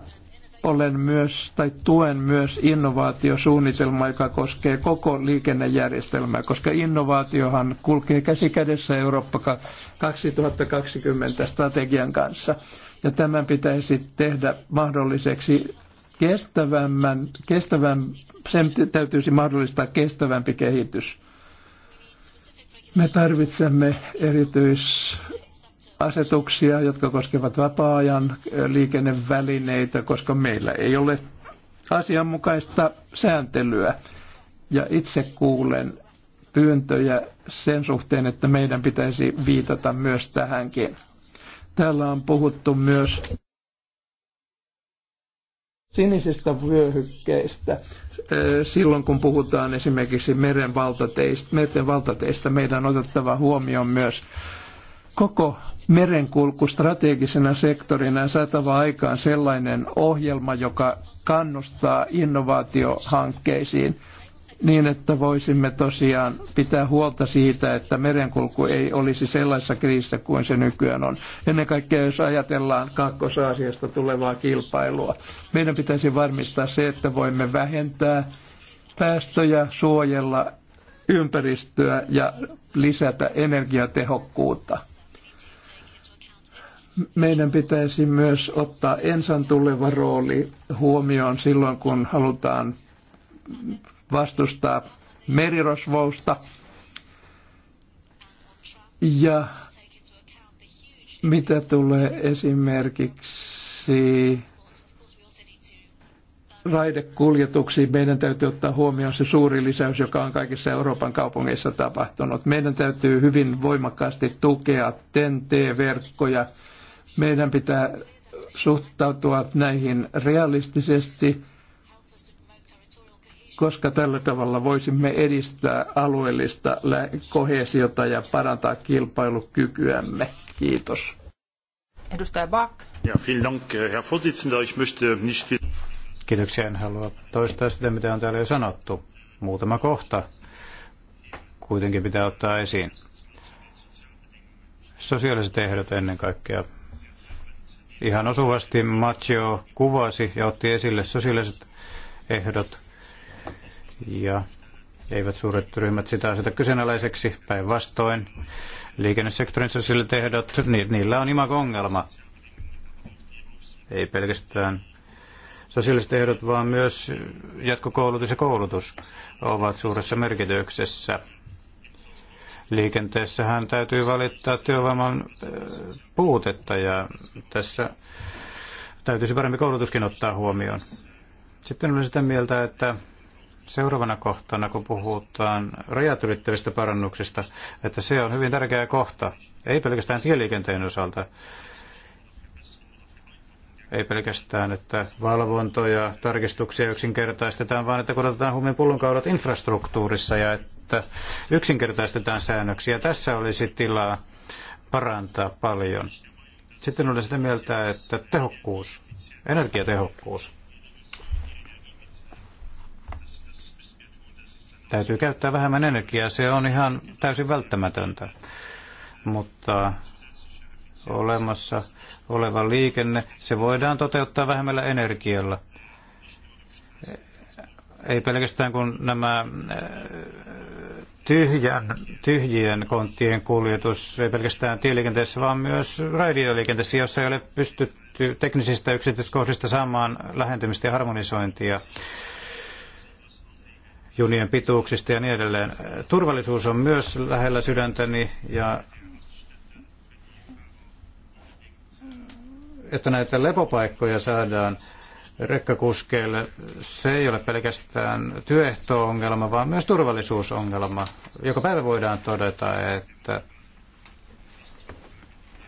olen myös tai tuen myös innovaatiosuunnitelmaa, joka koskee koko liikennejärjestelmää, koska innovaatiohan kulkee käsi kädessä Eurooppa 2020 strategian kanssa ja tämän pitäisi tehdä mahdolliseksi kestävämmän, kestävän, sen täytyisi mahdollistaa kestävämpi kehitys. Me tarvitsemme erityisasetuksia, jotka koskevat vapaa-ajan liikennevälineitä, koska meillä ei ole asianmukaista sääntelyä. Ja itse kuulen pyyntöjä sen suhteen, että meidän pitäisi viitata myös tähänkin. Täällä on puhuttu myös sinisistä vyöhykkeistä. Silloin kun puhutaan esimerkiksi meren valtateista, meren valtateista, meidän on otettava huomioon myös koko merenkulku strategisena sektorina ja saatava aikaan sellainen ohjelma, joka kannustaa innovaatiohankkeisiin niin, että voisimme tosiaan pitää huolta siitä, että merenkulku ei olisi sellaisessa kriisissä kuin se nykyään on. Ennen kaikkea, jos ajatellaan kakkosaasiasta tulevaa kilpailua, meidän pitäisi varmistaa se, että voimme vähentää päästöjä, suojella ympäristöä ja lisätä energiatehokkuutta. Meidän pitäisi myös ottaa ensan tuleva rooli huomioon silloin, kun halutaan vastustaa merirosvousta. Ja mitä tulee esimerkiksi raidekuljetuksiin, meidän täytyy ottaa huomioon se suuri lisäys, joka on kaikissa Euroopan kaupungeissa tapahtunut. Meidän täytyy hyvin voimakkaasti tukea TEN-T-verkkoja. Meidän pitää suhtautua näihin realistisesti koska tällä tavalla voisimme edistää alueellista kohesiota ja parantaa kilpailukykyämme. Kiitos. Edustaja Bach. Ja, vielen Dank, äh, Herr Vorsitzender. Ich möchte nicht viel... Kiitoksia, en halua toistaa sitä, mitä on täällä jo sanottu. Muutama kohta kuitenkin pitää ottaa esiin. Sosiaaliset ehdot ennen kaikkea. Ihan osuvasti Macho kuvasi ja otti esille sosiaaliset ehdot – ja eivät suuret ryhmät sitä aseta kyseenalaiseksi. Päinvastoin liikennesektorin sosiaaliset ehdot, niillä on imago-ongelma. Ei pelkästään sosiaaliset ehdot, vaan myös jatkokoulutus ja koulutus ovat suuressa merkityksessä. Liikenteessähän täytyy valittaa työvoiman äh, puutetta ja tässä täytyisi paremmin koulutuskin ottaa huomioon. Sitten olen sitä mieltä, että seuraavana kohtana, kun puhutaan rajat ylittävistä parannuksista, että se on hyvin tärkeä kohta, ei pelkästään tieliikenteen osalta, ei pelkästään, että valvontoja, tarkistuksia yksinkertaistetaan, vaan että korotetaan huomioon pullonkaulat infrastruktuurissa ja että yksinkertaistetaan säännöksiä. Tässä olisi tilaa parantaa paljon. Sitten olen sitä mieltä, että tehokkuus, energiatehokkuus, Täytyy käyttää vähemmän energiaa, se on ihan täysin välttämätöntä. Mutta olemassa oleva liikenne, se voidaan toteuttaa vähemmällä energialla. Ei pelkästään kun nämä äh, tyhjän, tyhjien konttien kuljetus, ei pelkästään tieliikenteessä, vaan myös raidioliikenteessä, jossa ei ole pystytty teknisistä yksityiskohdista saamaan lähentymistä ja harmonisointia junien pituuksista ja niin edelleen. Turvallisuus on myös lähellä sydäntäni ja että näitä lepopaikkoja saadaan rekkakuskeille, se ei ole pelkästään työehto-ongelma, vaan myös turvallisuusongelma. Joka päivä voidaan todeta, että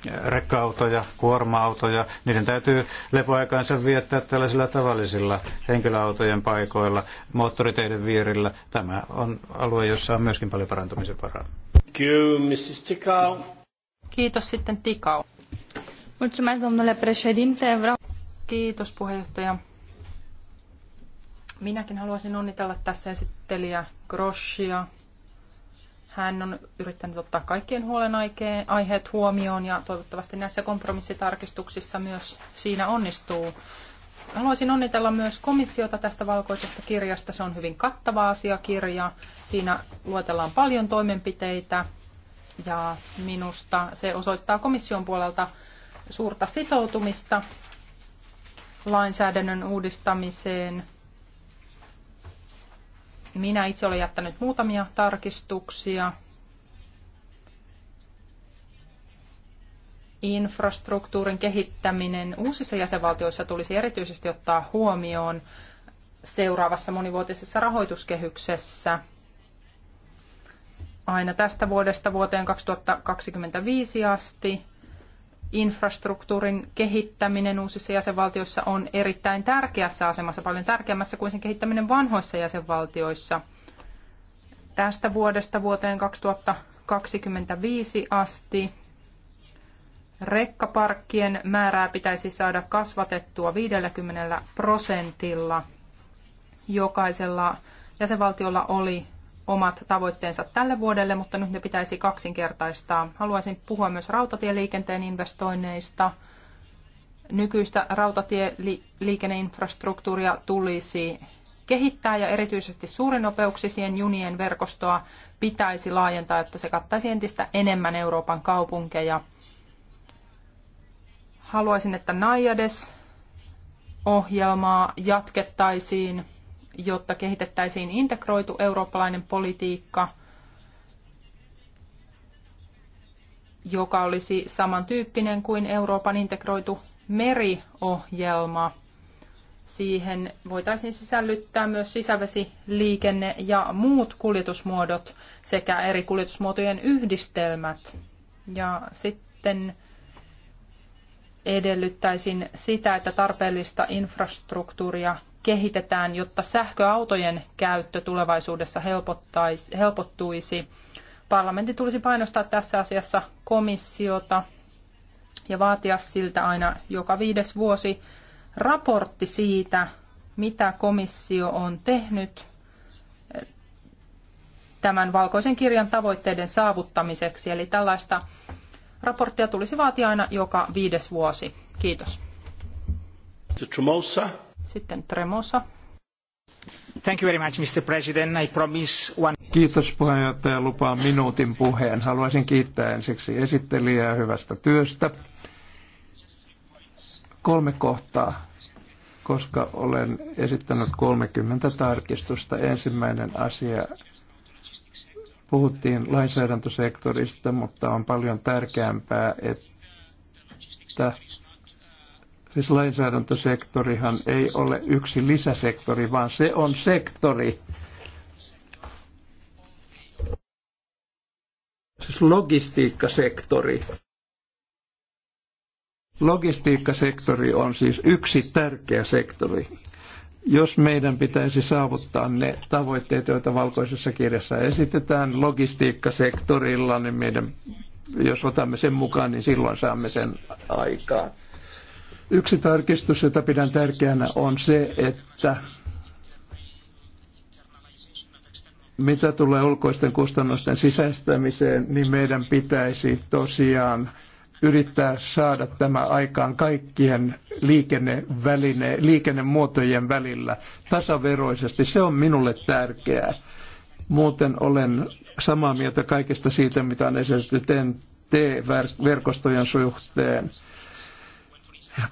rekka-autoja, kuorma-autoja, niiden täytyy lepoaikaansa viettää tällaisilla tavallisilla henkilöautojen paikoilla, moottoriteiden vierillä. Tämä on alue, jossa on myöskin paljon parantamisen varaa. Kiitos, Kiitos sitten Tikau. Kiitos, puheenjohtaja. Minäkin haluaisin onnitella tässä esittelijä Groschia hän on yrittänyt ottaa kaikkien huolenaiheet huomioon ja toivottavasti näissä kompromissitarkistuksissa myös siinä onnistuu. Haluaisin onnitella myös komissiota tästä valkoisesta kirjasta. Se on hyvin kattava asiakirja. Siinä luetellaan paljon toimenpiteitä ja minusta se osoittaa komission puolelta suurta sitoutumista lainsäädännön uudistamiseen – minä itse olen jättänyt muutamia tarkistuksia. Infrastruktuurin kehittäminen uusissa jäsenvaltioissa tulisi erityisesti ottaa huomioon seuraavassa monivuotisessa rahoituskehyksessä aina tästä vuodesta vuoteen 2025 asti infrastruktuurin kehittäminen uusissa jäsenvaltioissa on erittäin tärkeässä asemassa, paljon tärkeämmässä kuin sen kehittäminen vanhoissa jäsenvaltioissa. Tästä vuodesta vuoteen 2025 asti rekkaparkkien määrää pitäisi saada kasvatettua 50 prosentilla. Jokaisella jäsenvaltiolla oli omat tavoitteensa tälle vuodelle, mutta nyt ne pitäisi kaksinkertaistaa. Haluaisin puhua myös rautatieliikenteen investoinneista. Nykyistä rautatieliikenneinfrastruktuuria tulisi kehittää ja erityisesti suurinopeuksisien junien verkostoa pitäisi laajentaa, että se kattaisi entistä enemmän Euroopan kaupunkeja. Haluaisin, että Naiades ohjelmaa jatkettaisiin jotta kehitettäisiin integroitu eurooppalainen politiikka, joka olisi samantyyppinen kuin Euroopan integroitu meriohjelma. Siihen voitaisiin sisällyttää myös sisävesi liikenne ja muut kuljetusmuodot sekä eri kuljetusmuotojen yhdistelmät. Ja sitten edellyttäisin sitä, että tarpeellista infrastruktuuria kehitetään, jotta sähköautojen käyttö tulevaisuudessa helpottuisi. Parlamentti tulisi painostaa tässä asiassa komissiota ja vaatia siltä aina joka viides vuosi raportti siitä, mitä komissio on tehnyt tämän valkoisen kirjan tavoitteiden saavuttamiseksi. Eli tällaista raporttia tulisi vaatia aina joka viides vuosi. Kiitos. Sitten Tremosa. Thank you very much, Mr. President. I promise one... Kiitos puheenjohtaja. Lupaan minuutin puheen. Haluaisin kiittää ensiksi esittelijää hyvästä työstä. Kolme kohtaa, koska olen esittänyt 30 tarkistusta. Ensimmäinen asia puhuttiin lainsäädäntösektorista, mutta on paljon tärkeämpää, että Siis lainsäädäntösektorihan ei ole yksi lisäsektori, vaan se on sektori. Siis logistiikkasektori. Logistiikkasektori on siis yksi tärkeä sektori. Jos meidän pitäisi saavuttaa ne tavoitteet, joita valkoisessa kirjassa esitetään logistiikkasektorilla, niin meidän, jos otamme sen mukaan, niin silloin saamme sen aikaan. Yksi tarkistus, jota pidän tärkeänä, on se, että mitä tulee ulkoisten kustannusten sisäistämiseen, niin meidän pitäisi tosiaan yrittää saada tämä aikaan kaikkien liikenneväline, liikennemuotojen välillä tasaveroisesti. Se on minulle tärkeää. Muuten olen samaa mieltä kaikesta siitä, mitä on esitetty TEN T-verkostojen suhteen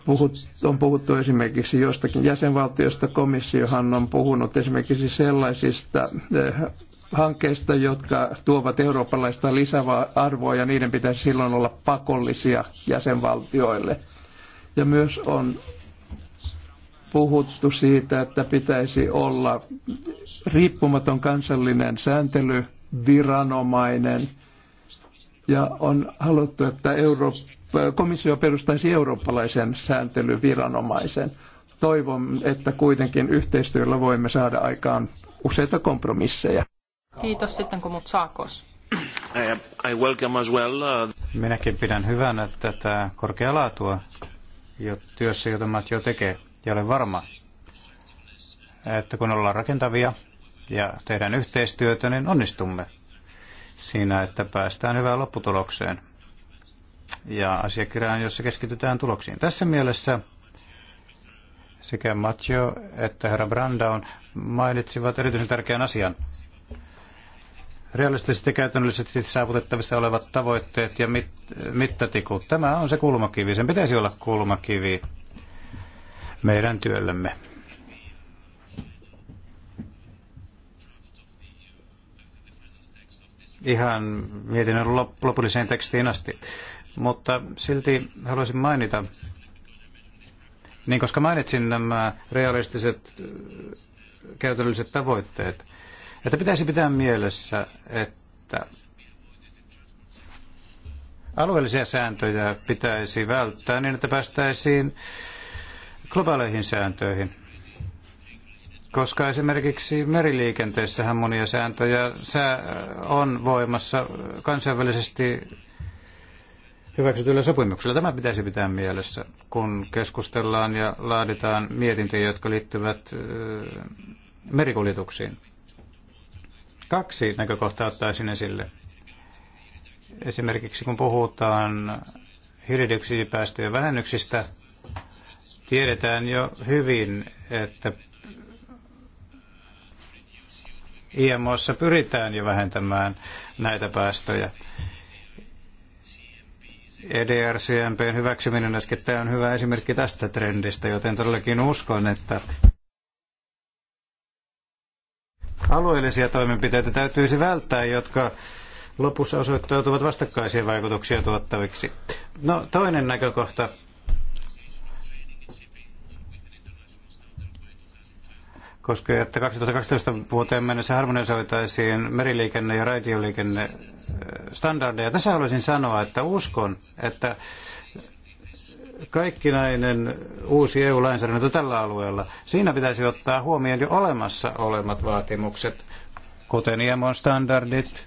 Puhut, on puhuttu esimerkiksi jostakin jäsenvaltiosta. Komissiohan on puhunut esimerkiksi sellaisista eh, hankkeista, jotka tuovat eurooppalaista lisäarvoa arvoa ja niiden pitäisi silloin olla pakollisia jäsenvaltioille. Ja myös on puhuttu siitä, että pitäisi olla riippumaton kansallinen sääntelyviranomainen ja on haluttu, että Eurooppa komissio perustaisi eurooppalaisen sääntelyviranomaisen. Toivon, että kuitenkin yhteistyöllä voimme saada aikaan useita kompromisseja. Kiitos sitten, kun mut saakos. I welcome as well. Uh, Minäkin pidän hyvänä tätä korkealaatua jo työssä, jota Matt jo tekee. Ja olen varma, että kun ollaan rakentavia ja tehdään yhteistyötä, niin onnistumme siinä, että päästään hyvään lopputulokseen ja asiakirjaan, jossa keskitytään tuloksiin. Tässä mielessä sekä Matjo että herra Brandown mainitsivat erityisen tärkeän asian. Realistisesti ja käytännöllisesti saavutettavissa olevat tavoitteet ja mit, mittatikut. Tämä on se kulmakivi. Sen pitäisi olla kulmakivi meidän työllemme. Ihan mietinnön lopulliseen tekstiin asti. Mutta silti haluaisin mainita, niin koska mainitsin nämä realistiset äh, käytännölliset tavoitteet, että pitäisi pitää mielessä, että alueellisia sääntöjä pitäisi välttää niin, että päästäisiin globaaleihin sääntöihin. Koska esimerkiksi meriliikenteessähän monia sääntöjä on voimassa kansainvälisesti hyväksytyillä sopimuksilla. Tämä pitäisi pitää mielessä, kun keskustellaan ja laaditaan mietintöjä, jotka liittyvät merikuljetuksiin. Kaksi näkökohtaa ottaisin esille. Esimerkiksi kun puhutaan hiilidioksidipäästöjen vähennyksistä, tiedetään jo hyvin, että IMOssa pyritään jo vähentämään näitä päästöjä. EDRCMPn hyväksyminen äskettäin on hyvä esimerkki tästä trendistä, joten todellakin uskon, että alueellisia toimenpiteitä täytyisi välttää, jotka lopussa osoittautuvat vastakkaisia vaikutuksia tuottaviksi. No toinen näkökohta koska että 2012 vuoteen mennessä harmonisoitaisiin meriliikenne ja raitioliikenne äh, standardeja. Tässä haluaisin sanoa, että uskon, että kaikkinainen uusi EU-lainsäädäntö tällä alueella, siinä pitäisi ottaa huomioon jo olemassa olemat vaatimukset, kuten IMO-standardit,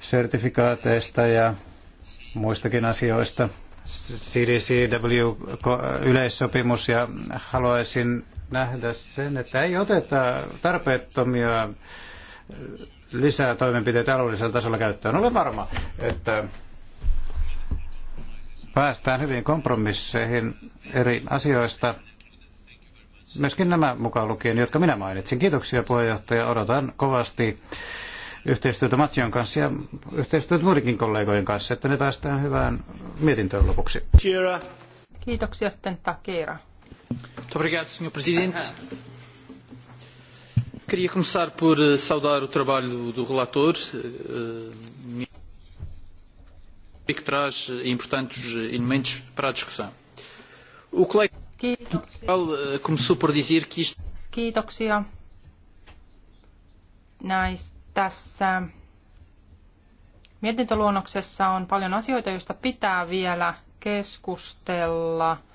sertifikaateista ja muistakin asioista. CDCW-yleissopimus ja haluaisin nähdä sen, että ei oteta tarpeettomia äh, lisää toimenpiteitä alueellisella tasolla käyttöön. Olen varma, että päästään hyvin kompromisseihin eri asioista, myöskin nämä mukaan lukien, jotka minä mainitsin. Kiitoksia puheenjohtaja, odotan kovasti yhteistyötä Matjon kanssa ja yhteistyötä muidenkin kollegojen kanssa, että ne päästään hyvään mietintöön lopuksi. Kiitoksia sitten Takera. Muito obrigado, Sr. Presidente. Queria começar por eh, saudar o trabalho do relator, eh, eh, que traz importantes elementos para a discussão. O colega Kiitoksia. começou por dizer que isto... Kiitoksia näistä tässä mietintöluonnoksessa on paljon asioita, joista pitää vielä keskustella –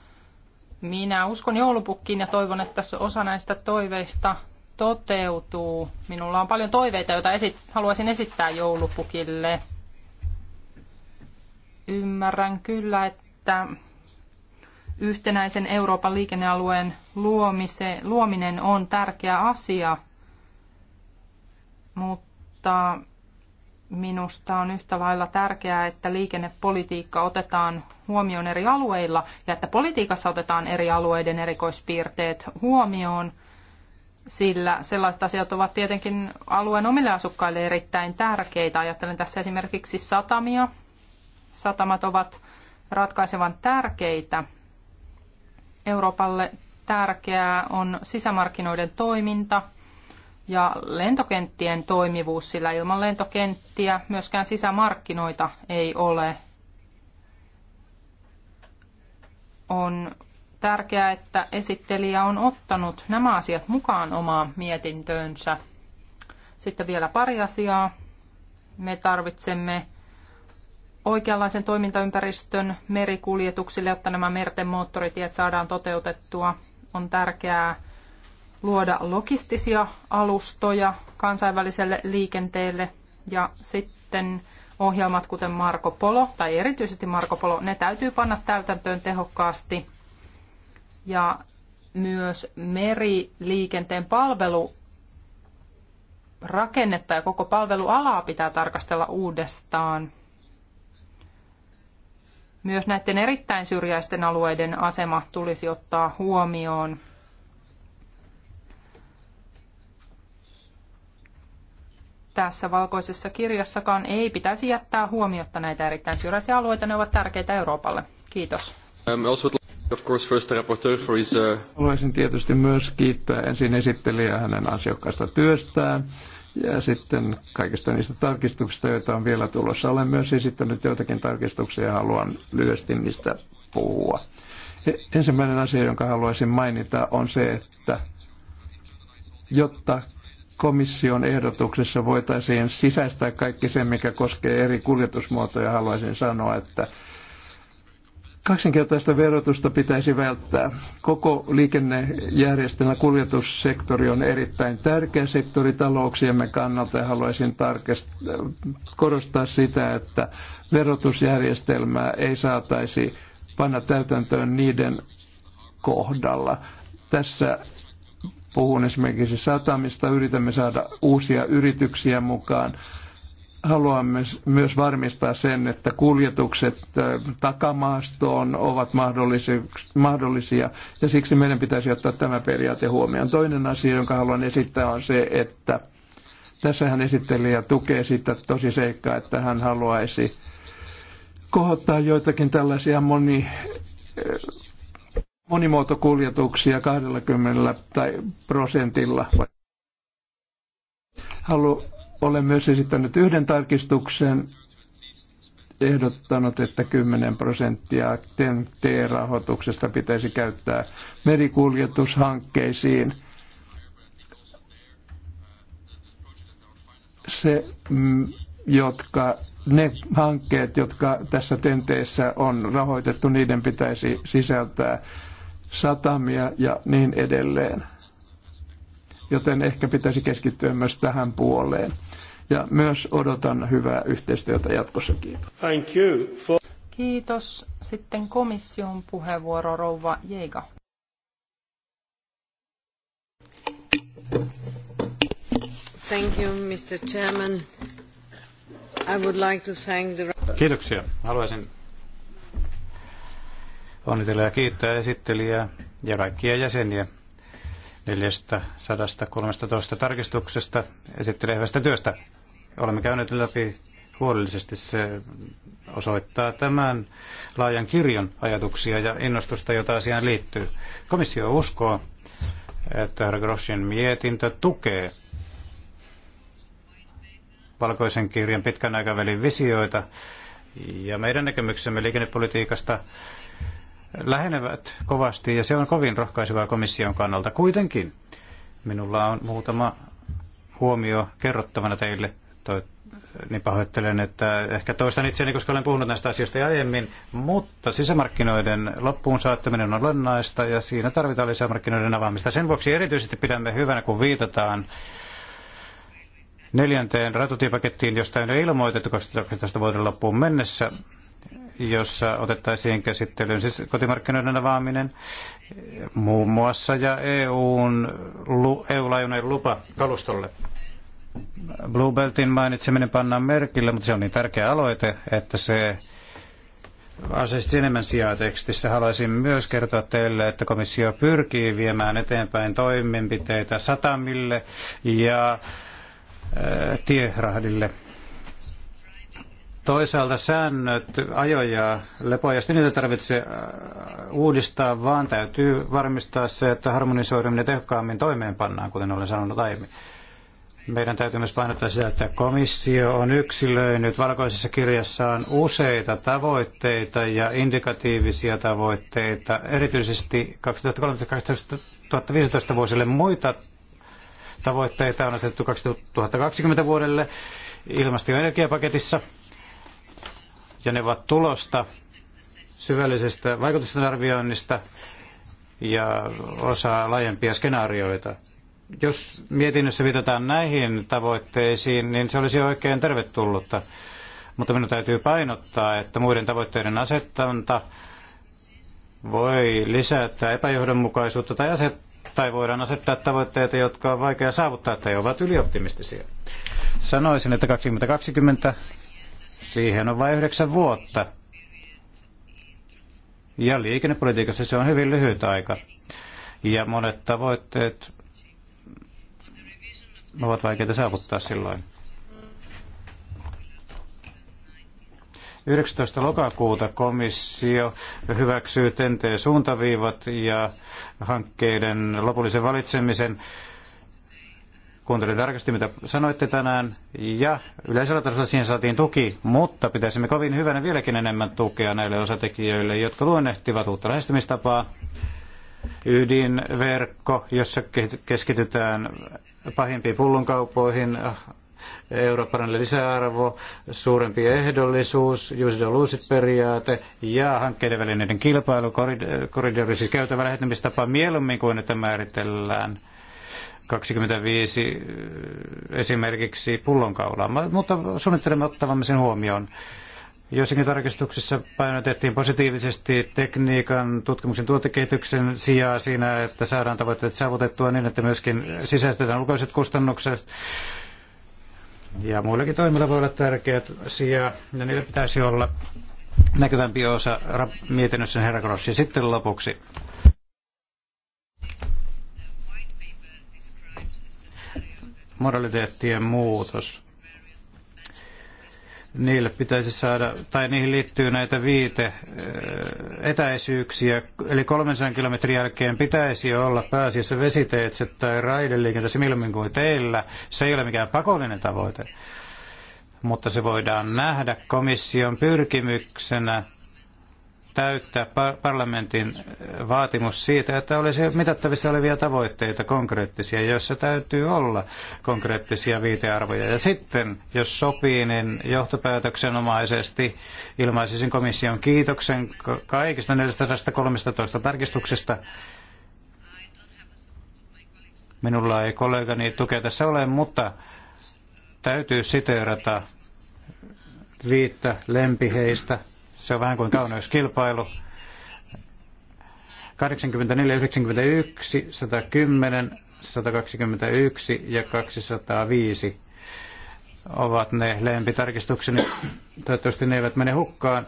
minä uskon joulupukkiin ja toivon, että osa näistä toiveista toteutuu. Minulla on paljon toiveita, joita esit- haluaisin esittää joulupukille. Ymmärrän kyllä, että yhtenäisen Euroopan liikennealueen luomise, luominen on tärkeä asia, mutta minusta on yhtä lailla tärkeää, että liikennepolitiikka otetaan huomioon eri alueilla ja että politiikassa otetaan eri alueiden erikoispiirteet huomioon, sillä sellaiset asiat ovat tietenkin alueen omille asukkaille erittäin tärkeitä. Ajattelen tässä esimerkiksi satamia. Satamat ovat ratkaisevan tärkeitä. Euroopalle tärkeää on sisämarkkinoiden toiminta – ja lentokenttien toimivuus, sillä ilman lentokenttiä myöskään sisämarkkinoita ei ole. On tärkeää, että esittelijä on ottanut nämä asiat mukaan omaan mietintöönsä. Sitten vielä pari asiaa. Me tarvitsemme oikeanlaisen toimintaympäristön merikuljetuksille, jotta nämä merten moottoritiet saadaan toteutettua. On tärkeää luoda logistisia alustoja kansainväliselle liikenteelle ja sitten ohjelmat kuten Marko Polo tai erityisesti Marko Polo, ne täytyy panna täytäntöön tehokkaasti ja myös meriliikenteen palvelu rakennetta ja koko palvelualaa pitää tarkastella uudestaan. Myös näiden erittäin syrjäisten alueiden asema tulisi ottaa huomioon. tässä valkoisessa kirjassakaan ei pitäisi jättää huomiotta näitä erittäin syrjäisiä alueita. Ne ovat tärkeitä Euroopalle. Kiitos. Um, uh, haluaisin tietysti myös kiittää ensin esittelijää hänen ansiokkaasta työstään ja sitten kaikista niistä tarkistuksista, joita on vielä tulossa. Olen myös esittänyt joitakin tarkistuksia ja haluan lyhyesti niistä puhua. E, ensimmäinen asia, jonka haluaisin mainita, on se, että jotta komission ehdotuksessa voitaisiin sisäistää kaikki se, mikä koskee eri kuljetusmuotoja, haluaisin sanoa, että kaksinkertaista verotusta pitäisi välttää. Koko liikennejärjestelmä, kuljetussektori on erittäin tärkeä sektori talouksiemme kannalta ja haluaisin korostaa sitä, että verotusjärjestelmää ei saataisi panna täytäntöön niiden kohdalla. Tässä Puhun esimerkiksi satamista, yritämme saada uusia yrityksiä mukaan. Haluamme myös varmistaa sen, että kuljetukset äh, takamaastoon ovat mahdollisia, ja siksi meidän pitäisi ottaa tämä periaate huomioon. Toinen asia, jonka haluan esittää, on se, että tässä hän esitteli ja tukee sitä tosi seikkaa, että hän haluaisi kohottaa joitakin tällaisia moni monimuotokuljetuksia 20 tai prosentilla. Halu, olen myös esittänyt yhden tarkistuksen, ehdottanut, että 10 prosenttia TEN-T-rahoituksesta pitäisi käyttää merikuljetushankkeisiin. Se, mm, jotka ne hankkeet, jotka tässä tenteessä on rahoitettu, niiden pitäisi sisältää satamia ja niin edelleen. Joten ehkä pitäisi keskittyä myös tähän puoleen. Ja myös odotan hyvää yhteistyötä Kiitos. Thank you for... Kiitos. Sitten komission puheenvuoro rouva Jeiga. Thank you, Mr. Chairman. I would like to thank the... Kiitoksia. Haluaisin onnitella ja kiittää esittelijää ja kaikkia jäseniä 413 tarkistuksesta esittelevästä työstä. Olemme käyneet läpi huolellisesti. Se osoittaa tämän laajan kirjon ajatuksia ja innostusta, jota asiaan liittyy. Komissio uskoo, että herra Grossin mietintö tukee valkoisen kirjan pitkän aikavälin visioita ja meidän näkemyksemme liikennepolitiikasta lähenevät kovasti ja se on kovin rohkaisevaa komission kannalta. Kuitenkin minulla on muutama huomio kerrottavana teille. Toi, niin pahoittelen, että ehkä toistan itseäni, koska olen puhunut näistä asioista aiemmin, mutta sisämarkkinoiden loppuun saattaminen on olennaista ja siinä tarvitaan lisämarkkinoiden avaamista. Sen vuoksi erityisesti pidämme hyvänä, kun viitataan neljänteen ratutiepakettiin, josta ei ole ilmoitettu 2012 vuoden loppuun mennessä, jossa otettaisiin käsittelyyn siis kotimarkkinoiden avaaminen muun muassa ja EUn, EU-laajuinen lupa kalustolle. Blue Beltin mainitseminen pannaan merkille, mutta se on niin tärkeä aloite, että se Asiasta enemmän sijaa tekstissä. Haluaisin myös kertoa teille, että komissio pyrkii viemään eteenpäin toimenpiteitä satamille ja äh, tierahdille Toisaalta säännöt ajoja lepoajasta niitä tarvitse äh, uudistaa, vaan täytyy varmistaa se, että harmonisoiduminen tehokkaammin toimeenpannaan, kuten olen sanonut aiemmin. Meidän täytyy myös painottaa sitä, että komissio on yksilöinyt valkoisessa kirjassaan useita tavoitteita ja indikatiivisia tavoitteita, erityisesti 2013-2015 vuosille muita tavoitteita on asetettu 2020 vuodelle ilmasto- ja energiapaketissa – ja ne ovat tulosta syvällisestä vaikutusten arvioinnista ja osa laajempia skenaarioita. Jos mietinnössä viitataan näihin tavoitteisiin, niin se olisi oikein tervetullutta. Mutta minun täytyy painottaa, että muiden tavoitteiden asettanta voi lisätä epäjohdonmukaisuutta tai, aset, tai voidaan asettaa tavoitteita, jotka on vaikea saavuttaa tai ovat ylioptimistisia. Sanoisin, että 2020 Siihen on vain yhdeksän vuotta. Ja liikennepolitiikassa se on hyvin lyhyt aika. Ja monet tavoitteet ovat vaikeita saavuttaa silloin. 19. lokakuuta komissio hyväksyy TENTEen suuntaviivat ja hankkeiden lopullisen valitsemisen Kuuntelin tarkasti, mitä sanoitte tänään, ja yleisellä tasolla siihen saatiin tuki, mutta pitäisimme kovin hyvänä vieläkin enemmän tukea näille osatekijöille, jotka luonnehtivat uutta lähestymistapaa, ydinverkko, jossa keskitytään pahimpiin pullonkaupoihin, eurooppalainen lisäarvo, suurempi ehdollisuus, use the lose periaate ja hankkeiden välinen kilpailu, koridori, siis käytävä lähettämistapa mieluummin kuin että määritellään – 25 eh, esimerkiksi pullonkaulaa, mutta suunnittelemme ottavamme sen huomioon. Joissakin tarkistuksissa painotettiin positiivisesti tekniikan tutkimuksen tuotekehityksen sijaa siinä, että saadaan tavoitteet saavutettua niin, että myöskin sisäistetään ulkoiset kustannukset. Ja muillakin toimilla voi olla tärkeät sija ja niillä pitäisi olla näkyvämpi osa mietinnössä herra Grossi. Sitten lopuksi moraliteettien muutos. Niille pitäisi saada, tai niihin liittyy näitä viite äh, etäisyyksiä, eli 300 kilometrin jälkeen pitäisi olla pääasiassa vesiteitse tai raideliikenteessä milloin kuin teillä. Se ei ole mikään pakollinen tavoite, mutta se voidaan nähdä komission pyrkimyksenä täyttää parlamentin äh, vaatimus siitä, että olisi mitattavissa olevia tavoitteita konkreettisia, joissa täytyy olla konkreettisia viitearvoja. Ja sitten, jos sopii, niin johtopäätöksenomaisesti ilmaisisin komission kiitoksen kaikista 413 tarkistuksesta. Minulla ei kollegani tukea tässä ole, mutta täytyy siteerata viittä lempiheistä – se on vähän kuin kauneuskilpailu. 84, 91, 110, 121 ja 205 ovat ne lempitarkistukseni. Toivottavasti ne eivät mene hukkaan.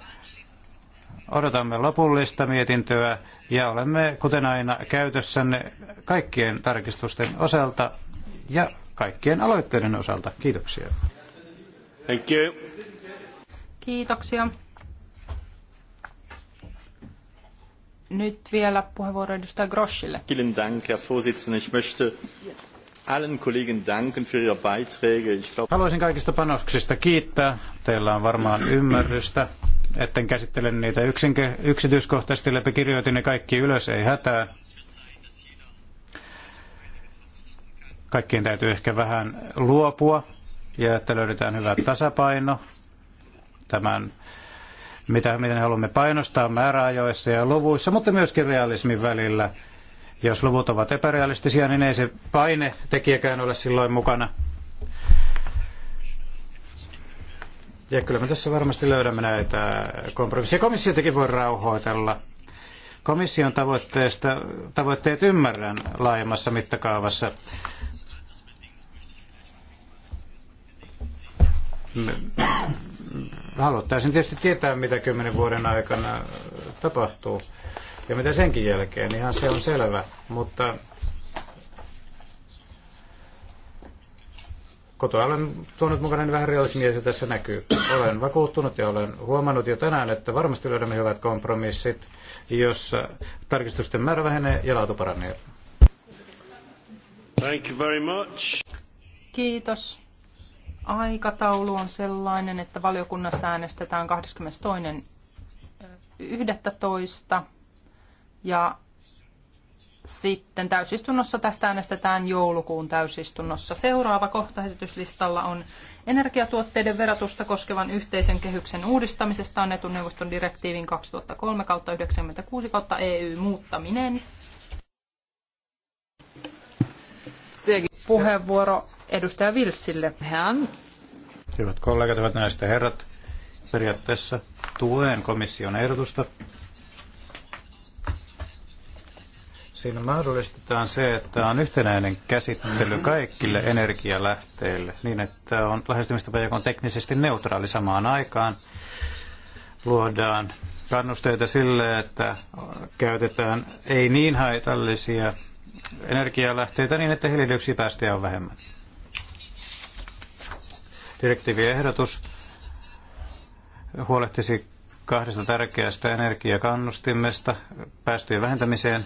Odotamme lopullista mietintöä ja olemme, kuten aina, käytössänne kaikkien tarkistusten osalta ja kaikkien aloitteiden osalta. Kiitoksia. Thank you. Kiitoksia. Nyt vielä puheenvuoro edustaja Groschille. Vielen Dank, Herr Vorsitzender. Ich möchte allen Kollegen danken für ihre Beiträge. Ich glaub... Haluaisin kaikista panoksista kiittää. Teillä on varmaan ymmärrystä. Etten käsittele niitä yksinkö, yksityiskohtaisesti läpi. Kirjoitin ne kaikki ylös, ei hätää. Kaikkien täytyy ehkä vähän luopua ja että löydetään hyvä tasapaino tämän mitä, miten haluamme painostaa määräajoissa ja luvuissa, mutta myöskin realismin välillä. Jos luvut ovat epärealistisia, niin ei se paine tekijäkään ole silloin mukana. Ja kyllä me tässä varmasti löydämme näitä kompromisseja. Komissio teki voi rauhoitella. Komission tavoitteesta, tavoitteet ymmärrän laajemmassa mittakaavassa haluttaisin tietysti tietää, mitä kymmenen vuoden aikana tapahtuu ja mitä senkin jälkeen. Ihan se on selvä, mutta kotoa olen tuonut mukana niin vähän realismia, se tässä näkyy. Olen vakuuttunut ja olen huomannut jo tänään, että varmasti löydämme hyvät kompromissit, jossa tarkistusten määrä vähenee ja laatu paranee. Thank you very much. Kiitos. Aikataulu on sellainen, että valiokunnassa äänestetään 22.11. ja sitten täysistunnossa tästä äänestetään joulukuun täysistunnossa. Seuraava kohta esityslistalla on energiatuotteiden verotusta koskevan yhteisen kehyksen uudistamisesta annetun neuvoston direktiivin 2003-96 EY muuttaminen. Puheenvuoro edustaja Vilsille. Hän. Hyvät kollegat, hyvät naiset ja herrat, periaatteessa tuen komission ehdotusta. Siinä mahdollistetaan se, että on yhtenäinen käsittely kaikille energialähteille niin, että on lähestymistapa, joka on teknisesti neutraali samaan aikaan. Luodaan kannusteita sille, että käytetään ei niin haitallisia energialähteitä niin, että hiilidioksidipäästöjä on vähemmän. Direktiiviehdotus huolehtisi kahdesta tärkeästä energiakannustimesta päästöjen vähentämiseen,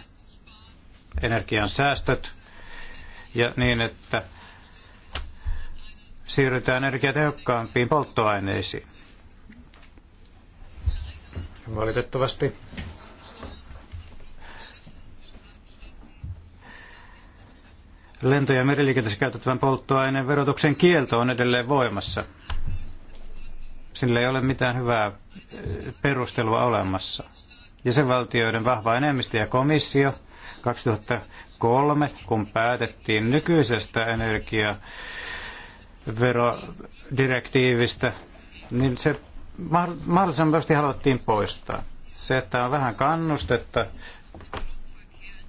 energian säästöt ja niin, että siirrytään energiatehokkaampiin polttoaineisiin. Valitettavasti lento- ja meriliikenteessä käytettävän polttoaineen verotuksen kielto on edelleen voimassa. Sillä ei ole mitään hyvää eh, perustelua olemassa. Jäsenvaltioiden vahva enemmistö ja komissio 2003, kun päätettiin nykyisestä energiaverodirektiivistä, niin se mahdollisimman haluttiin poistaa. Se, että on vähän kannustetta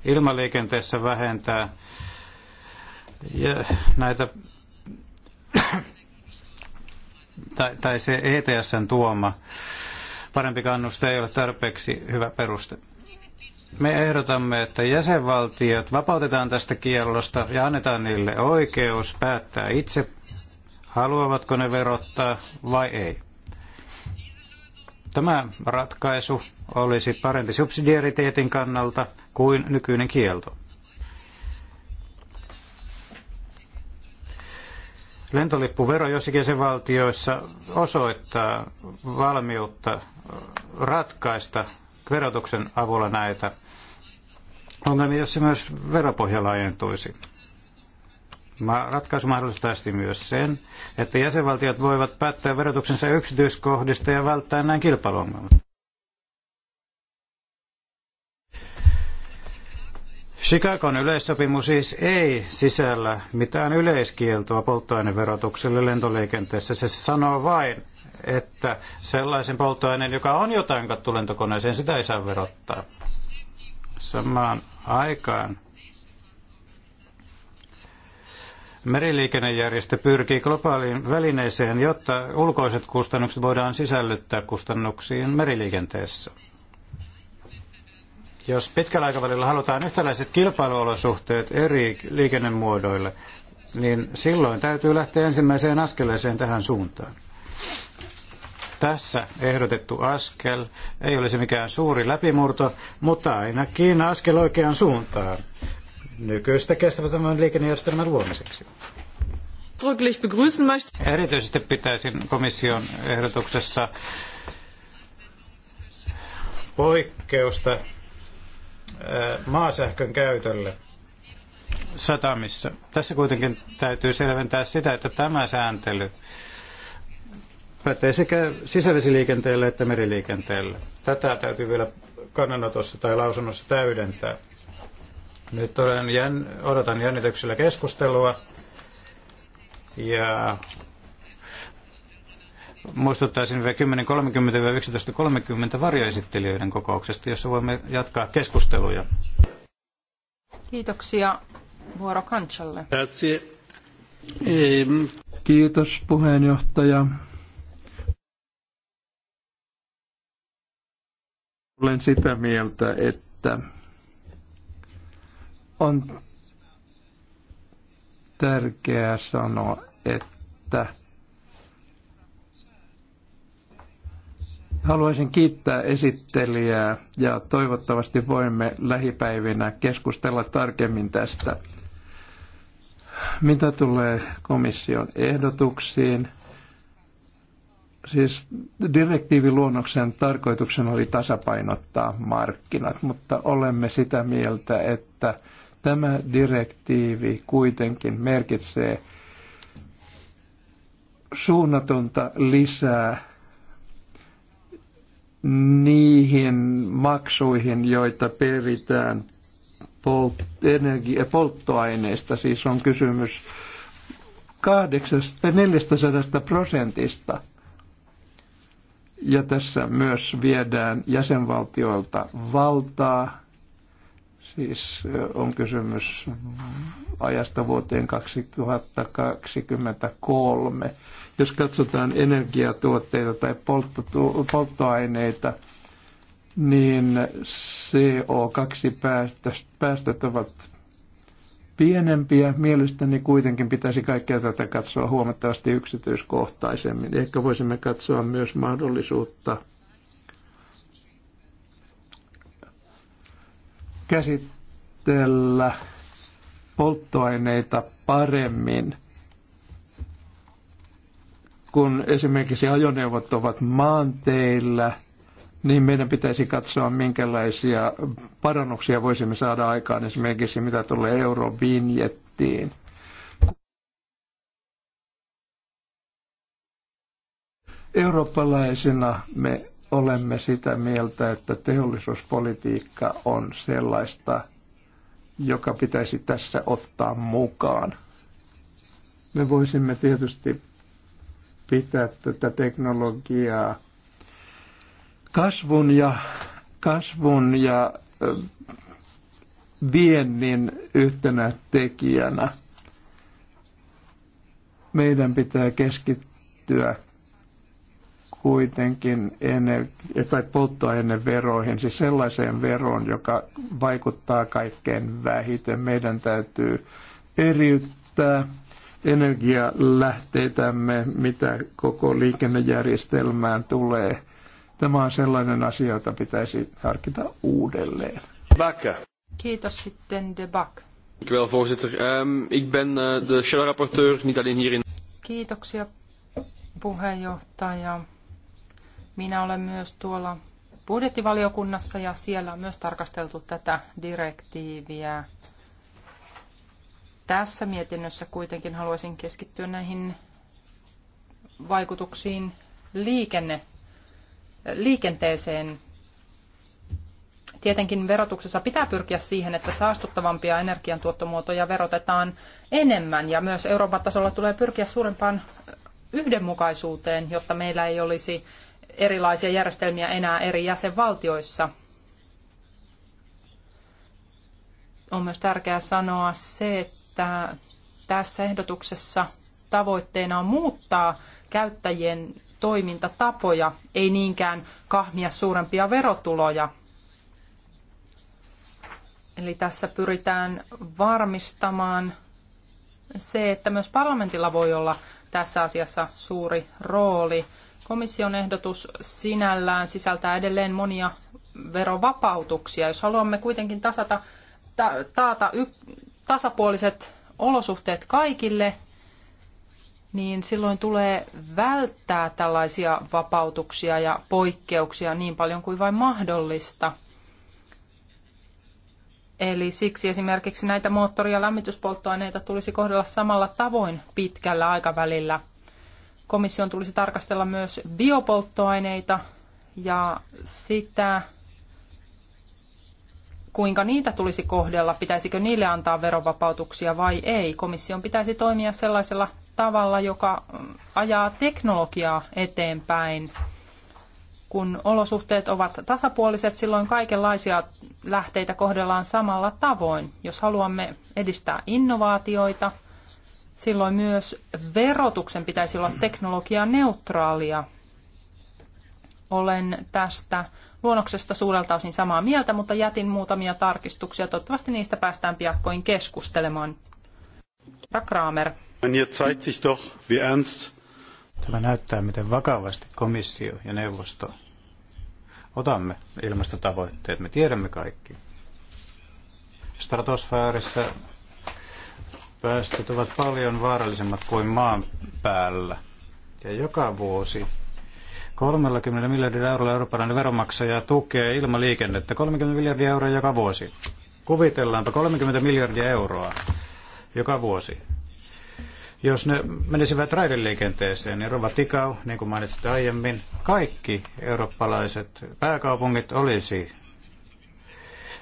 ilmaliikenteessä vähentää ja näitä, tai, tai se ETSn tuoma parempi kannuste ei ole tarpeeksi hyvä peruste. Me ehdotamme, että jäsenvaltiot vapautetaan tästä kiellosta ja annetaan niille oikeus päättää itse, haluavatko ne verottaa vai ei. Tämä ratkaisu olisi parempi subsidiariteetin kannalta kuin nykyinen kielto. Lentolippuvero jossakin sen valtioissa osoittaa valmiutta ratkaista verotuksen avulla näitä ongelmia, jos se myös veropohja laajentuisi. Ratkaisu mahdollistaisi myös sen, että jäsenvaltiot voivat päättää verotuksensa yksityiskohdista ja välttää näin kilpailuongelmat. Chicagon yleissopimus siis ei sisällä mitään yleiskieltoa polttoaineverotukselle lentoliikenteessä. Se sanoo vain, että sellaisen polttoaineen, joka on jo tankattu lentokoneeseen, sitä ei saa verottaa. Samaan aikaan meriliikennejärjestö pyrkii globaaliin välineeseen, jotta ulkoiset kustannukset voidaan sisällyttää kustannuksiin meriliikenteessä. Jos pitkällä aikavälillä halutaan yhtäläiset kilpailuolosuhteet eri liikennemuodoille, niin silloin täytyy lähteä ensimmäiseen askeleeseen tähän suuntaan. Tässä ehdotettu askel ei olisi mikään suuri läpimurto, mutta ainakin askel oikeaan suuntaan nykyistä kestävättömän liikennejärjestelmän luomiseksi. Erityisesti pitäisin komission ehdotuksessa poikkeusta maasähkön käytölle satamissa. Tässä kuitenkin täytyy selventää sitä, että tämä sääntely pätee sekä sisävesiliikenteelle että meriliikenteelle. Tätä täytyy vielä kannanotossa tai lausunnossa täydentää. Nyt olen jän, odotan jännityksellä keskustelua ja Muistuttaisin vielä 10.30-11.30 varjoesittelijöiden kokouksesta, jossa voimme jatkaa keskusteluja. Kiitoksia vuoro Kansalle. Ehm. Kiitos puheenjohtaja. Olen sitä mieltä, että on tärkeää sanoa, että Haluaisin kiittää esittelijää ja toivottavasti voimme lähipäivinä keskustella tarkemmin tästä. Mitä tulee komission ehdotuksiin? Siis direktiiviluonnoksen tarkoituksena oli tasapainottaa markkinat, mutta olemme sitä mieltä, että tämä direktiivi kuitenkin merkitsee suunnatonta lisää niihin maksuihin, joita peritään polt- energi- eh, polttoaineista. Siis on kysymys 400 eh, prosentista. Ja tässä myös viedään jäsenvaltioilta valtaa Siis on kysymys ajasta vuoteen 2023. Jos katsotaan energiatuotteita tai polttoaineita, niin CO2-päästöt ovat pienempiä. Mielestäni kuitenkin pitäisi kaikkea tätä katsoa huomattavasti yksityiskohtaisemmin. Ehkä voisimme katsoa myös mahdollisuutta – käsitellä polttoaineita paremmin, kun esimerkiksi ajoneuvot ovat maanteillä, niin meidän pitäisi katsoa, minkälaisia parannuksia voisimme saada aikaan esimerkiksi, mitä tulee eurovinjettiin. Eurooppalaisena me olemme sitä mieltä, että teollisuuspolitiikka on sellaista, joka pitäisi tässä ottaa mukaan. Me voisimme tietysti pitää tätä teknologiaa kasvun ja, kasvun ja viennin yhtenä tekijänä. Meidän pitää keskittyä kuitenkin energi- tai polttoaineveroihin, siis sellaiseen veroon, joka vaikuttaa kaikkein vähiten. Meidän täytyy eriyttää energialähteitämme, mitä koko liikennejärjestelmään tulee. Tämä on sellainen asia, jota pitäisi harkita uudelleen. Back. Kiitos sitten De Bak. Ehm, eh, Kiitoksia puheenjohtaja. Minä olen myös tuolla budjettivaliokunnassa ja siellä on myös tarkasteltu tätä direktiiviä. Tässä mietinnössä kuitenkin haluaisin keskittyä näihin vaikutuksiin liikenne, liikenteeseen. Tietenkin verotuksessa pitää pyrkiä siihen, että saastuttavampia energiantuottomuotoja verotetaan enemmän ja myös Euroopan tasolla tulee pyrkiä suurempaan yhdenmukaisuuteen, jotta meillä ei olisi erilaisia järjestelmiä enää eri jäsenvaltioissa. On myös tärkeää sanoa se, että tässä ehdotuksessa tavoitteena on muuttaa käyttäjien toimintatapoja, ei niinkään kahmia suurempia verotuloja. Eli tässä pyritään varmistamaan se, että myös parlamentilla voi olla tässä asiassa suuri rooli. Komission ehdotus sinällään sisältää edelleen monia verovapautuksia. Jos haluamme kuitenkin tasata, ta, taata y, tasapuoliset olosuhteet kaikille, niin silloin tulee välttää tällaisia vapautuksia ja poikkeuksia niin paljon kuin vain mahdollista. Eli siksi esimerkiksi näitä moottori- ja lämmityspolttoaineita tulisi kohdella samalla tavoin pitkällä aikavälillä – komission tulisi tarkastella myös biopolttoaineita ja sitä, kuinka niitä tulisi kohdella, pitäisikö niille antaa verovapautuksia vai ei. Komission pitäisi toimia sellaisella tavalla, joka ajaa teknologiaa eteenpäin. Kun olosuhteet ovat tasapuoliset, silloin kaikenlaisia lähteitä kohdellaan samalla tavoin. Jos haluamme edistää innovaatioita – Silloin myös verotuksen pitäisi olla teknologianeutraalia. Olen tästä luonnoksesta suurelta osin samaa mieltä, mutta jätin muutamia tarkistuksia. Toivottavasti niistä päästään piakkoin keskustelemaan. Rakraamer. Tämä näyttää, miten vakavasti komissio ja neuvosto otamme ilmastotavoitteet. Me tiedämme kaikki. Stratosfäärissä päästöt ovat paljon vaarallisemmat kuin maan päällä. Ja joka vuosi 30 miljardilla eurolla eurooppalainen veronmaksaja tukee ilmaliikennettä 30 miljardia euroa joka vuosi. Kuvitellaanpa 30 miljardia euroa joka vuosi. Jos ne menisivät raideliikenteeseen, niin Rova niin kuin mainitsit aiemmin, kaikki eurooppalaiset pääkaupungit olisi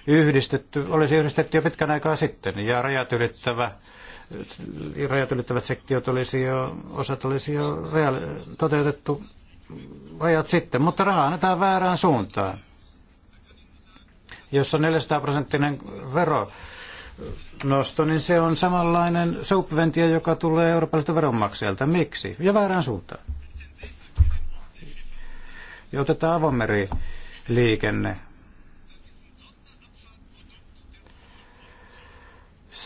yhdistetty, olisi yhdistetty jo pitkän aikaa sitten ja rajat ylittävä rajat ylittävät sektiot olisi jo, osat olisi jo reaali- toteutettu ajat sitten, mutta rahaa annetaan väärään suuntaan, on 400 prosenttinen vero nosto, niin se on samanlainen subventio, joka tulee eurooppalaisilta veronmaksajilta. Miksi? Ja väärään suuntaan. Ja otetaan avomeri liikenne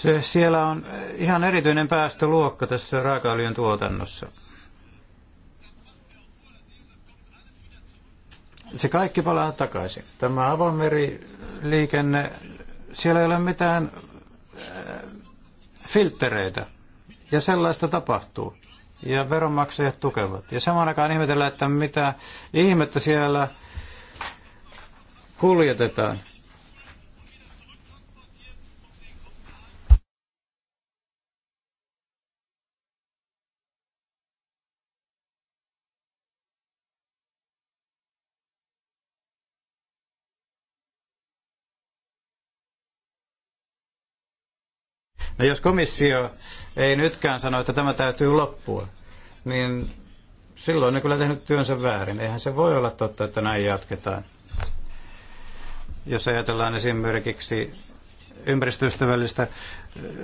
Se, siellä on ihan erityinen päästöluokka tässä raakaöljyn tuotannossa. Se kaikki palaa takaisin. Tämä avomeriliikenne, siellä ei ole mitään äh, filtreitä. Ja sellaista tapahtuu. Ja veronmaksajat tukevat. Ja samaan aikaan ihmetellään, että mitä ihmettä siellä kuljetetaan. No jos komissio ei nytkään sano, että tämä täytyy loppua, niin silloin ne kyllä tehnyt työnsä väärin. Eihän se voi olla totta, että näin jatketaan. Jos ajatellaan esimerkiksi ympäristöystävällistä äh,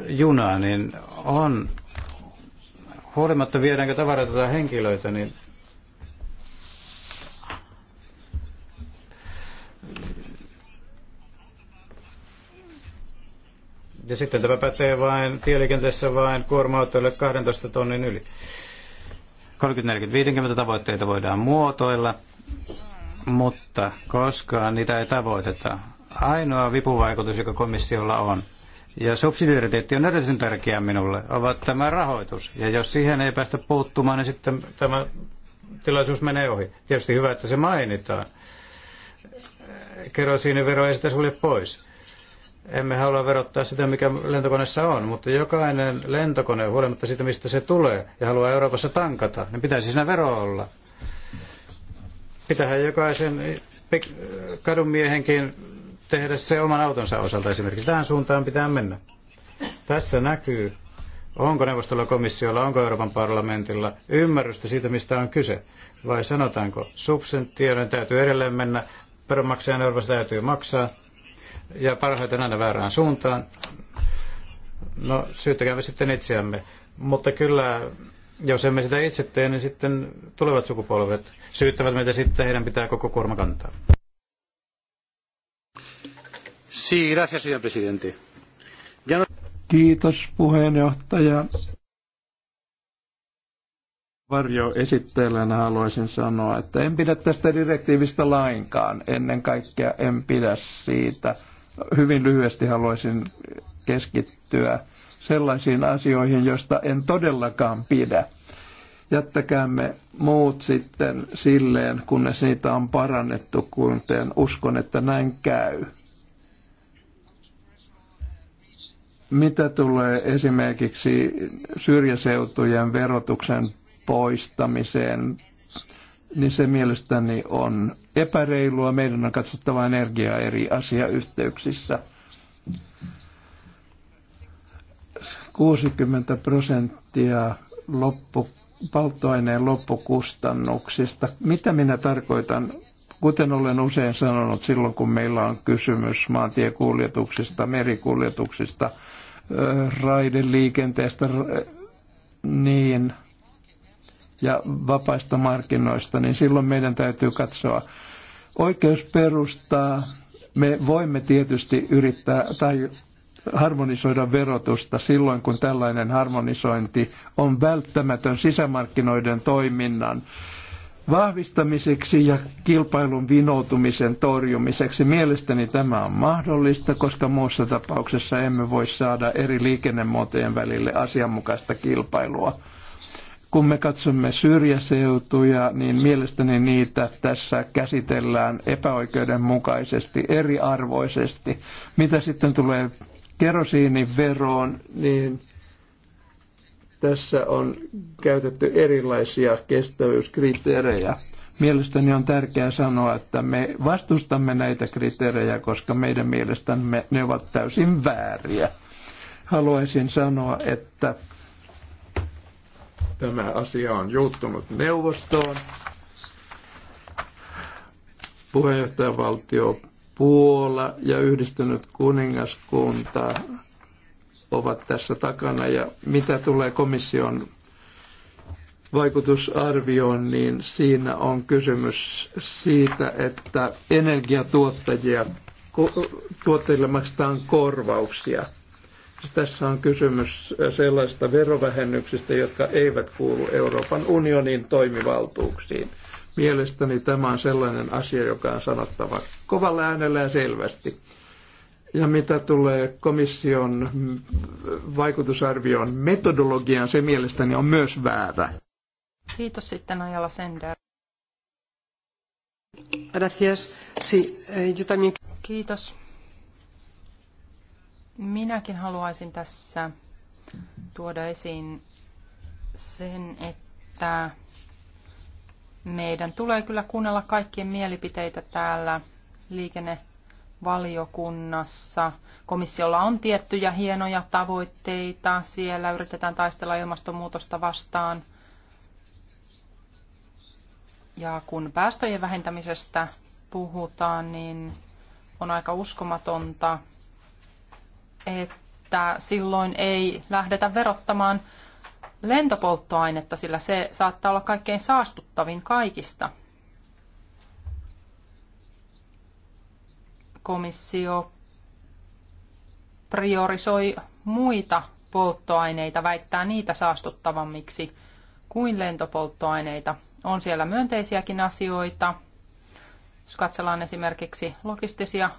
junaa, niin on huolimatta viedäänkö tavaroita tai henkilöitä, niin Ja sitten tämä pätee vain tieliikenteessä vain kuorma-autoille 12 tonnin yli. 30-40-50 tavoitteita voidaan muotoilla, mutta koskaan niitä ei tavoiteta. Ainoa vipuvaikutus, joka komissiolla on, ja subsidiariteetti on erityisen tärkeä minulle, ovat tämä rahoitus. Ja jos siihen ei päästä puuttumaan, niin sitten tämä tilaisuus menee ohi. Tietysti hyvä, että se mainitaan. Kerosiinivero ei sitä sulje pois. Emme halua verottaa sitä, mikä lentokoneessa on, mutta jokainen lentokone, huolimatta siitä, mistä se tulee ja haluaa Euroopassa tankata, niin pitäisi siinä vero olla. Pitähän jokaisen kadunmiehenkin tehdä se oman autonsa osalta esimerkiksi. Tähän suuntaan pitää mennä. Tässä näkyy, onko neuvostolla komissiolla, onko Euroopan parlamentilla ymmärrystä siitä, mistä on kyse. Vai sanotaanko, subsentioiden täytyy edelleen mennä, veronmaksajan Euroopassa täytyy maksaa, ja parhaiten aina väärään suuntaan. No syyttäkäämme sitten itseämme. Mutta kyllä, jos emme sitä itse tee, niin sitten tulevat sukupolvet syyttävät meitä sitten, heidän pitää koko kuorma kantaa. Sí, gracias, señor presidente. no... Kiitos puheenjohtaja. Varjo esittelijänä haluaisin sanoa, että en pidä tästä direktiivistä lainkaan. Ennen kaikkea en pidä siitä – Hyvin lyhyesti haluaisin keskittyä sellaisiin asioihin, joista en todellakaan pidä. Jättäkäämme muut sitten silleen, kunnes niitä on parannettu, kuten uskon, että näin käy. Mitä tulee esimerkiksi syrjäseutujen verotuksen poistamiseen, niin se mielestäni on epäreilua. Meidän on katsottava energiaa eri asiayhteyksissä. 60 prosenttia loppu, polttoaineen loppukustannuksista. Mitä minä tarkoitan? Kuten olen usein sanonut silloin, kun meillä on kysymys maantiekuljetuksista, merikuljetuksista, raideliikenteestä, niin – ja vapaista markkinoista, niin silloin meidän täytyy katsoa oikeusperustaa. Me voimme tietysti yrittää tai harmonisoida verotusta silloin, kun tällainen harmonisointi on välttämätön sisämarkkinoiden toiminnan vahvistamiseksi ja kilpailun vinoutumisen torjumiseksi. Mielestäni tämä on mahdollista, koska muussa tapauksessa emme voi saada eri liikennemuotojen välille asianmukaista kilpailua. Kun me katsomme syrjäseutuja, niin mielestäni niitä tässä käsitellään epäoikeudenmukaisesti, eriarvoisesti. Mitä sitten tulee kerosiiniveroon, niin tässä on käytetty erilaisia kestävyyskriteerejä. Mielestäni on tärkeää sanoa, että me vastustamme näitä kriteerejä, koska meidän mielestämme ne ovat täysin vääriä. Haluaisin sanoa, että Tämä asia on juuttunut neuvostoon. Puheenjohtajavaltio Puola ja yhdistynyt kuningaskunta ovat tässä takana. Ja mitä tulee komission vaikutusarvioon, niin siinä on kysymys siitä, että energiatuottajia tuottajille maksetaan korvauksia – tässä on kysymys sellaista verovähennyksistä, jotka eivät kuulu Euroopan unionin toimivaltuuksiin. Mielestäni tämä on sellainen asia, joka on sanottava kovalla äänellä ja selvästi. Ja mitä tulee komission vaikutusarvioon metodologiaan, se mielestäni on myös väärä. Kiitos sitten Ajala Sender. Gracias. Sí, eh, yo también... Kiitos. Minäkin haluaisin tässä tuoda esiin sen, että meidän tulee kyllä kuunnella kaikkien mielipiteitä täällä liikennevaliokunnassa. Komissiolla on tiettyjä hienoja tavoitteita. Siellä yritetään taistella ilmastonmuutosta vastaan. Ja kun päästöjen vähentämisestä puhutaan, niin on aika uskomatonta, että silloin ei lähdetä verottamaan lentopolttoainetta, sillä se saattaa olla kaikkein saastuttavin kaikista. Komissio priorisoi muita polttoaineita, väittää niitä saastuttavammiksi kuin lentopolttoaineita. On siellä myönteisiäkin asioita. Jos katsellaan esimerkiksi logistisia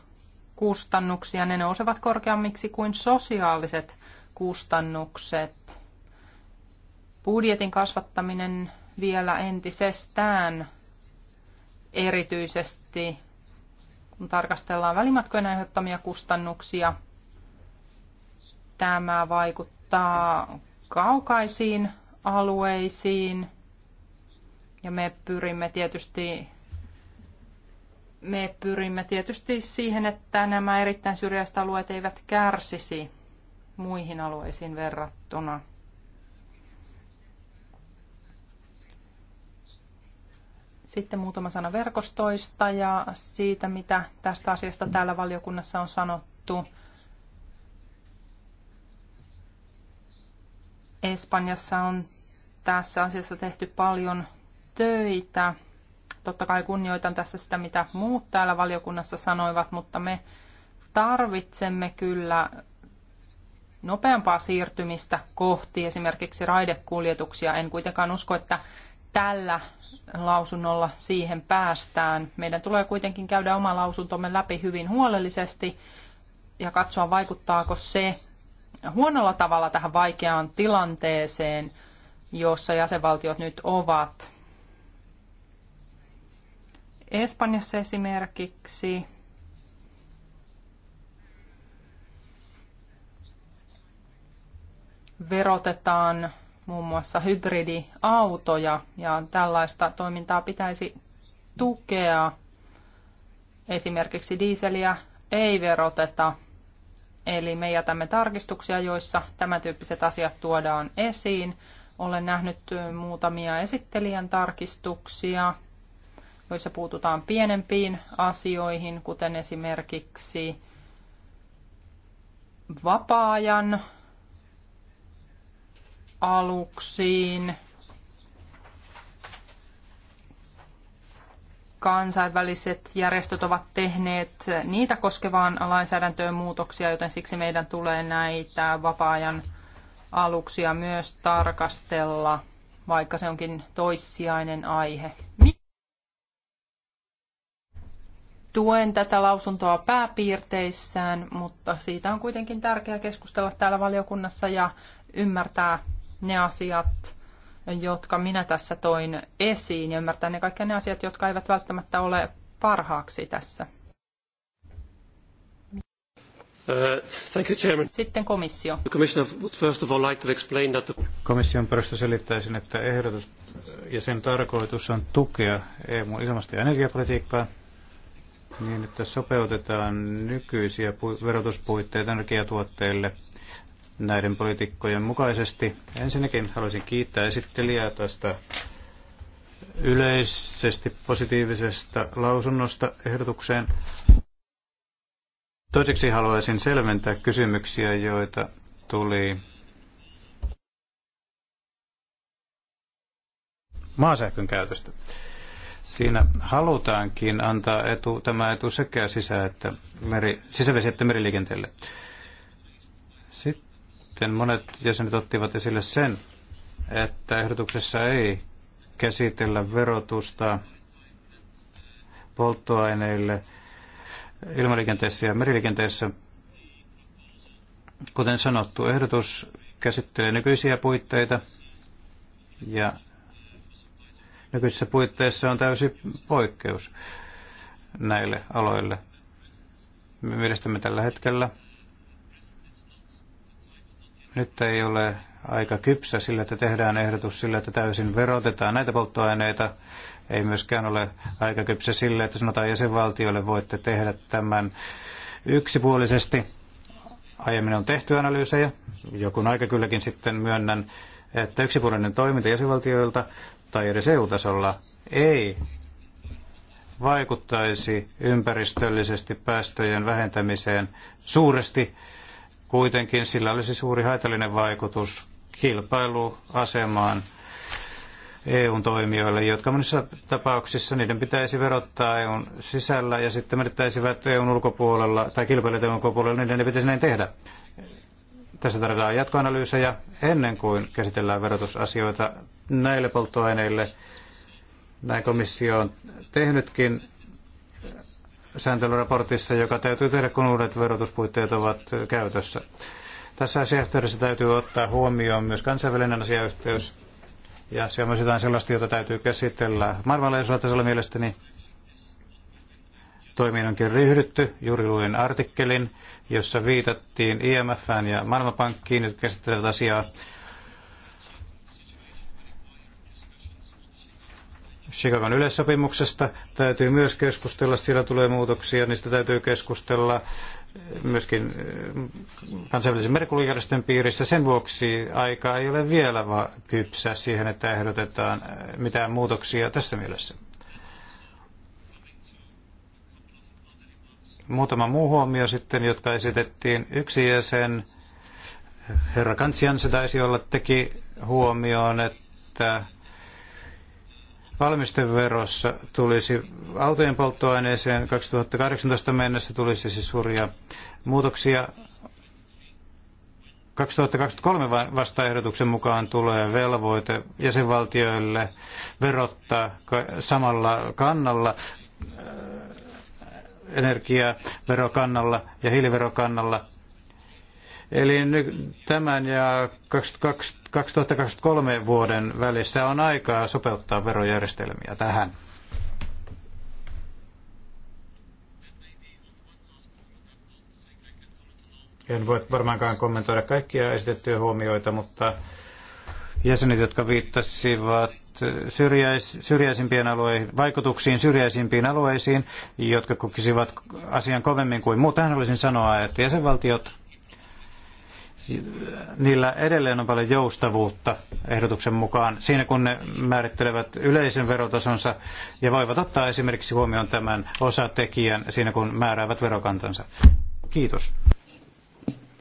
kustannuksia, ne nousevat korkeammiksi kuin sosiaaliset kustannukset. Budjetin kasvattaminen vielä entisestään erityisesti, kun tarkastellaan välimatkojen aiheuttamia kustannuksia. Tämä vaikuttaa kaukaisiin alueisiin ja me pyrimme tietysti me pyrimme tietysti siihen, että nämä erittäin syrjäiset alueet eivät kärsisi muihin alueisiin verrattuna. Sitten muutama sana verkostoista ja siitä, mitä tästä asiasta täällä valiokunnassa on sanottu. Espanjassa on tässä asiassa tehty paljon töitä. Totta kai kunnioitan tässä sitä, mitä muut täällä valiokunnassa sanoivat, mutta me tarvitsemme kyllä nopeampaa siirtymistä kohti esimerkiksi raidekuljetuksia. En kuitenkaan usko, että tällä lausunnolla siihen päästään. Meidän tulee kuitenkin käydä oma lausuntomme läpi hyvin huolellisesti ja katsoa, vaikuttaako se huonolla tavalla tähän vaikeaan tilanteeseen, jossa jäsenvaltiot nyt ovat. Espanjassa esimerkiksi verotetaan muun muassa hybridiautoja ja tällaista toimintaa pitäisi tukea. Esimerkiksi diiseliä ei veroteta, eli me jätämme tarkistuksia, joissa tämän tyyppiset asiat tuodaan esiin. Olen nähnyt muutamia esittelijän tarkistuksia joissa puututaan pienempiin asioihin, kuten esimerkiksi vapaa-ajan aluksiin, kansainväliset järjestöt ovat tehneet niitä koskevaan lainsäädäntöön muutoksia, joten siksi meidän tulee näitä vapaa-ajan aluksia myös tarkastella, vaikka se onkin toissijainen aihe tuen tätä lausuntoa pääpiirteissään, mutta siitä on kuitenkin tärkeää keskustella täällä valiokunnassa ja ymmärtää ne asiat, jotka minä tässä toin esiin ja ymmärtää ne kaikki ne asiat, jotka eivät välttämättä ole parhaaksi tässä. Uh, Sitten komissio. Komission perusta selittäisin, että ehdotus ja sen tarkoitus on tukea eu ilmasto- ja energiapolitiikkaa, niin, että sopeutetaan nykyisiä verotuspuitteita energiatuotteille näiden poliitikkojen mukaisesti. Ensinnäkin haluaisin kiittää esittelijää tästä yleisesti positiivisesta lausunnosta ehdotukseen. Toiseksi haluaisin selventää kysymyksiä, joita tuli maasähkön käytöstä. Siinä halutaankin antaa etu, tämä etu sekä sisä- että meri, sisävesi- että meriliikenteelle. Sitten monet jäsenet ottivat esille sen, että ehdotuksessa ei käsitellä verotusta polttoaineille ilmaliikenteessä ja meriliikenteessä. Kuten sanottu, ehdotus käsittelee nykyisiä puitteita ja nykyisissä puitteissa on täysi poikkeus näille aloille. Mielestämme tällä hetkellä nyt ei ole aika kypsä sillä, että tehdään ehdotus sillä, että täysin verotetaan näitä polttoaineita. Ei myöskään ole aika kypsä sillä, että sanotaan jäsenvaltioille voitte tehdä tämän yksipuolisesti. Aiemmin on tehty analyysejä, jokun aika kylläkin sitten myönnän, että yksipuolinen toiminta jäsenvaltioilta tai edes EU-tasolla ei vaikuttaisi ympäristöllisesti päästöjen vähentämiseen suuresti. Kuitenkin sillä olisi suuri haitallinen vaikutus kilpailuasemaan EUn toimijoille, jotka monissa tapauksissa niiden pitäisi verottaa EUn sisällä ja sitten menettäisivät EUn ulkopuolella tai kilpailijat EUn ulkopuolella, niiden ne pitäisi näin tehdä. Tässä tarvitaan jatkoanalyysejä ennen kuin käsitellään verotusasioita näille polttoaineille. Näin komissio on tehnytkin sääntelyraportissa, joka täytyy tehdä, kun uudet verotuspuitteet ovat käytössä. Tässä asiayhteydessä täytyy ottaa huomioon myös kansainvälinen asiayhteys, ja se on myös jotain sellaista, jota täytyy käsitellä maailmanlaajuisella tasolla mielestäni. Toimiin onkin ryhdytty. Juuri luin artikkelin, jossa viitattiin IMFään ja Maailmanpankkiin, jotka käsittelevät asiaa. Chicagon yleissopimuksesta täytyy myös keskustella, siellä tulee muutoksia, niistä täytyy keskustella myöskin eh, kansainvälisen merkulijärjestön piirissä. Sen vuoksi aika ei ole vielä kypsä siihen, että ehdotetaan eh, mitään muutoksia tässä mielessä. Muutama muu huomio sitten, jotka esitettiin. Yksi jäsen, herra Kantsian se taisi olla, teki huomioon, että valmisteverossa tulisi autojen polttoaineeseen 2018 mennessä tulisi siis suuria muutoksia. 2023 vastaehdotuksen mukaan tulee velvoite jäsenvaltioille verottaa samalla kannalla äh, energiaverokannalla ja hiiliverokannalla Eli nyt tämän ja 2023 vuoden välissä on aikaa sopeuttaa verojärjestelmiä tähän. En voi varmaankaan kommentoida kaikkia esitettyjä huomioita, mutta jäsenet, jotka viittasivat syrjäis, syrjäisimpien alueihin, vaikutuksiin syrjäisimpiin alueisiin, jotka kokisivat asian kovemmin kuin muut. Tähän olisin sanoa, että jäsenvaltiot niillä edelleen on paljon joustavuutta ehdotuksen mukaan siinä, kun ne määrittelevät yleisen verotasonsa ja voivat ottaa esimerkiksi huomioon tämän osatekijän siinä, kun määräävät verokantansa. Kiitos.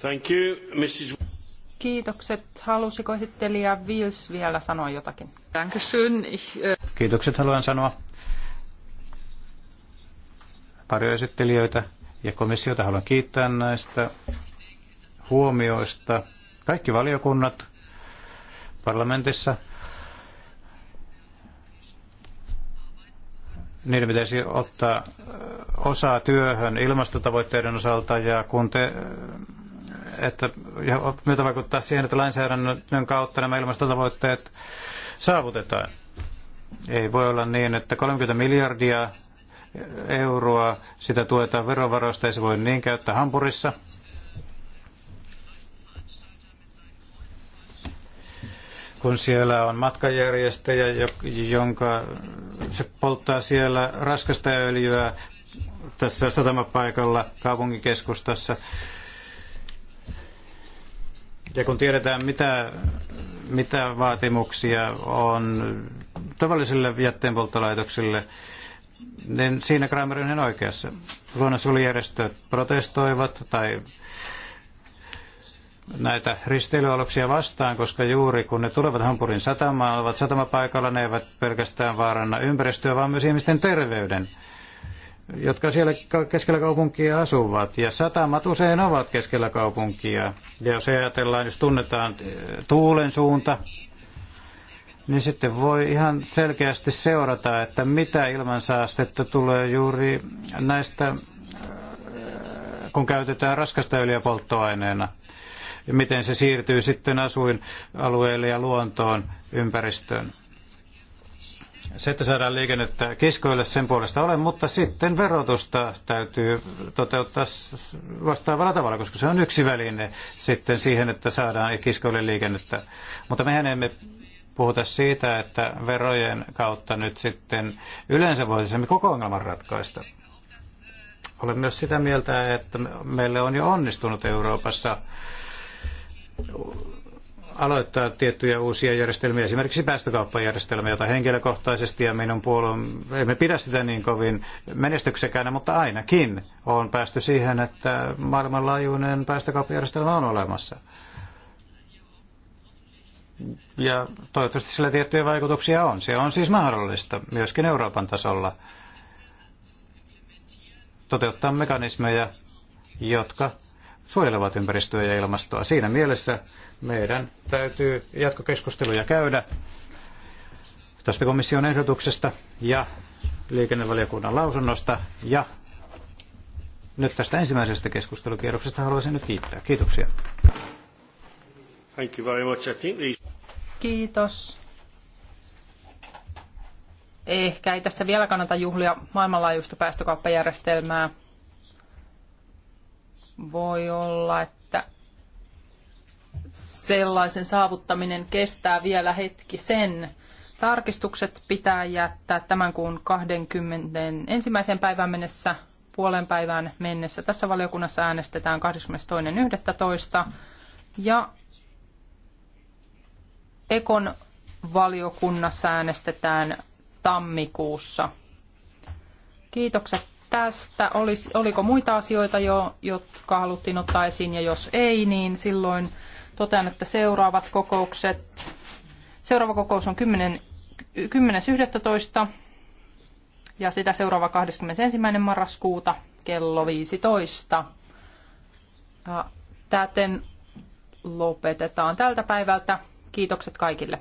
Thank you, Mrs. Kiitokset. Halusiko esittelijä Wills vielä sanoa jotakin? Äh, Kiitokset haluan sanoa. Pari esittelijöitä ja komissiota haluan kiittää näistä huomioista. Kaikki valiokunnat parlamentissa, niiden pitäisi ottaa osaa työhön ilmastotavoitteiden osalta ja kun te että ja myötä vaikuttaa siihen, että lainsäädännön kautta nämä ilmastotavoitteet saavutetaan. Ei voi olla niin, että 30 miljardia euroa sitä tuetaan verovaroista, ei se voi niin käyttää Hampurissa. kun siellä on matkajärjestäjä, jonka se polttaa siellä raskasta öljyä tässä satamapaikalla kaupunkikeskustassa. Ja kun tiedetään, mitä, mitä vaatimuksia on tavallisille jätteenpolttolaitoksille, niin siinä Kramer on ihan oikeassa. Luonnonsuojelujärjestöt protestoivat tai näitä risteilyaluksia vastaan, koska juuri kun ne tulevat Hampurin satamaan, ovat satamapaikalla, ne eivät pelkästään vaaranna ympäristöä, vaan myös ihmisten terveyden jotka siellä keskellä kaupunkia asuvat. Ja satamat usein ovat keskellä kaupunkia. Ja jos ajatellaan, jos tunnetaan eh, tuulen suunta, niin sitten voi ihan selkeästi seurata, että mitä ilmansaastetta tulee juuri näistä, eh, kun käytetään raskasta öljyä polttoaineena – miten se siirtyy sitten asuinalueelle ja luontoon ympäristöön. Se, että saadaan liikennettä kiskoille, sen puolesta ole, mutta sitten verotusta täytyy toteuttaa vastaavalla tavalla, koska se on yksi väline sitten siihen, että saadaan kiskoille liikennettä. Mutta mehän emme puhuta siitä, että verojen kautta nyt sitten yleensä voisimme koko ongelman ratkaista. Olen myös sitä mieltä, että meille on jo onnistunut Euroopassa aloittaa tiettyjä uusia järjestelmiä, esimerkiksi päästökauppajärjestelmä, jota henkilökohtaisesti ja minun puolueen, emme pidä sitä niin kovin menestyksekäänä, mutta ainakin on päästy siihen, että maailmanlaajuinen päästökauppajärjestelmä on olemassa. Ja toivottavasti sillä tiettyjä vaikutuksia on. Se on siis mahdollista myöskin Euroopan tasolla toteuttaa mekanismeja, jotka suojelevat ympäristöä ja ilmastoa. Siinä mielessä meidän täytyy jatkokeskusteluja käydä tästä komission ehdotuksesta ja liikennevaliokunnan lausunnosta ja nyt tästä ensimmäisestä keskustelukierroksesta haluaisin nyt kiittää. Kiitoksia. Thank you very much. I think these... Kiitos. Ehkä ei tässä vielä kannata juhlia maailmanlaajuista päästökauppajärjestelmää. Voi olla, että sellaisen saavuttaminen kestää vielä hetki sen. Tarkistukset pitää jättää tämän kuun ensimmäiseen päivään mennessä puolen päivään mennessä. Tässä valiokunnassa äänestetään 22.11. ja Ekon valiokunnassa äänestetään tammikuussa. Kiitokset tästä. Olis, oliko muita asioita jo, jotka haluttiin ottaa esiin ja jos ei, niin silloin totean, että seuraavat kokoukset, seuraava kokous on 10, 10.11. ja sitä seuraava 21. marraskuuta kello 15. Ja täten lopetetaan tältä päivältä. Kiitokset kaikille.